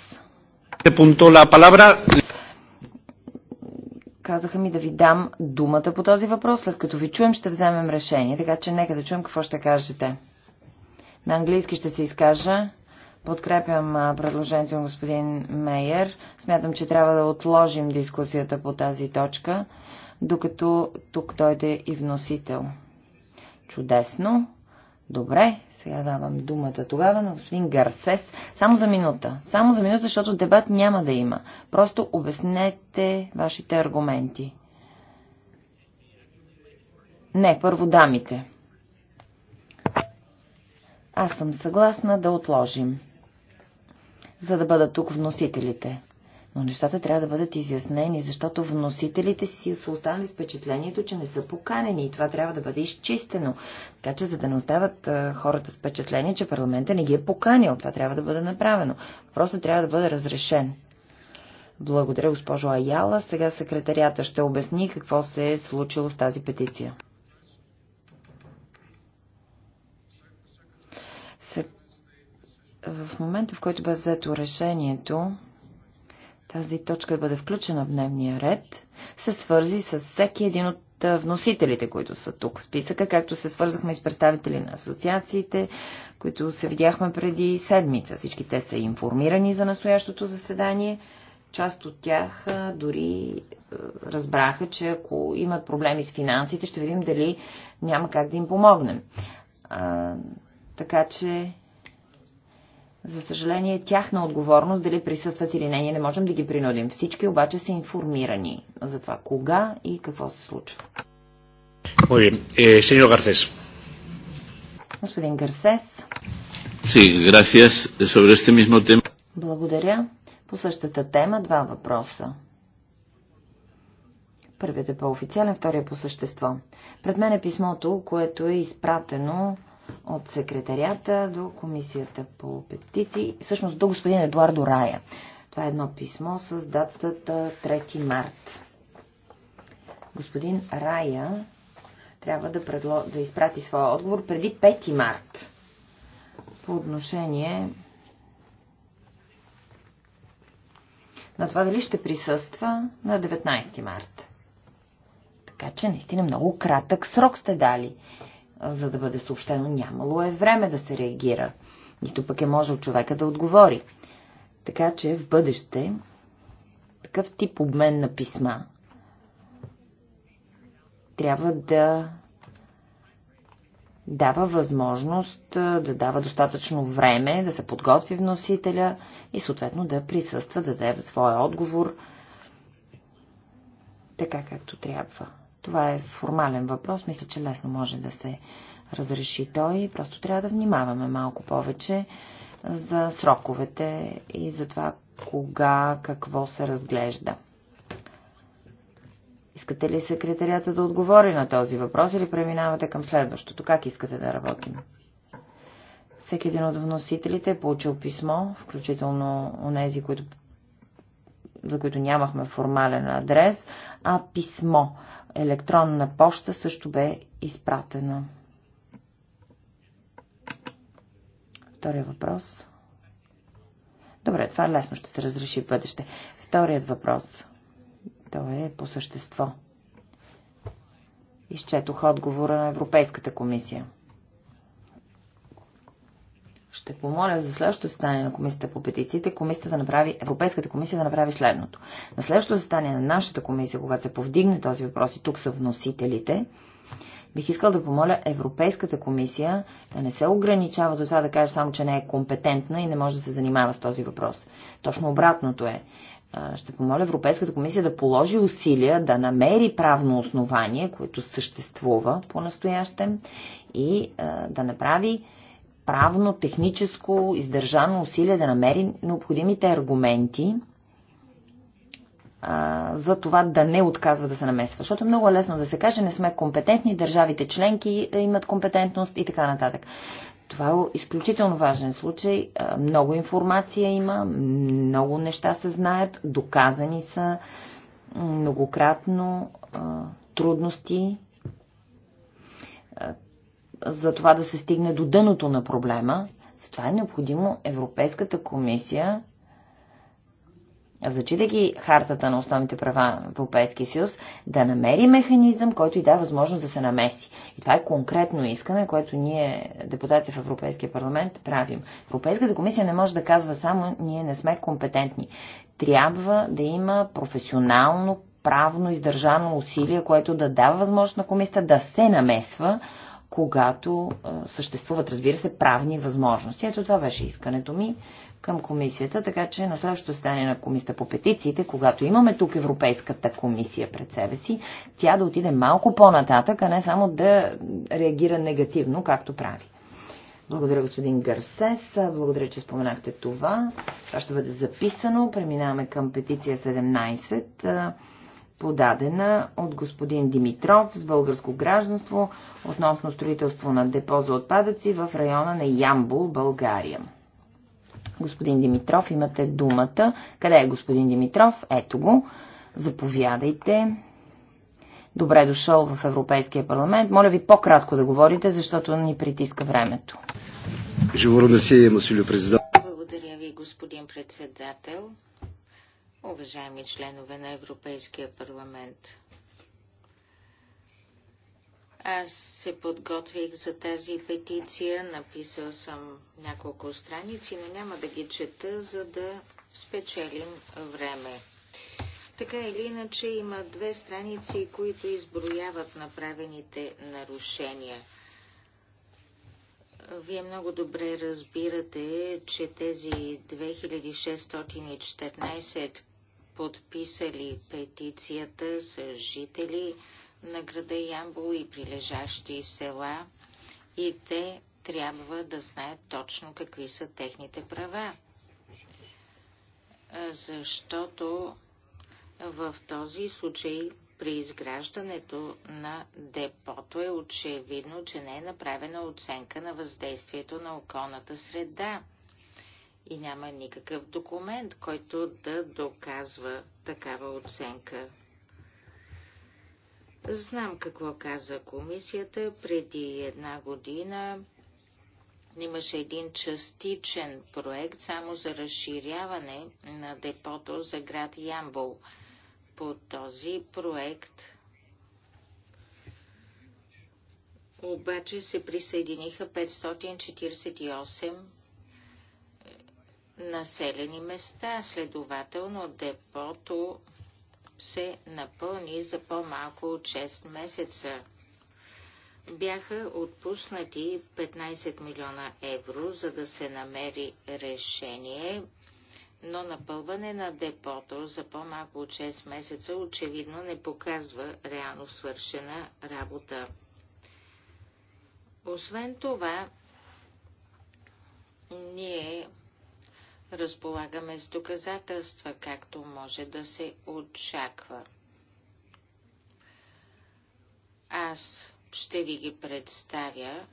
Казаха ми да ви дам думата по този въпрос. След като ви чуем, ще вземем решение. Така че нека да чуем какво ще кажете. На английски ще се изкажа. Подкрепям предложението на господин Мейер. Смятам, че трябва да отложим дискусията по тази точка, докато тук дойде и вносител. Чудесно. Добре, сега давам думата тогава на господин Гарсес. Само за минута. Само за минута, защото дебат няма да има. Просто обяснете вашите аргументи. Не, първо дамите. Аз съм съгласна да отложим, за да бъдат тук вносителите. Но нещата трябва да бъдат изяснени, защото вносителите си са останали с впечатлението, че не са поканени и това трябва да бъде изчистено. Така че, за да не остават а, хората с впечатление, че парламента не ги е поканил, това трябва да бъде направено. Въпросът трябва да бъде разрешен. Благодаря, госпожо Аяла. Сега секретарията ще обясни какво се е случило с тази петиция. В момента, в който бе взето решението, тази точка да бъде включена в дневния ред, се свързи с всеки един от вносителите, които са тук в списъка, както се свързахме и с представители на асоциациите, които се видяхме преди седмица. Всички те са информирани за настоящото заседание. Част от тях дори разбраха, че ако имат проблеми с финансите, ще видим дали няма как да им помогнем. А, така че за съжаление, е тяхна отговорност дали присъстват или не. Ние не можем да ги принудим. Всички обаче са информирани за това кога и какво се случва. Muy bien. Гарсес. Eh, Господин Гарсес. Sí, gracias. Sobre este mismo tema. Благодаря. По същата тема два въпроса. Първият е по-официален, вторият е по същество. Пред мен е писмото, което е изпратено от секретарията до комисията по петиции, всъщност до господин Едуардо Рая. Това е едно писмо с датата 3 март. Господин Рая трябва да, предло... да изпрати своя отговор преди 5 март. По отношение на това дали ще присъства на 19 март. Така че наистина много кратък срок сте дали за да бъде съобщено. Нямало е време да се реагира. Нито пък е можел човека да отговори. Така че в бъдеще такъв тип обмен на писма трябва да дава възможност да дава достатъчно време да се подготви вносителя и съответно да присъства, да даде своя отговор така както трябва. Това е формален въпрос, мисля, че лесно може да се разреши той. Просто трябва да внимаваме малко повече за сроковете и за това кога, какво се разглежда. Искате ли секретарията да отговори на този въпрос или преминавате към следващото? Как искате да работим? Всеки един от вносителите е получил писмо, включително нези, които, за които нямахме формален адрес, а писмо електронна поща също бе изпратена. Втория въпрос. Добре, това лесно ще се разреши в бъдеще. Вторият въпрос. Той е по същество. Изчетох отговора на Европейската комисия. Ще помоля за следващото заседание на Комисията по петициите, комисията да направи, Европейската комисия да направи следното. На следващото заседание на нашата комисия, когато се повдигне този въпрос и тук са вносителите, бих искал да помоля Европейската комисия да не се ограничава за това да каже само, че не е компетентна и не може да се занимава с този въпрос. Точно обратното е. Ще помоля Европейската комисия да положи усилия да намери правно основание, което съществува по-настоящем и да направи правно, техническо, издържано усилие да намери необходимите аргументи а, за това да не отказва да се намесва. Защото е много е лесно да се каже, не сме компетентни, държавите членки е, имат компетентност и така нататък. Това е изключително важен случай. Много информация има, много неща се знаят, доказани са многократно трудности за това да се стигне до дъното на проблема, затова е необходимо Европейската комисия, зачитайки хартата на основните права в Европейския съюз, да намери механизъм, който и е възможност да се намеси. И това е конкретно искане, което ние, депутати в Европейския парламент, правим. Европейската комисия не може да казва само ние не сме компетентни. Трябва да има професионално правно издържано усилие, което да дава възможност на комисията да се намесва когато съществуват, разбира се, правни възможности. Ето това беше искането ми към комисията, така че на следващото стане на комисията по петициите, когато имаме тук Европейската комисия пред себе си, тя да отиде малко по-нататък, а не само да реагира негативно, както прави. Благодаря, господин Гарсес. Благодаря, че споменахте това. Това ще бъде записано. Преминаваме към петиция 17 подадена от господин Димитров с българско гражданство относно строителство на депо за отпадъци в района на Ямбул, България. Господин Димитров, имате думата. Къде е господин Димитров? Ето го. Заповядайте. Добре дошъл в Европейския парламент. Моля ви по-кратко да говорите, защото ни притиска времето. си Благодаря ви, господин председател уважаеми членове на Европейския парламент. Аз се подготвих за тази петиция, написал съм няколко страници, но няма да ги чета, за да спечелим време. Така или иначе има две страници, които изброяват направените нарушения. Вие много добре разбирате, че тези 2614 подписали петицията са жители на града Ямбол и прилежащи села и те трябва да знаят точно какви са техните права. Защото в този случай при изграждането на депото е очевидно, че не е направена оценка на въздействието на околната среда и няма никакъв документ, който да доказва такава оценка. Знам какво каза комисията преди една година. Имаше един частичен проект само за разширяване на депото за град Ямбол. По този проект обаче се присъединиха 548 населени места. Следователно депото се напълни за по-малко от 6 месеца. Бяха отпуснати 15 милиона евро, за да се намери решение, но напълване на депото за по-малко от 6 месеца очевидно не показва реално свършена работа. Освен това, ние разполагаме с доказателства, както може да се очаква. Аз ще ви ги представя,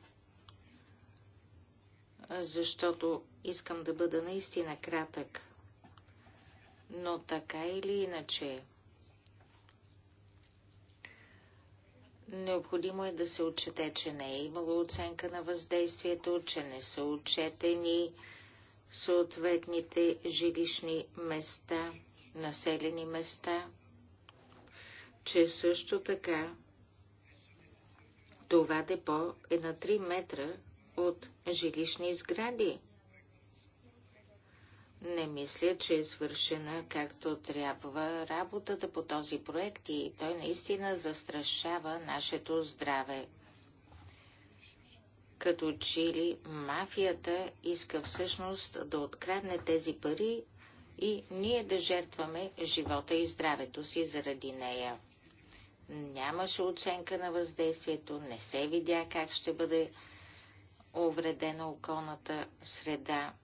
защото искам да бъда наистина кратък. Но така или иначе, необходимо е да се отчете, че не е имало оценка на въздействието, че не са отчетени съответните жилищни места, населени места, че също така това депо е на 3 метра от жилищни сгради. Не мисля, че е свършена както трябва работата по този проект и той наистина застрашава нашето здраве като че ли мафията иска всъщност да открадне тези пари и ние да жертваме живота и здравето си заради нея. Нямаше оценка на въздействието, не се видя как ще бъде увредена околната среда.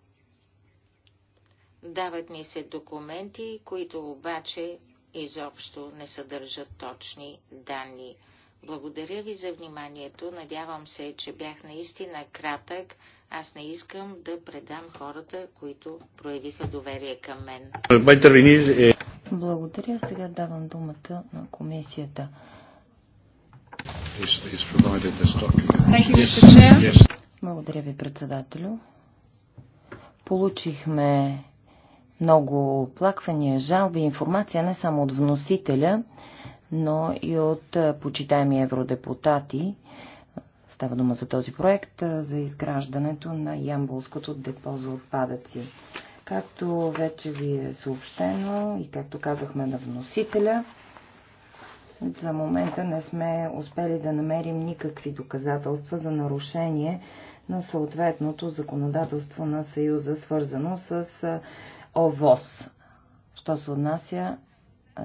Дават ни се документи, които обаче изобщо не съдържат точни данни. Благодаря ви за вниманието. Надявам се, че бях наистина кратък. Аз не искам да предам хората, които проявиха доверие към мен. Е, Благодаря. Сега давам думата на комисията. Благодаря ви, председателю. Получихме много плаквания, жалби, информация не само от вносителя, но и от почитаеми евродепутати. Става дума за този проект за изграждането на Ямбулското депо за отпадъци. Както вече ви е съобщено и както казахме на вносителя, за момента не сме успели да намерим никакви доказателства за нарушение на съответното законодателство на Съюза, свързано с ОВОз. Що се отнася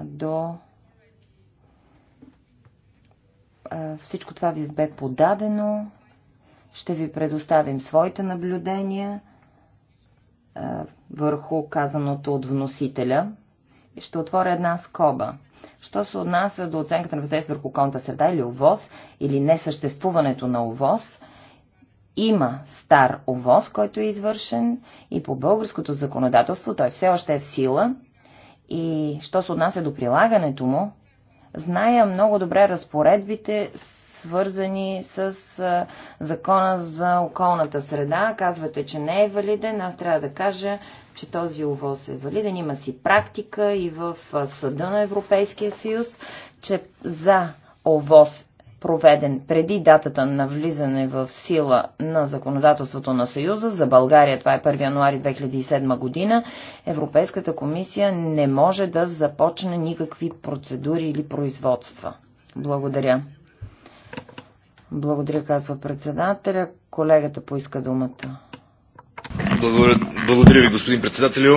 до всичко това ви бе подадено. Ще ви предоставим своите наблюдения върху казаното от вносителя. И ще отворя една скоба. Що се отнася до оценката на въздействие върху конта среда или овоз, или несъществуването на овоз, има стар овоз, който е извършен и по българското законодателство той все още е в сила. И що се отнася до прилагането му, Зная много добре разпоредбите, свързани с закона за околната среда. Казвате, че не е валиден. Аз трябва да кажа, че този увоз е валиден. Има си практика и в съда на Европейския съюз, че за овоз проведен преди датата на влизане в сила на законодателството на Съюза, за България това е 1 януари 2007 година, Европейската комисия не може да започне никакви процедури или производства. Благодаря. Благодаря, казва председателя. Колегата поиска думата. Благодаря, благодаря ви, господин председателю.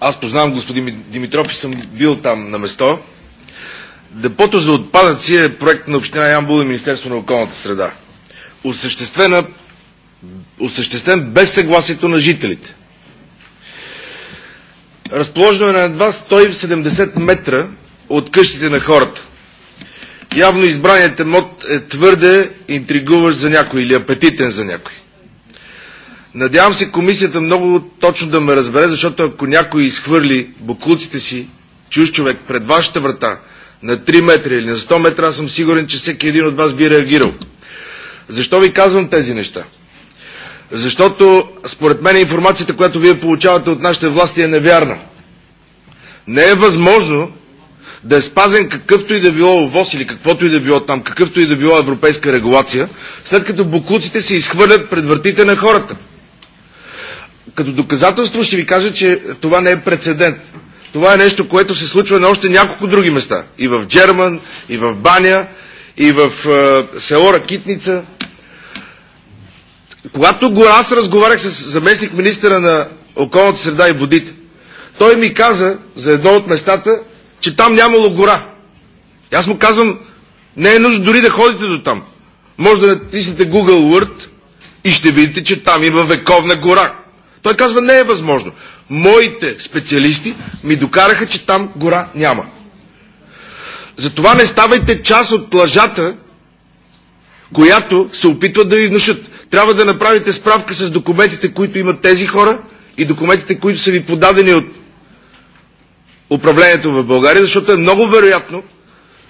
Аз познавам господин Димитров и съм бил там на место. Депото за отпадъци е проект на Община Ямбул и Министерство на околната среда. Осъществена, осъществен без съгласието на жителите. Разположено е на едва 170 метра от къщите на хората. Явно избраният мод е твърде интригуващ за някой или апетитен за някой. Надявам се комисията много точно да ме разбере, защото ако някой изхвърли буклуците си, чуж човек, пред вашата врата, на 3 метра или на 100 метра, аз съм сигурен, че всеки един от вас би реагирал. Защо ви казвам тези неща? Защото според мен информацията, която вие получавате от нашите власти е невярна. Не е възможно да е спазен какъвто и да било ОВОС или каквото и да било там, какъвто и да било европейска регулация, след като буклуците се изхвърлят пред вратите на хората. Като доказателство ще ви кажа, че това не е прецедент. Това е нещо, което се случва на още няколко други места. И в Джерман, и в Баня, и в е, село Ракитница. Когато го аз разговарях с заместник министра на околната среда и водите, той ми каза за едно от местата, че там нямало гора. И аз му казвам, не е нужно дори да ходите до там. Може да натиснете Google Word и ще видите, че там има вековна гора. Той казва, не е възможно моите специалисти ми докараха, че там гора няма. Затова не ставайте част от лъжата, която се опитват да ви внушат. Трябва да направите справка с документите, които имат тези хора и документите, които са ви подадени от управлението в България, защото е много вероятно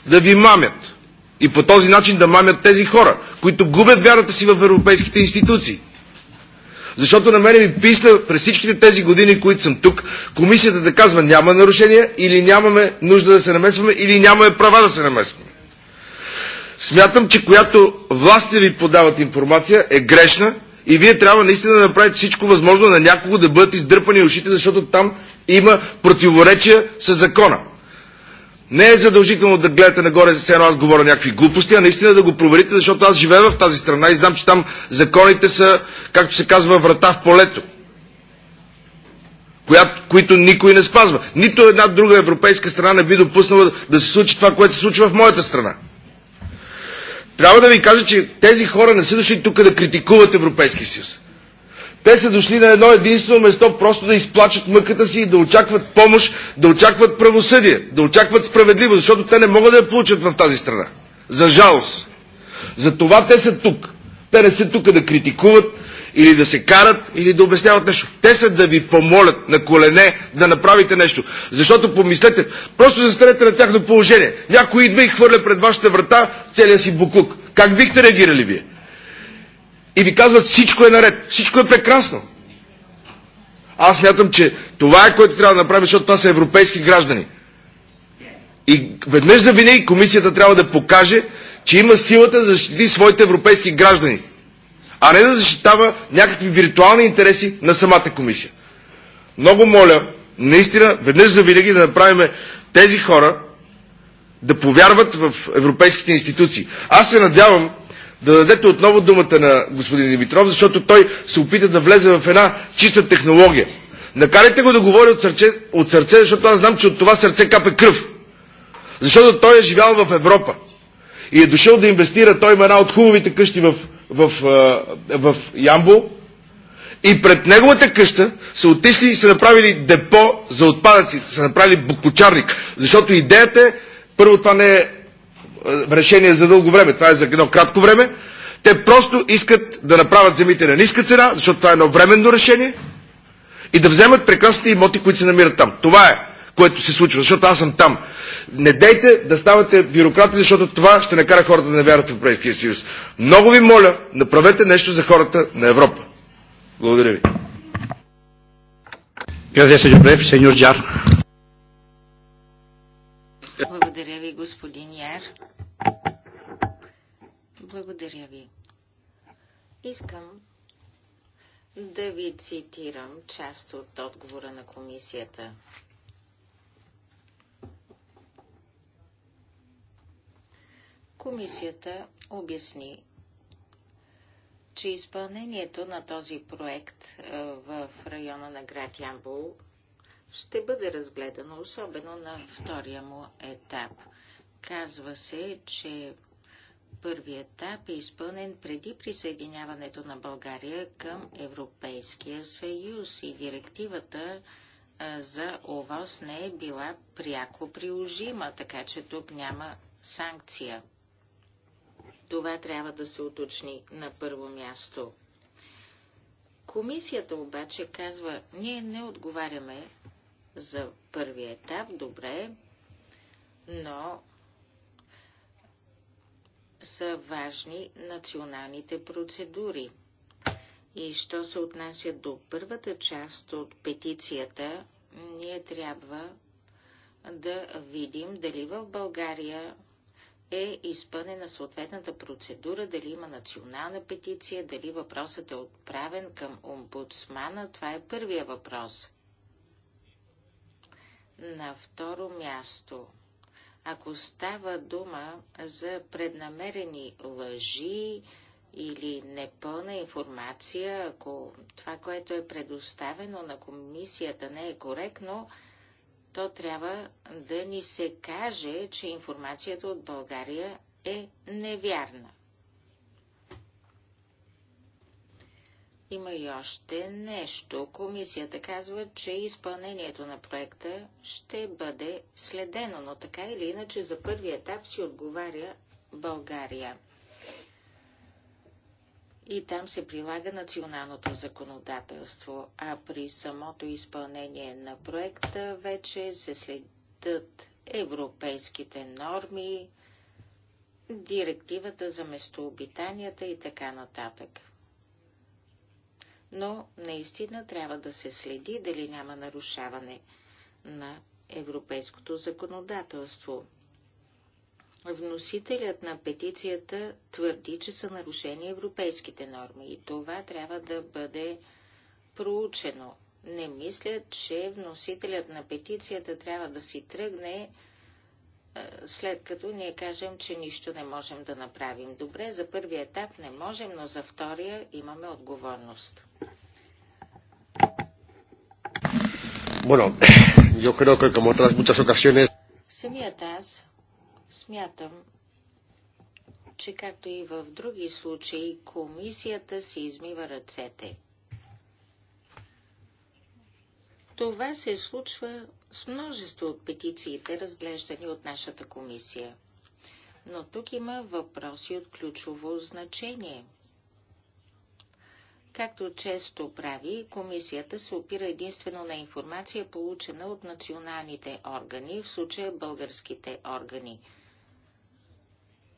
да ви мамят. И по този начин да мамят тези хора, които губят вярата си в европейските институции. Защото на мене ми писна през всичките тези години, които съм тук, комисията да казва няма нарушения или нямаме нужда да се намесваме или нямаме права да се намесваме. Смятам, че която властите ви подават информация е грешна и вие трябва наистина да направите всичко възможно на някого да бъдат издърпани ушите, защото там има противоречия с закона. Не е задължително да гледате нагоре, все едно аз говоря някакви глупости, а наистина да го проверите, защото аз живея в тази страна и знам, че там законите са, както се казва, врата в полето, коя, които никой не спазва. Нито една друга европейска страна не би допуснала да се случи това, което се случва в моята страна. Трябва да ви кажа, че тези хора не са дошли тук да критикуват Европейския съюз. Те са дошли на едно единствено место просто да изплачат мъката си и да очакват помощ, да очакват правосъдие, да очакват справедливост, защото те не могат да я получат в тази страна. За жалост. Затова те са тук. Те не са тук да критикуват или да се карат, или да обясняват нещо. Те са да ви помолят на колене да направите нещо. Защото помислете, просто застанете на тяхно положение. Някой идва и хвърля пред вашата врата целия си буклук. Как бихте реагирали вие? и ви казват всичко е наред, всичко е прекрасно. Аз мятам, че това е което трябва да направим, защото това са европейски граждани. И веднъж за винаги комисията трябва да покаже, че има силата да защити своите европейски граждани, а не да защитава някакви виртуални интереси на самата комисия. Много моля, наистина, веднъж за винаги да направим тези хора да повярват в европейските институции. Аз се надявам, да дадете отново думата на господин Димитров, защото той се опита да влезе в една чиста технология. Накарайте го да говори от сърце, от сърце, защото аз знам, че от това сърце капе кръв. Защото той е живял в Европа и е дошъл да инвестира. Той има една от хубавите къщи в, в, в, в Ямбол. И пред неговата къща са отишли и са направили депо за отпадъците, са направили буклучарник. Защото идеята е, първо това не е е, решение за дълго време, това е за едно кратко време. Те просто искат да направят земите на ниска цена, защото това е едно временно решение и да вземат прекрасните имоти, които се намират там. Това е, което се случва, защото аз съм там. Не дейте да ставате бюрократи, защото това ще накара хората да не вярват в Европейския съюз. Много ви моля, направете нещо за хората на Европа. Благодаря ви. Благодаря ви, господин благодаря ви. Искам да ви цитирам част от отговора на комисията. Комисията обясни, че изпълнението на този проект е, в района на град Ямбул ще бъде разгледано, особено на втория му етап. Казва се, че първият етап е изпълнен преди присъединяването на България към Европейския съюз и директивата за ОВОС не е била пряко приложима, така че тук няма санкция. Това трябва да се уточни на първо място. Комисията обаче казва, ние не отговаряме за първия етап, добре, но са важни националните процедури. И що се отнася до първата част от петицията, ние трябва да видим дали в България е изпълнена съответната процедура, дали има национална петиция, дали въпросът е отправен към омбудсмана. Това е първия въпрос. На второ място – ако става дума за преднамерени лъжи или непълна информация, ако това, което е предоставено на комисията не е коректно, то трябва да ни се каже, че информацията от България е невярна. Има и още нещо. Комисията казва, че изпълнението на проекта ще бъде следено, но така или иначе за първи етап си отговаря България. И там се прилага националното законодателство, а при самото изпълнение на проекта вече се следят европейските норми, директивата за местообитанията и така нататък но наистина трябва да се следи дали няма нарушаване на европейското законодателство. Вносителят на петицията твърди, че са нарушени европейските норми и това трябва да бъде проучено. Не мисля, че вносителят на петицията трябва да си тръгне след като ние кажем, че нищо не можем да направим. Добре, за първи етап не можем, но за втория имаме отговорност. Bueno, yo creo que como otras muchas ocasiones... Самият аз смятам, че както и в други случаи, комисията си измива ръцете. Това се случва с множество от петициите, разглеждани от нашата комисия. Но тук има въпроси от ключово значение. Както често прави, комисията се опира единствено на информация, получена от националните органи, в случая българските органи.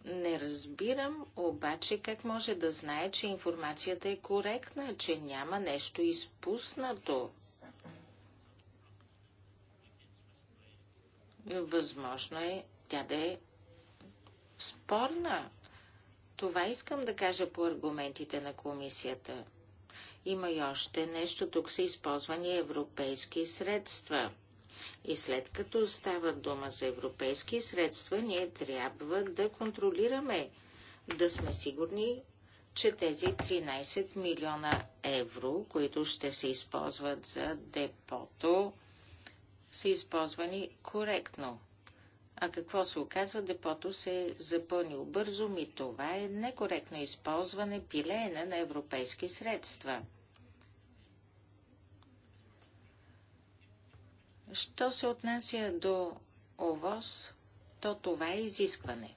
Не разбирам обаче как може да знае, че информацията е коректна, че няма нещо изпуснато възможно е тя да е спорна. Това искам да кажа по аргументите на комисията. Има и още нещо, тук са използвани европейски средства. И след като става дума за европейски средства, ние трябва да контролираме, да сме сигурни, че тези 13 милиона евро, които ще се използват за депото, са използвани коректно. А какво се оказва? Депото се е запълнил бързо. Ми това е некоректно използване, пилеене на европейски средства. Що се отнася до ОВОз, то това е изискване.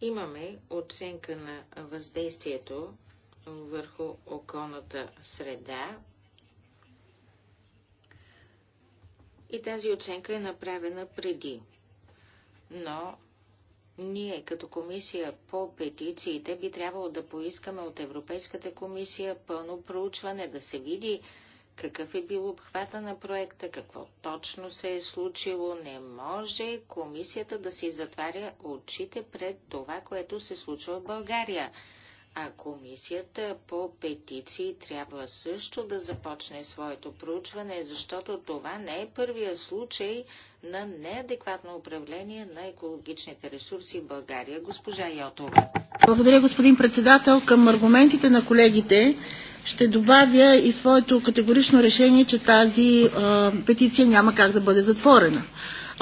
Имаме оценка на въздействието върху околната среда. И тази оценка е направена преди. Но ние като комисия по петициите би трябвало да поискаме от Европейската комисия пълно проучване, да се види какъв е бил обхвата на проекта, какво точно се е случило. Не може комисията да си затваря очите пред това, което се случва в България. А комисията по петиции трябва също да започне своето проучване, защото това не е първия случай на неадекватно управление на екологичните ресурси в България. Госпожа Йотова. Благодаря, господин председател. Към аргументите на колегите ще добавя и своето категорично решение, че тази петиция няма как да бъде затворена.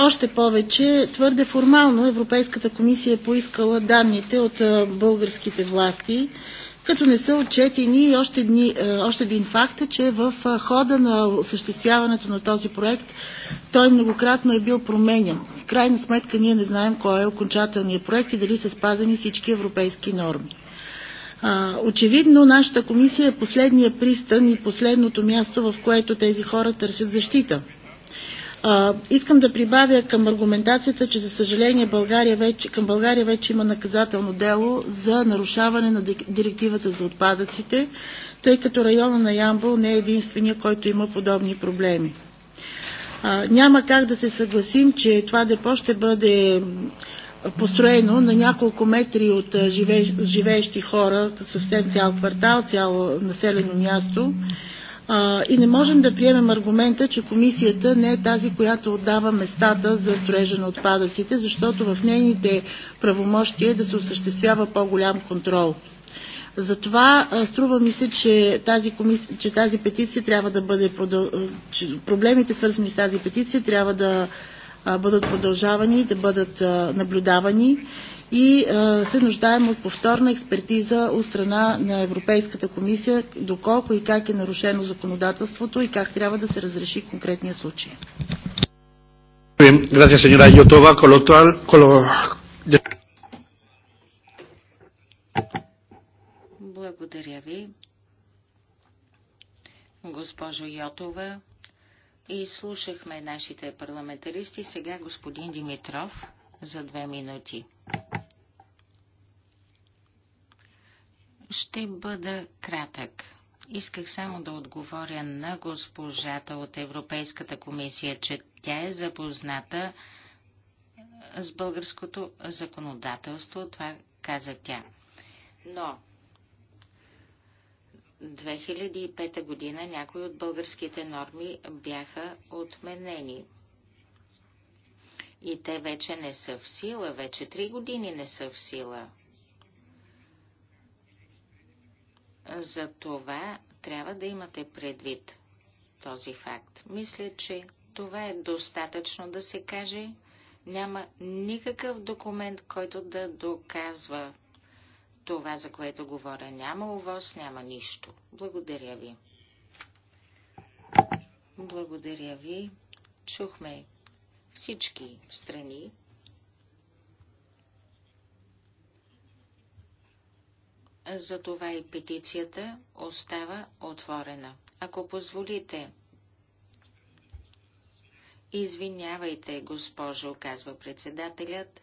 Още повече, твърде формално Европейската комисия е поискала данните от е, българските власти, като не са отчетени и още, дни, е, още един факт е, че в е, хода на осъществяването на този проект той многократно е бил променен. В крайна сметка ние не знаем кой е окончателният проект и дали са спазени всички европейски норми. Очевидно нашата комисия е последния пристан и последното място, в което тези хора търсят защита – а, искам да прибавя към аргументацията, че за съжаление България вече, към България вече има наказателно дело за нарушаване на директивата за отпадъците, тъй като района на Ямбол не е единствения, който има подобни проблеми. А, няма как да се съгласим, че това депо ще бъде построено на няколко метри от живе, живеещи хора, съвсем цял квартал, цяло населено място. А, и не можем да приемем аргумента, че комисията не е тази, която отдава местата за строежа на отпадъците, защото в нейните правомощия е да се осъществява по-голям контрол. Затова струва ми се, че тази, комис... че тази петиция трябва да бъде продъл... че проблемите свързани с тази петиция трябва да бъдат продължавани, да бъдат наблюдавани и се нуждаем от повторна експертиза от страна на Европейската комисия, доколко и как е нарушено законодателството и как трябва да се разреши конкретния случай. Gracias, señora Yotova. Con lo, con lo, Благодаря ви, госпожо Йотова. И слушахме нашите парламентаристи. Сега господин Димитров за две минути. Ще бъда кратък. Исках само да отговоря на госпожата от Европейската комисия, че тя е запозната с българското законодателство. Това каза тя. Но 2005 година някои от българските норми бяха отменени. И те вече не са в сила, вече три години не са в сила. За това трябва да имате предвид този факт. Мисля, че това е достатъчно да се каже. Няма никакъв документ, който да доказва това, за което говоря. Няма увоз, няма нищо. Благодаря ви. Благодаря ви. Чухме всички страни. Затова и петицията остава отворена. Ако позволите, Извинявайте, госпожо, казва председателят.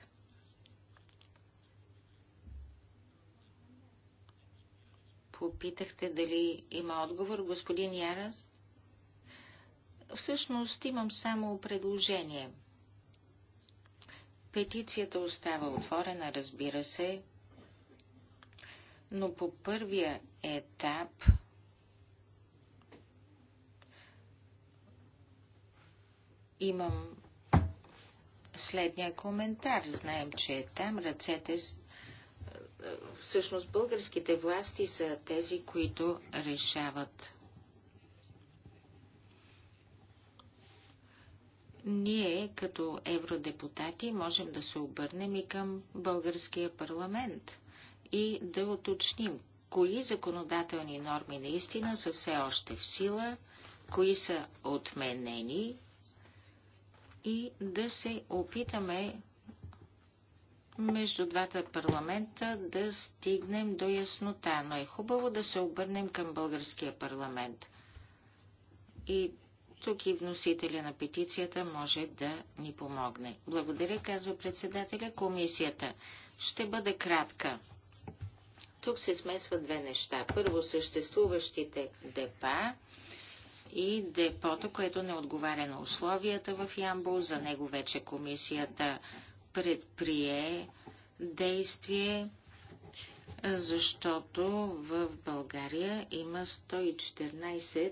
Попитахте дали има отговор, господин Ярас? Всъщност имам само предложение – Петицията остава отворена, разбира се, но по първия етап имам следния коментар. Знаем, че е там ръцете всъщност българските власти са тези, които решават ние като евродепутати можем да се обърнем и към българския парламент и да уточним кои законодателни норми наистина са все още в сила, кои са отменени и да се опитаме между двата парламента да стигнем до яснота, но е хубаво да се обърнем към българския парламент и тук и вносителя на петицията може да ни помогне. Благодаря, казва председателя. Комисията ще бъде кратка. Тук се смесват две неща. Първо, съществуващите депа и депото, което не отговаря на условията в Ямбол. За него вече комисията предприе действие, защото в България има 114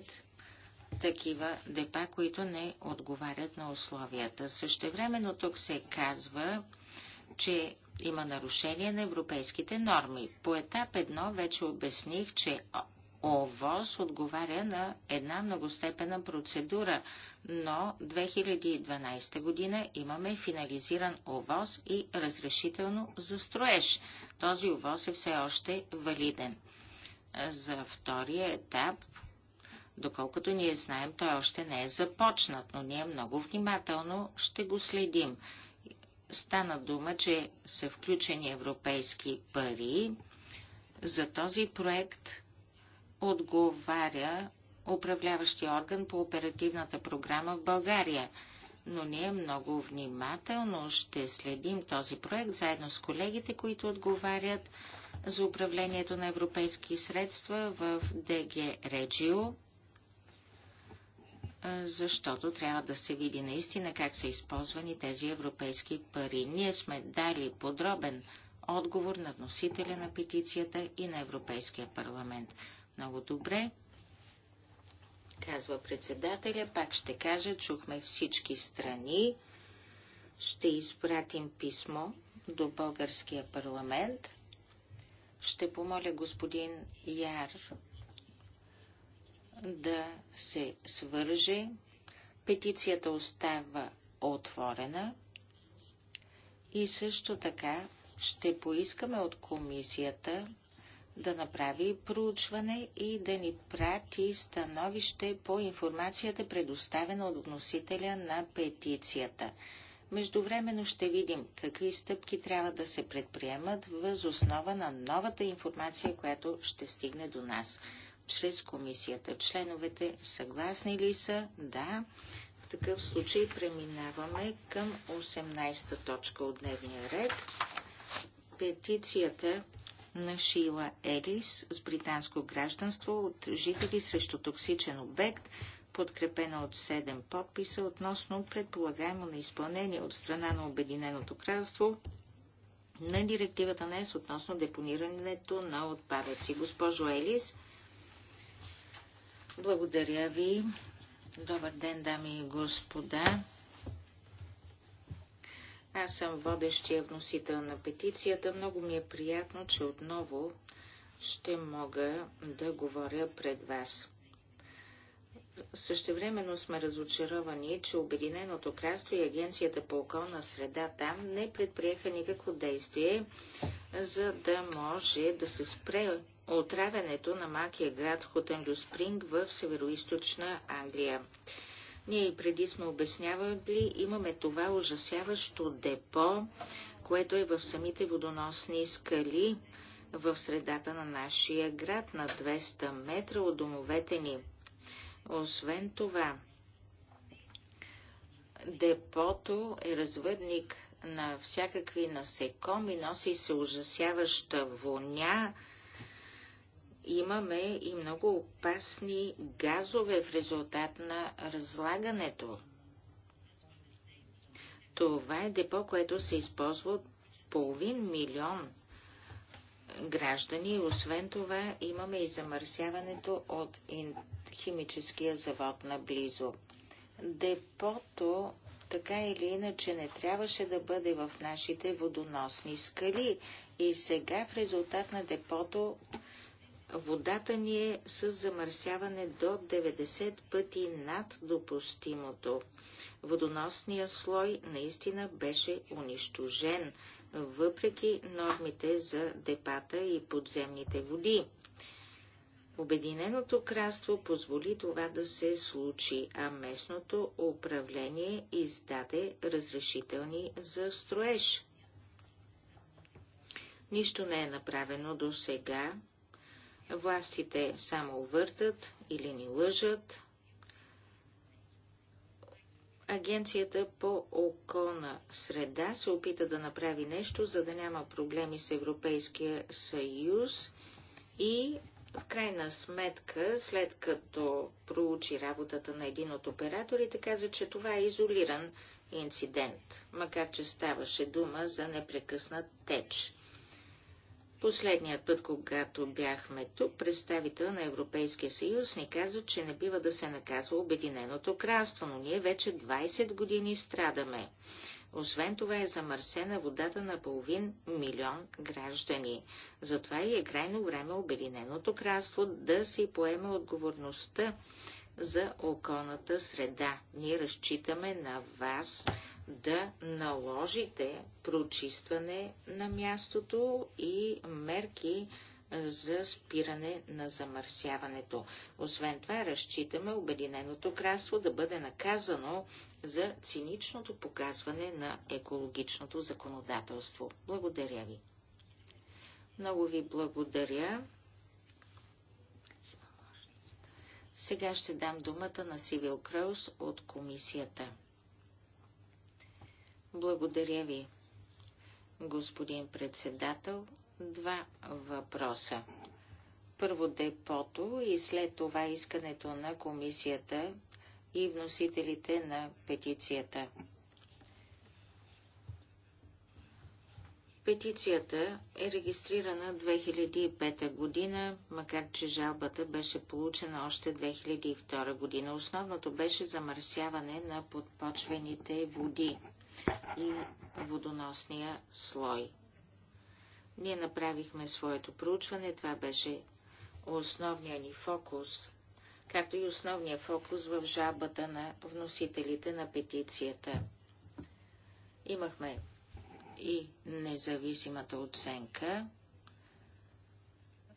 такива депа, които не отговарят на условията. Същевременно тук се казва, че има нарушение на европейските норми. По етап едно вече обясних, че ОВОз отговаря на една многостепена процедура, но 2012 година имаме финализиран ОВОз и разрешително за строеж. Този ОВОз е все още валиден. За втория етап Доколкото ние знаем, той още не е започнат, но ние много внимателно ще го следим. Стана дума, че са включени европейски пари. За този проект отговаря управляващия орган по оперативната програма в България. Но ние много внимателно ще следим този проект заедно с колегите, които отговарят за управлението на европейски средства в ДГ Реджио защото трябва да се види наистина как са използвани тези европейски пари. Ние сме дали подробен отговор на вносителя на петицията и на Европейския парламент. Много добре, казва председателя. Пак ще кажа, чухме всички страни. Ще изпратим писмо до българския парламент. Ще помоля господин Яр да се свърже. Петицията остава отворена и също така ще поискаме от комисията да направи проучване и да ни прати становище по информацията, предоставена от вносителя на петицията. Междувременно ще видим какви стъпки трябва да се предприемат въз основа на новата информация, която ще стигне до нас чрез комисията. Членовете съгласни ли са? Да. В такъв случай преминаваме към 18-та точка от дневния ред. Петицията на Шила Елис с британско гражданство от жители срещу токсичен обект, подкрепена от 7 подписа относно предполагаемо на изпълнение от страна на Обединеното кралство на директивата на ЕС относно депонирането на отпадъци. Госпожо Елис, благодаря ви. Добър ден, дами и господа. Аз съм водещия вносител на петицията. Много ми е приятно, че отново ще мога да говоря пред вас. Същевременно сме разочаровани, че Обединеното кралство и Агенцията по околна среда там не предприеха никакво действие, за да може да се спре отравянето на малкия град Хотенлю Спринг в северо Англия. Ние и преди сме обяснявали, имаме това ужасяващо депо, което е в самите водоносни скали в средата на нашия град на 200 метра от домовете ни. Освен това, депото е развъдник на всякакви насекоми, носи се ужасяваща воня, имаме и много опасни газове в резултат на разлагането. Това е депо, което се използва от половин милион граждани. Освен това, имаме и замърсяването от химическия завод наблизо. Депото така или иначе не трябваше да бъде в нашите водоносни скали и сега в резултат на депото водата ни е с замърсяване до 90 пъти над допустимото. Водоносният слой наистина беше унищожен, въпреки нормите за депата и подземните води. Обединеното кралство позволи това да се случи, а местното управление издаде разрешителни за строеж. Нищо не е направено до сега Властите само въртат или ни лъжат. Агенцията по околна среда се опита да направи нещо, за да няма проблеми с Европейския съюз и в крайна сметка, след като проучи работата на един от операторите, каза, че това е изолиран инцидент, макар че ставаше дума за непрекъснат теч. Последният път, когато бяхме тук, представител на Европейския съюз ни каза, че не бива да се наказва Обединеното кралство, но ние вече 20 години страдаме. Освен това е замърсена водата на половин милион граждани. Затова и е крайно време Обединеното кралство да си поеме отговорността за околната среда. Ние разчитаме на вас да наложите прочистване на мястото и мерки за спиране на замърсяването. Освен това, разчитаме Обединеното кралство да бъде наказано за циничното показване на екологичното законодателство. Благодаря ви. Много ви благодаря. Сега ще дам думата на Сивил Кръус от комисията. Благодаря ви, господин председател. Два въпроса. Първо депото и след това искането на комисията и вносителите на петицията. Петицията е регистрирана 2005 година, макар че жалбата беше получена още 2002 година. Основното беше замърсяване на подпочвените води и водоносния слой. Ние направихме своето проучване, това беше основният ни фокус, както и основният фокус в жабата на вносителите на петицията. Имахме и независимата оценка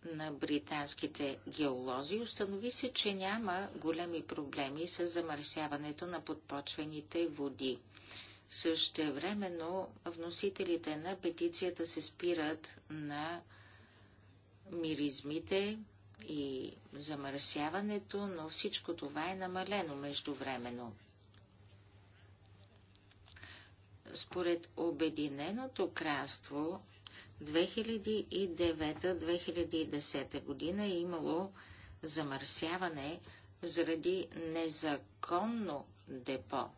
на британските геолози. Установи се, че няма големи проблеми с замърсяването на подпочвените води. Същевременно вносителите на петицията се спират на миризмите и замърсяването, но всичко това е намалено междувременно. Според Обединеното кралство 2009-2010 година е имало замърсяване заради незаконно депо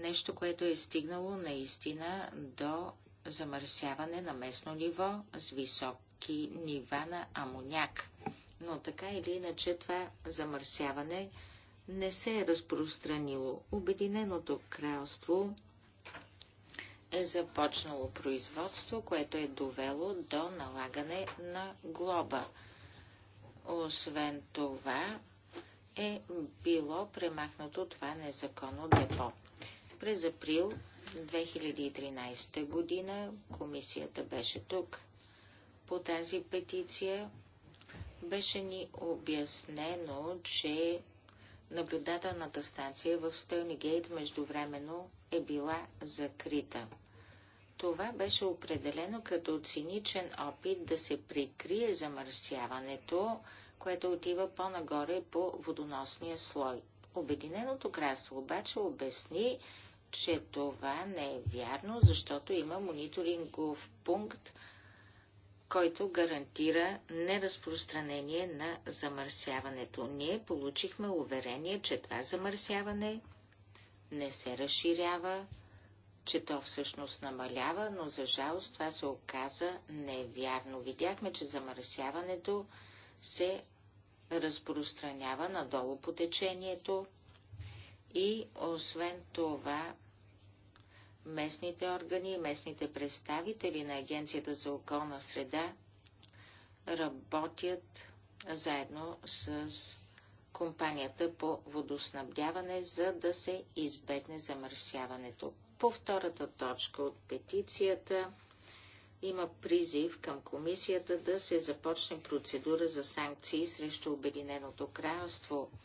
Нещо, което е стигнало наистина до замърсяване на местно ниво с високи нива на амоняк. Но така или иначе това замърсяване не се е разпространило. Обединеното кралство е започнало производство, което е довело до налагане на глоба. Освен това е било премахнато това незаконно депо. През април 2013 година комисията беше тук по тази петиция. Беше ни обяснено, че наблюдателната станция в Стълнигейт междувременно е била закрита. Това беше определено като циничен опит да се прикрие замърсяването, което отива по-нагоре по водоносния слой. Обединеното кралство обаче обясни, че това не е вярно, защото има мониторингов пункт, който гарантира неразпространение на замърсяването. Ние получихме уверение, че това замърсяване не се разширява, че то всъщност намалява, но за жалост това се оказа невярно. Видяхме, че замърсяването се разпространява надолу по течението, и освен това, местните органи и местните представители на Агенцията за околна среда работят заедно с компанията по водоснабдяване, за да се избегне замърсяването. По втората точка от петицията има призив към комисията да се започне процедура за санкции срещу Обединеното кралство –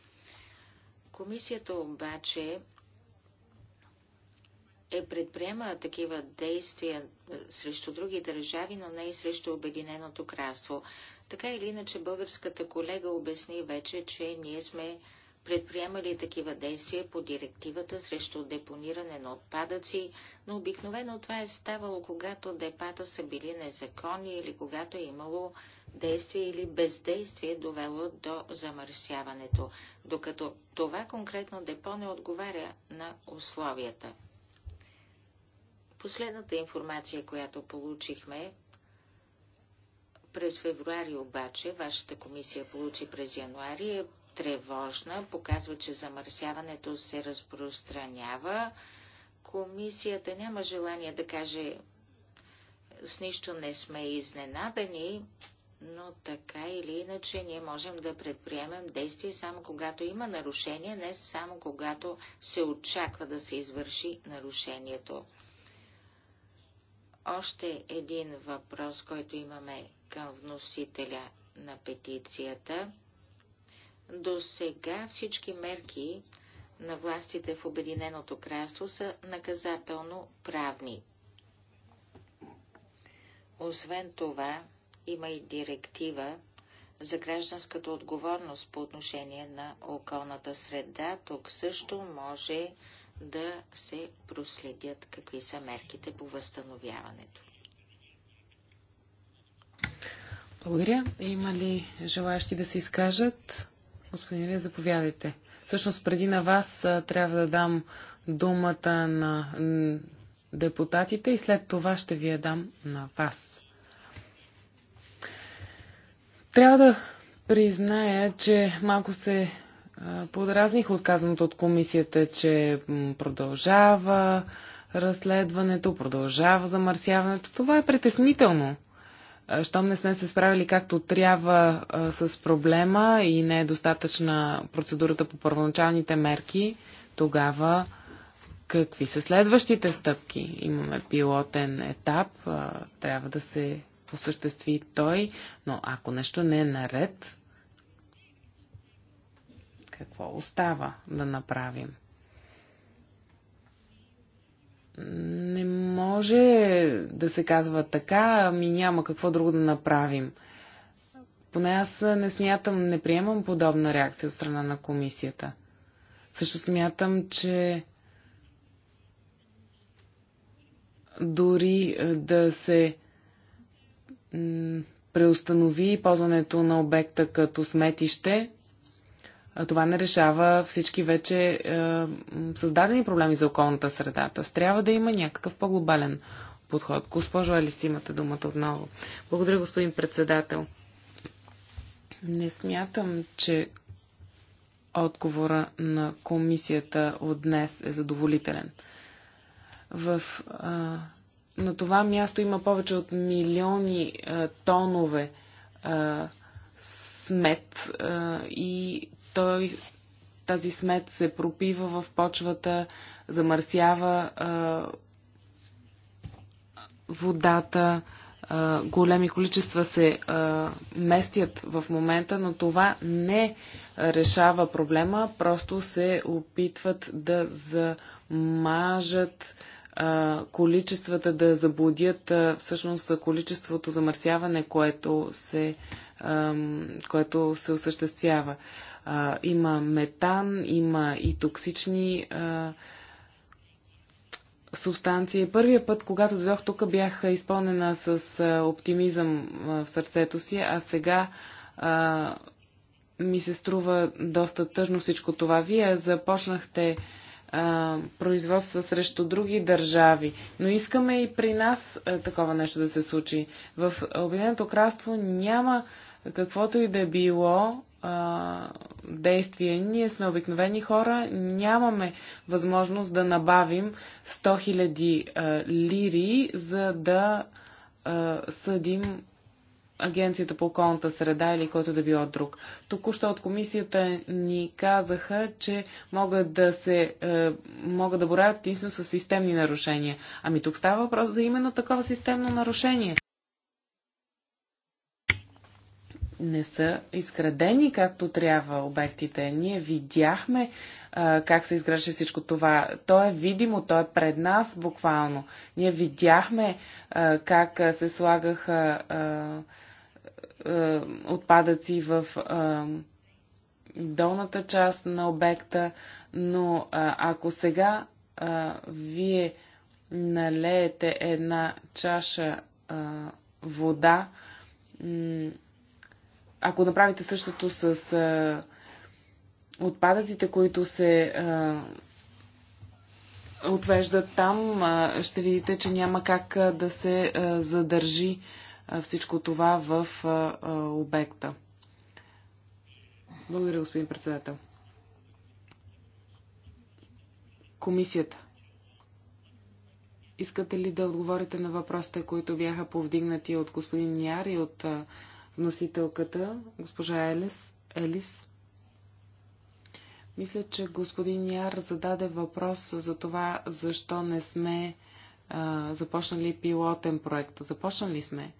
Комисията обаче е предприема такива действия срещу други държави, но не и срещу Обединеното кралство. Така или иначе, българската колега обясни вече, че ние сме предприема ли такива действия по директивата срещу депониране на отпадъци, но обикновено това е ставало, когато депата са били незаконни или когато е имало действие или бездействие довело до замърсяването, докато това конкретно депо не отговаря на условията. Последната информация, която получихме през февруари обаче, вашата комисия получи през януари, е тревожна, показва, че замърсяването се разпространява. Комисията няма желание да каже с нищо не сме изненадани, но така или иначе ние можем да предприемем действия само когато има нарушение, не само когато се очаква да се извърши нарушението. Още един въпрос, който имаме към вносителя на петицията – до сега всички мерки на властите в Обединеното кралство са наказателно правни. Освен това, има и директива за гражданската отговорност по отношение на околната среда. Тук също може да се проследят какви са мерките по възстановяването. Благодаря. Има ли желащи да се изкажат? Господин Ли, заповядайте. Всъщност преди на вас трябва да дам думата на депутатите и след това ще ви я дам на вас. Трябва да призная, че малко се подразних отказаното от комисията, че продължава разследването, продължава замърсяването. Това е притеснително. Е, щом не сме се справили както трябва а, е, с проблема и не е достатъчна процедурата по първоначалните мерки, тогава какви са следващите стъпки? Имаме пилотен етап, а, е, трябва да се осъществи той, но ако нещо не е наред, какво остава да направим? Не може да се казва така, ами няма какво друго да направим. Поне аз не смятам, не приемам подобна реакция от страна на комисията. Също смятам, че дори е, да се преустанови ползването на обекта като сметище, това не решава всички вече е, създадени проблеми за околната среда. Тоест трябва да има някакъв по-глобален подход. Госпожо Алис, имате думата отново. Благодаря, господин председател. Не смятам, че отговора на комисията от днес е задоволителен. В, а, на това място има повече от милиони а, тонове а, смет а, и той, тази смет се пропива в почвата, замърсява а, водата, а, големи количества се а, местят в момента, но това не решава проблема, просто се опитват да замажат количествата да заблудят всъщност количеството замърсяване, което се, което се осъществява а, има метан, има и токсични а, субстанции. Първия път, когато дойдох тук, бях изпълнена с а, оптимизъм а, в сърцето си, а сега а, ми се струва доста тъжно всичко това. Вие започнахте а, производства срещу други държави, но искаме и при нас а, такова нещо да се случи. В Обединеното кралство няма каквото и да е било а, действие. Ние сме обикновени хора, нямаме възможност да набавим 100 000 а, лири, за да а, съдим Агенцията по околната среда или който да било друг. Току-що от комисията ни казаха, че могат да се е, могат да борят единствено с системни нарушения. Ами тук става въпрос за именно такова системно нарушение. не са изградени както трябва обектите. Ние видяхме а, как се изграждаше всичко това. То е видимо, то е пред нас буквално. Ние видяхме а, как се слагаха а, а, отпадъци в. А, долната част на обекта, но а, ако сега а, вие налеете една чаша а, вода, ако направите същото с а, отпадъците, които се а, отвеждат там, а, ще видите, че няма как а, да се а, задържи а, всичко това в а, а, обекта. Благодаря, господин председател. Комисията. Искате ли да отговорите на въпросите, които бяха повдигнати от господин Яр и от носителката, госпожа Елис. Елис. Мисля, че господин Яр зададе въпрос за това, защо не сме а, започнали пилотен проект. Започнали сме.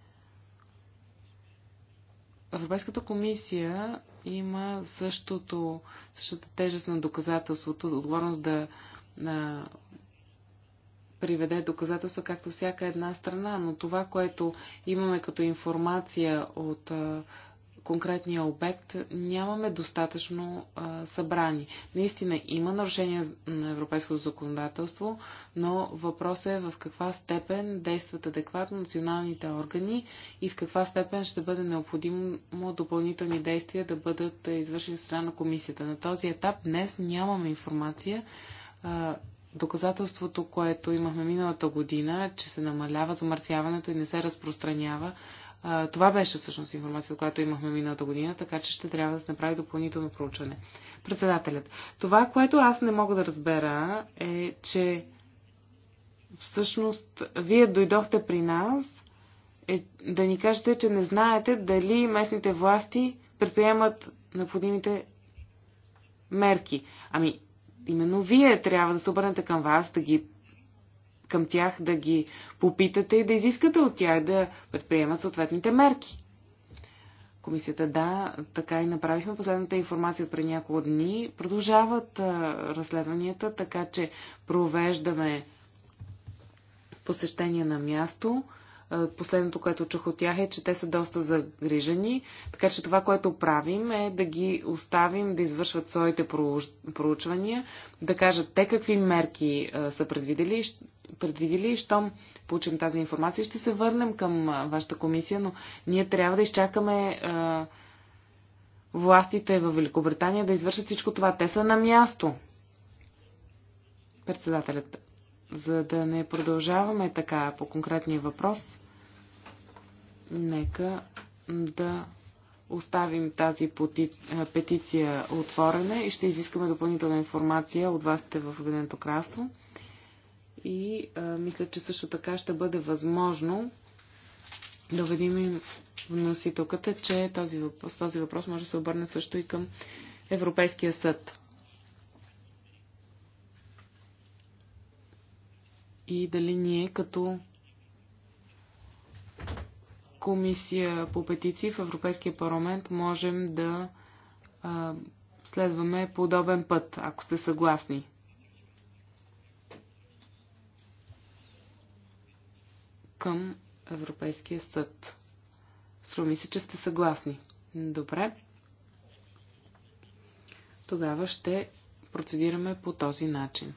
Европейската комисия има същото, същата тежест на доказателството, отговорност да да приведе доказателства, както всяка една страна, но това, което имаме като информация от конкретния обект нямаме достатъчно а, събрани. Наистина има нарушения на европейското законодателство, но въпросът е в каква степен действат адекватно националните органи и в каква степен ще бъде необходимо допълнителни действия да бъдат извършени от страна на комисията. На този етап днес нямаме информация а, доказателството, което имахме миналата година, че се намалява замърсяването и не се разпространява. Това беше всъщност информацията, която имахме миналата година, така че ще трябва да се направи допълнително проучване. Председателят. Това, което аз не мога да разбера е, че всъщност вие дойдохте при нас е, да ни кажете, че не знаете дали местните власти предприемат необходимите мерки. Ами, именно вие трябва да се обърнете към вас, да ги към тях, да ги попитате и да изискате от тях да предприемат съответните мерки. Комисията, да, така и направихме. Последната информация от преди няколко дни. Продължават а, разследванията, така че провеждаме посещение на място. Последното, което чух от тях е, че те са доста загрижени, така че това, което правим е да ги оставим да извършват своите проучвания, да кажат те какви мерки са предвидели, предвидели и щом получим тази информация, ще се върнем към вашата комисия, но ние трябва да изчакаме властите в Великобритания да извършат всичко това. Те са на място. Председателят за да не продължаваме така по конкретния въпрос, нека да оставим тази петиция отворена и ще изискаме допълнителна информация от вас в Обединеното кралство. И а, мисля, че също така ще бъде възможно да видим вносителката, че този въпрос, този въпрос може да се обърне също и към Европейския съд. и дали ние като комисия по петиции в Европейския парламент можем да а, следваме подобен път, ако сте съгласни. Към Европейския съд. Струми се, че сте съгласни. Добре. Тогава ще процедираме по този начин.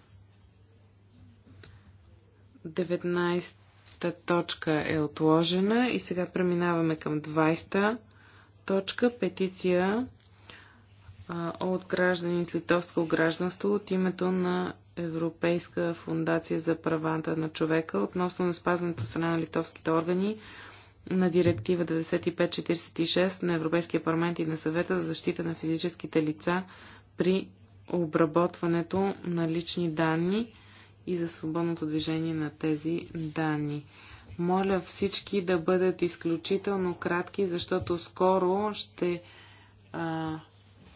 19-та точка е отложена и сега преминаваме към 20-та точка. Петиция от граждани с литовско гражданство от името на Европейска фундация за правата на човека относно на спазването страна на литовските органи на директива 9546 на Европейския парламент и на съвета за защита на физическите лица при обработването на лични данни и за свободното движение на тези данни. Моля всички да бъдат изключително кратки, защото скоро ще а,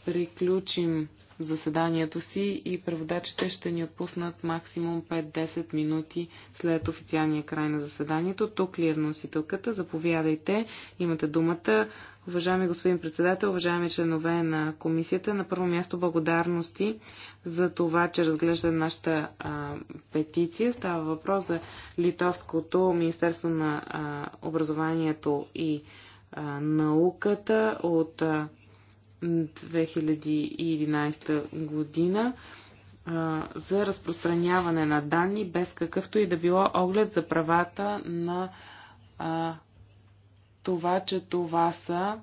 приключим заседанието си и преводачите ще ни отпуснат максимум 5-10 минути след официалния край на заседанието. Тук ли е вносителката? Заповядайте. Имате думата. Уважаеми господин председател, уважаеми членове на комисията, на първо място благодарности за това, че разглежда нашата а, петиция. Става въпрос за Литовското Министерство на а, образованието и а, науката от а, 2011 година за разпространяване на данни без какъвто и да било оглед за правата на а, това, че това са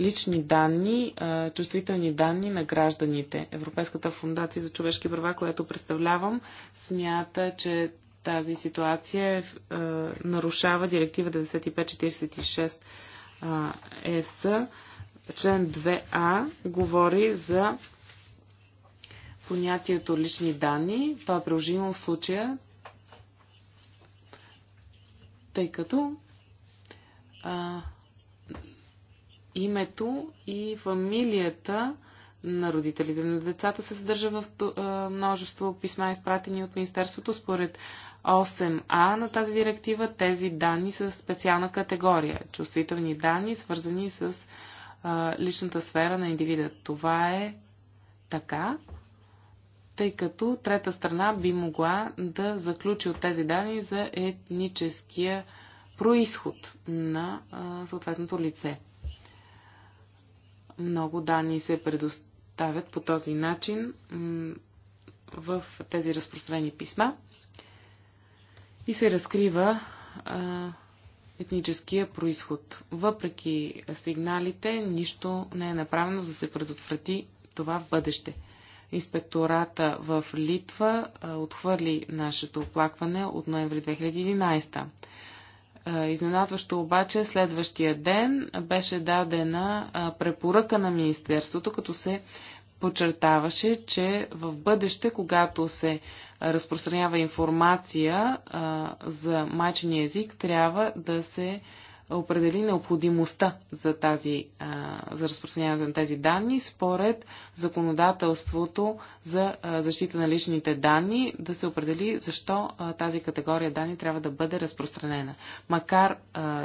лични данни, а, чувствителни данни на гражданите. Европейската фундация за човешки права, която представлявам, смята, че тази ситуация е, нарушава директива 9546 ЕС Член 2а говори за понятието лични данни. Това е приложимо в случая, тъй като а, името и фамилията на родителите на децата се съдържа в множество писма, изпратени от Министерството. Според 8А на тази директива тези данни са специална категория. Чувствителни данни, свързани с личната сфера на индивида. Това е така, тъй като трета страна би могла да заключи от тези данни за етническия происход на а, съответното лице. Много данни се предоставят по този начин в тези разпространени писма и се разкрива а, етническия происход. Въпреки сигналите, нищо не е направено за да се предотврати това в бъдеще. Инспектората в Литва отхвърли нашето оплакване от ноември 2011. изненадващо обаче следващия ден беше дадена препоръка на Министерството, като се подчертаваше, че в бъдеще, когато се разпространява информация а, за майчения език, трябва да се определи необходимостта за, тази, за разпространяването на тези данни според законодателството за защита на личните данни, да се определи защо тази категория данни трябва да бъде разпространена. Макар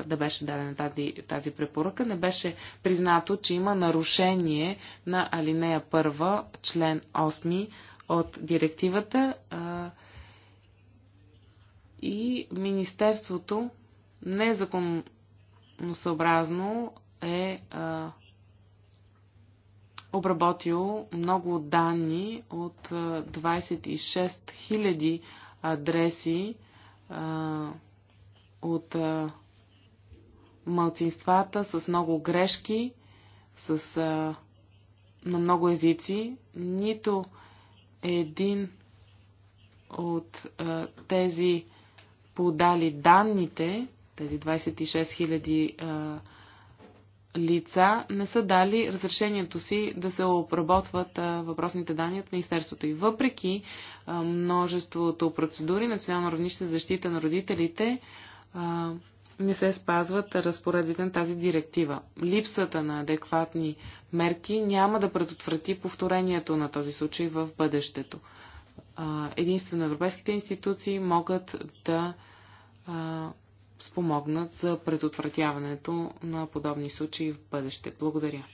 да беше дадена тази, тази препоръка, не беше признато, че има нарушение на алинея 1, член 8 от директивата и Министерството незаконно но съобразно е а, обработил много данни от 26 000 адреси а, от а, малцинствата с много грешки, с, а, на много езици. Нито един от а, тези подали данните тези 26 000 лица не са дали разрешението си да се обработват въпросните данни от Министерството. И въпреки множеството процедури, национално равнище за защита на родителите, не се спазват разпоредбите на тази директива. Липсата на адекватни мерки няма да предотврати повторението на този случай в бъдещето. Единствено европейските институции могат да спомогнат за предотвратяването на подобни случаи в бъдеще. Благодаря.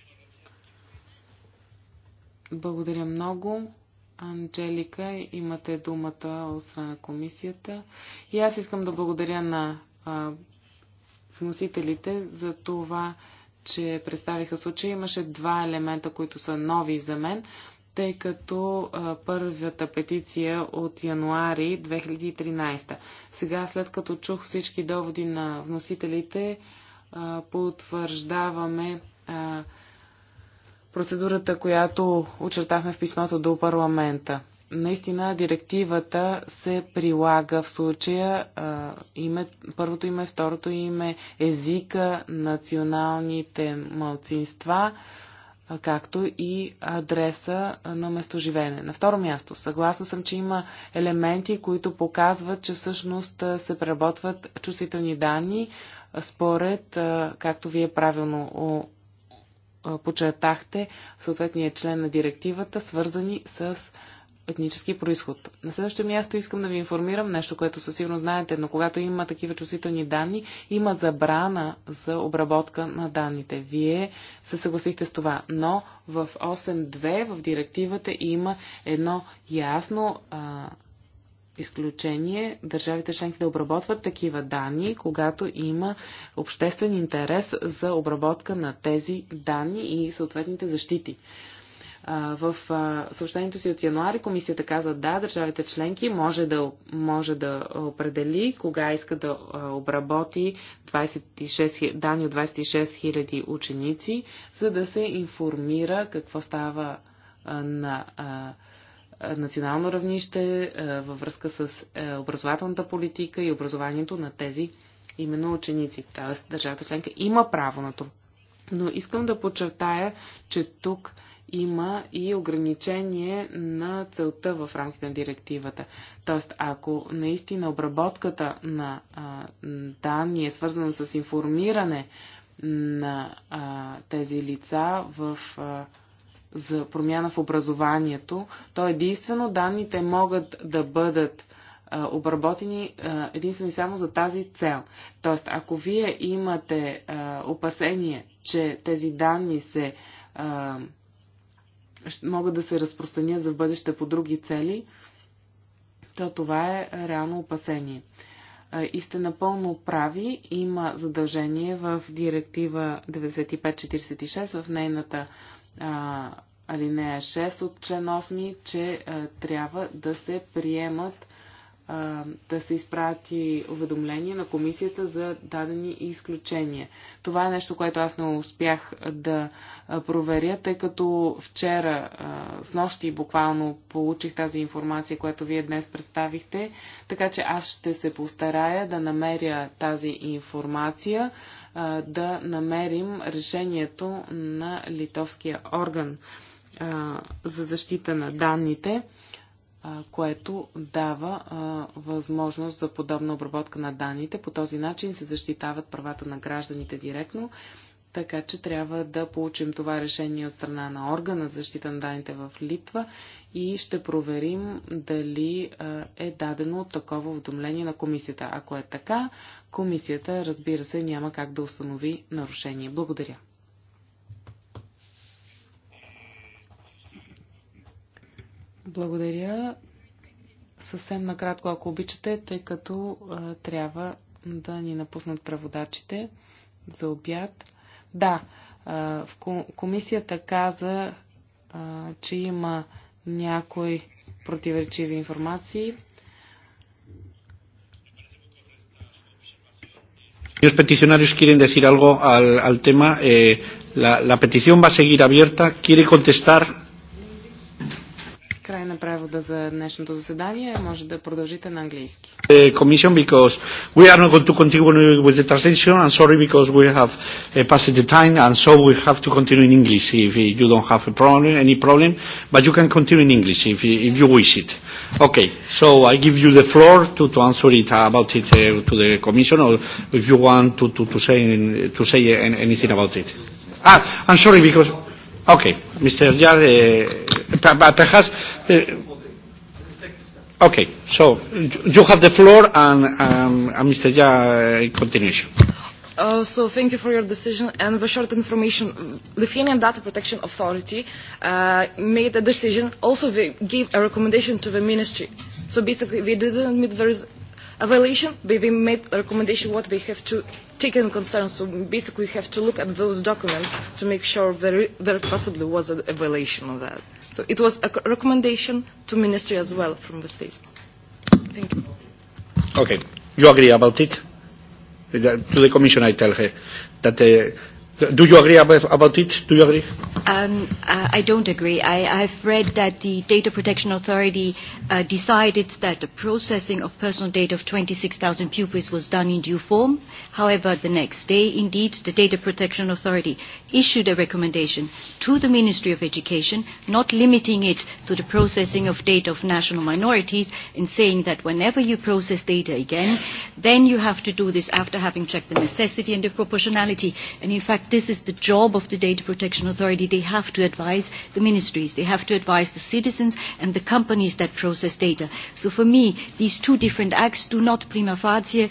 Благодаря много. Анджелика, имате думата от страна комисията. И аз искам да благодаря на а, вносителите за това, че представиха случая. Имаше два елемента, които са нови за мен тъй като а, първата петиция от януари 2013. Сега, след като чух всички доводи на вносителите, а, потвърждаваме а, процедурата, която очертахме в писмото до парламента. Наистина, директивата се прилага в случая а, име, първото име, второто име, езика, националните малцинства. А, както и адреса на местоживеене. На второ място, съгласна съм, че има елементи, които показват, че всъщност се преработват чувствителни данни според, както вие правилно почертахте, съответния член на директивата, свързани с етнически происход. На следващото място искам да ви информирам нещо, което със сигурност знаете, но когато има такива чувствителни данни, има забрана за обработка на данните. Вие се съгласихте с това, но в 8.2 в директивата има едно ясно а, изключение държавите членки да обработват такива данни, когато има обществен интерес за обработка на тези данни и съответните защити в съобщението си от януари комисията каза да, държавите членки може да, може да определи кога иска да обработи 26, данни от 26 000 ученици, за да се информира какво става на национално равнище във връзка с е, образователната политика и образованието на тези именно ученици. Тоест държавата членка има право на това. Но искам да подчертая, че тук има и ограничение на целта в рамките на директивата. Тоест, ако наистина обработката на а, данни е свързана с информиране на а, тези лица в, а, за промяна в образованието, то единствено данните могат да бъдат обработени единствено и само за тази цел. Тоест, ако вие имате опасение, че тези данни се могат да се разпространят за бъдеще по други цели, то това е реално опасение. И сте напълно прави, има задължение в директива 9546 в нейната а, алинея 6 от член 8, че а, трябва да се приемат а, да се изпрати уведомление на комисията за дадени изключения. Това е нещо, което аз не успях да проверя, тъй като вчера, а, с нощи буквално получих тази информация, която вие днес представихте, така че аз ще се постарая да намеря тази информация, а, да намерим решението на литовския орган за защита на данните което дава възможност за подобна обработка на данните. По този начин се защитават правата на гражданите директно, така че трябва да получим това решение от страна на органа за защита на данните в Литва и ще проверим дали е дадено такова уведомление на комисията. Ако е така, комисията, разбира се, няма как да установи нарушение. Благодаря. Благодаря. Съвсем накратко, ако обичате, тъй като а, трябва да ни напуснат преводачите за обяд. Да, а, в комисията каза, а, че има някои противоречиви информации. Los peticionarios quieren decir algo al, al tema. Eh, la, la petición va a seguir abierta. Quiere contestar превода за днешното заседание. Може да продължите на английски. Commission because we are not going to continue with the translation. and sorry because we have passed the time and so we have to continue in English if you don't have a problem, any problem. But you can continue in English if, if you wish it. Okay, so I give you the floor to, to answer it about it uh, to the Commission or if you want to, to, to say to say anything about it. Ah, I'm sorry because. Okay, Mr. Yard, uh, perhaps uh, Okay, so you have the floor and, um, and Mr. Ja, uh, continuation. Uh, so thank you for your decision and the short information. Lithuanian Data Protection Authority uh, made a decision, also they gave a recommendation to the ministry. So basically we didn't meet the, res evaluation, we, we made a recommendation what we have to take into concern. So basically, we have to look at those documents to make sure there, there possibly was an evaluation of that. So it was a recommendation to ministry as well from the state. Thank you. Okay, you agree about it? To the commission, I tell her that. Uh, Do you agree about it? Do you agree? Um, I don't agree. I, I've read that the Data Protection Authority uh, decided that the processing of personal data of 26,000 pupils was done in due form. However, the next day, indeed, the Data Protection Authority issued a recommendation to the Ministry of Education, not limiting it to the processing of data of national minorities, and saying that whenever you process data again, then you have to do this after having checked the necessity and the proportionality. And in fact, this is the job of the Data Protection Authority. They have to advise the ministries, they have to advise the citizens and the companies that process data. So for me, these two different acts do not prima facie, uh,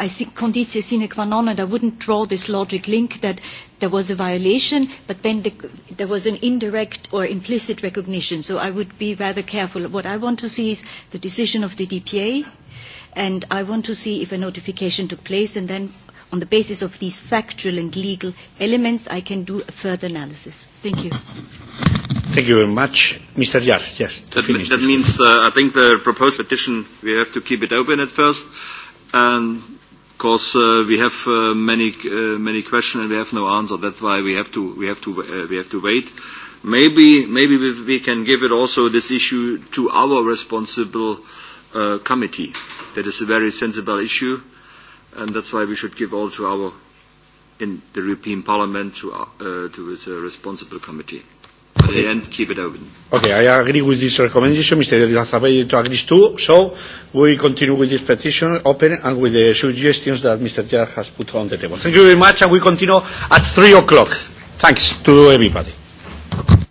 I think, conditio sine qua non, and I wouldn't draw this logic link that there was a violation, but then the, there was an indirect or implicit recognition. So I would be rather careful. What I want to see is the decision of the DPA, and I want to see if a notification took place, and then on the basis of these factual and legal elements, I can do a further analysis. Thank you. Thank you very much. Mr. Yar, yes. That, that means uh, I think the proposed petition, we have to keep it open at first. and of course, uh, we have uh, many, uh, many questions and we have no answer. That's why we have to, we have to, uh, we have to wait. Maybe, maybe we can give it also this issue to our responsible uh, committee. That is a very sensible issue and that's why we should give all to our in the European Parliament to uh, to the responsible committee. At the end, keep it open. Okay, I agree with this recommendation, Mr. to agree too. So we continue with this petition open and with the suggestions that Mr. Jar has put on the table. Thank you very much, and we continue at three o'clock. Thanks to everybody.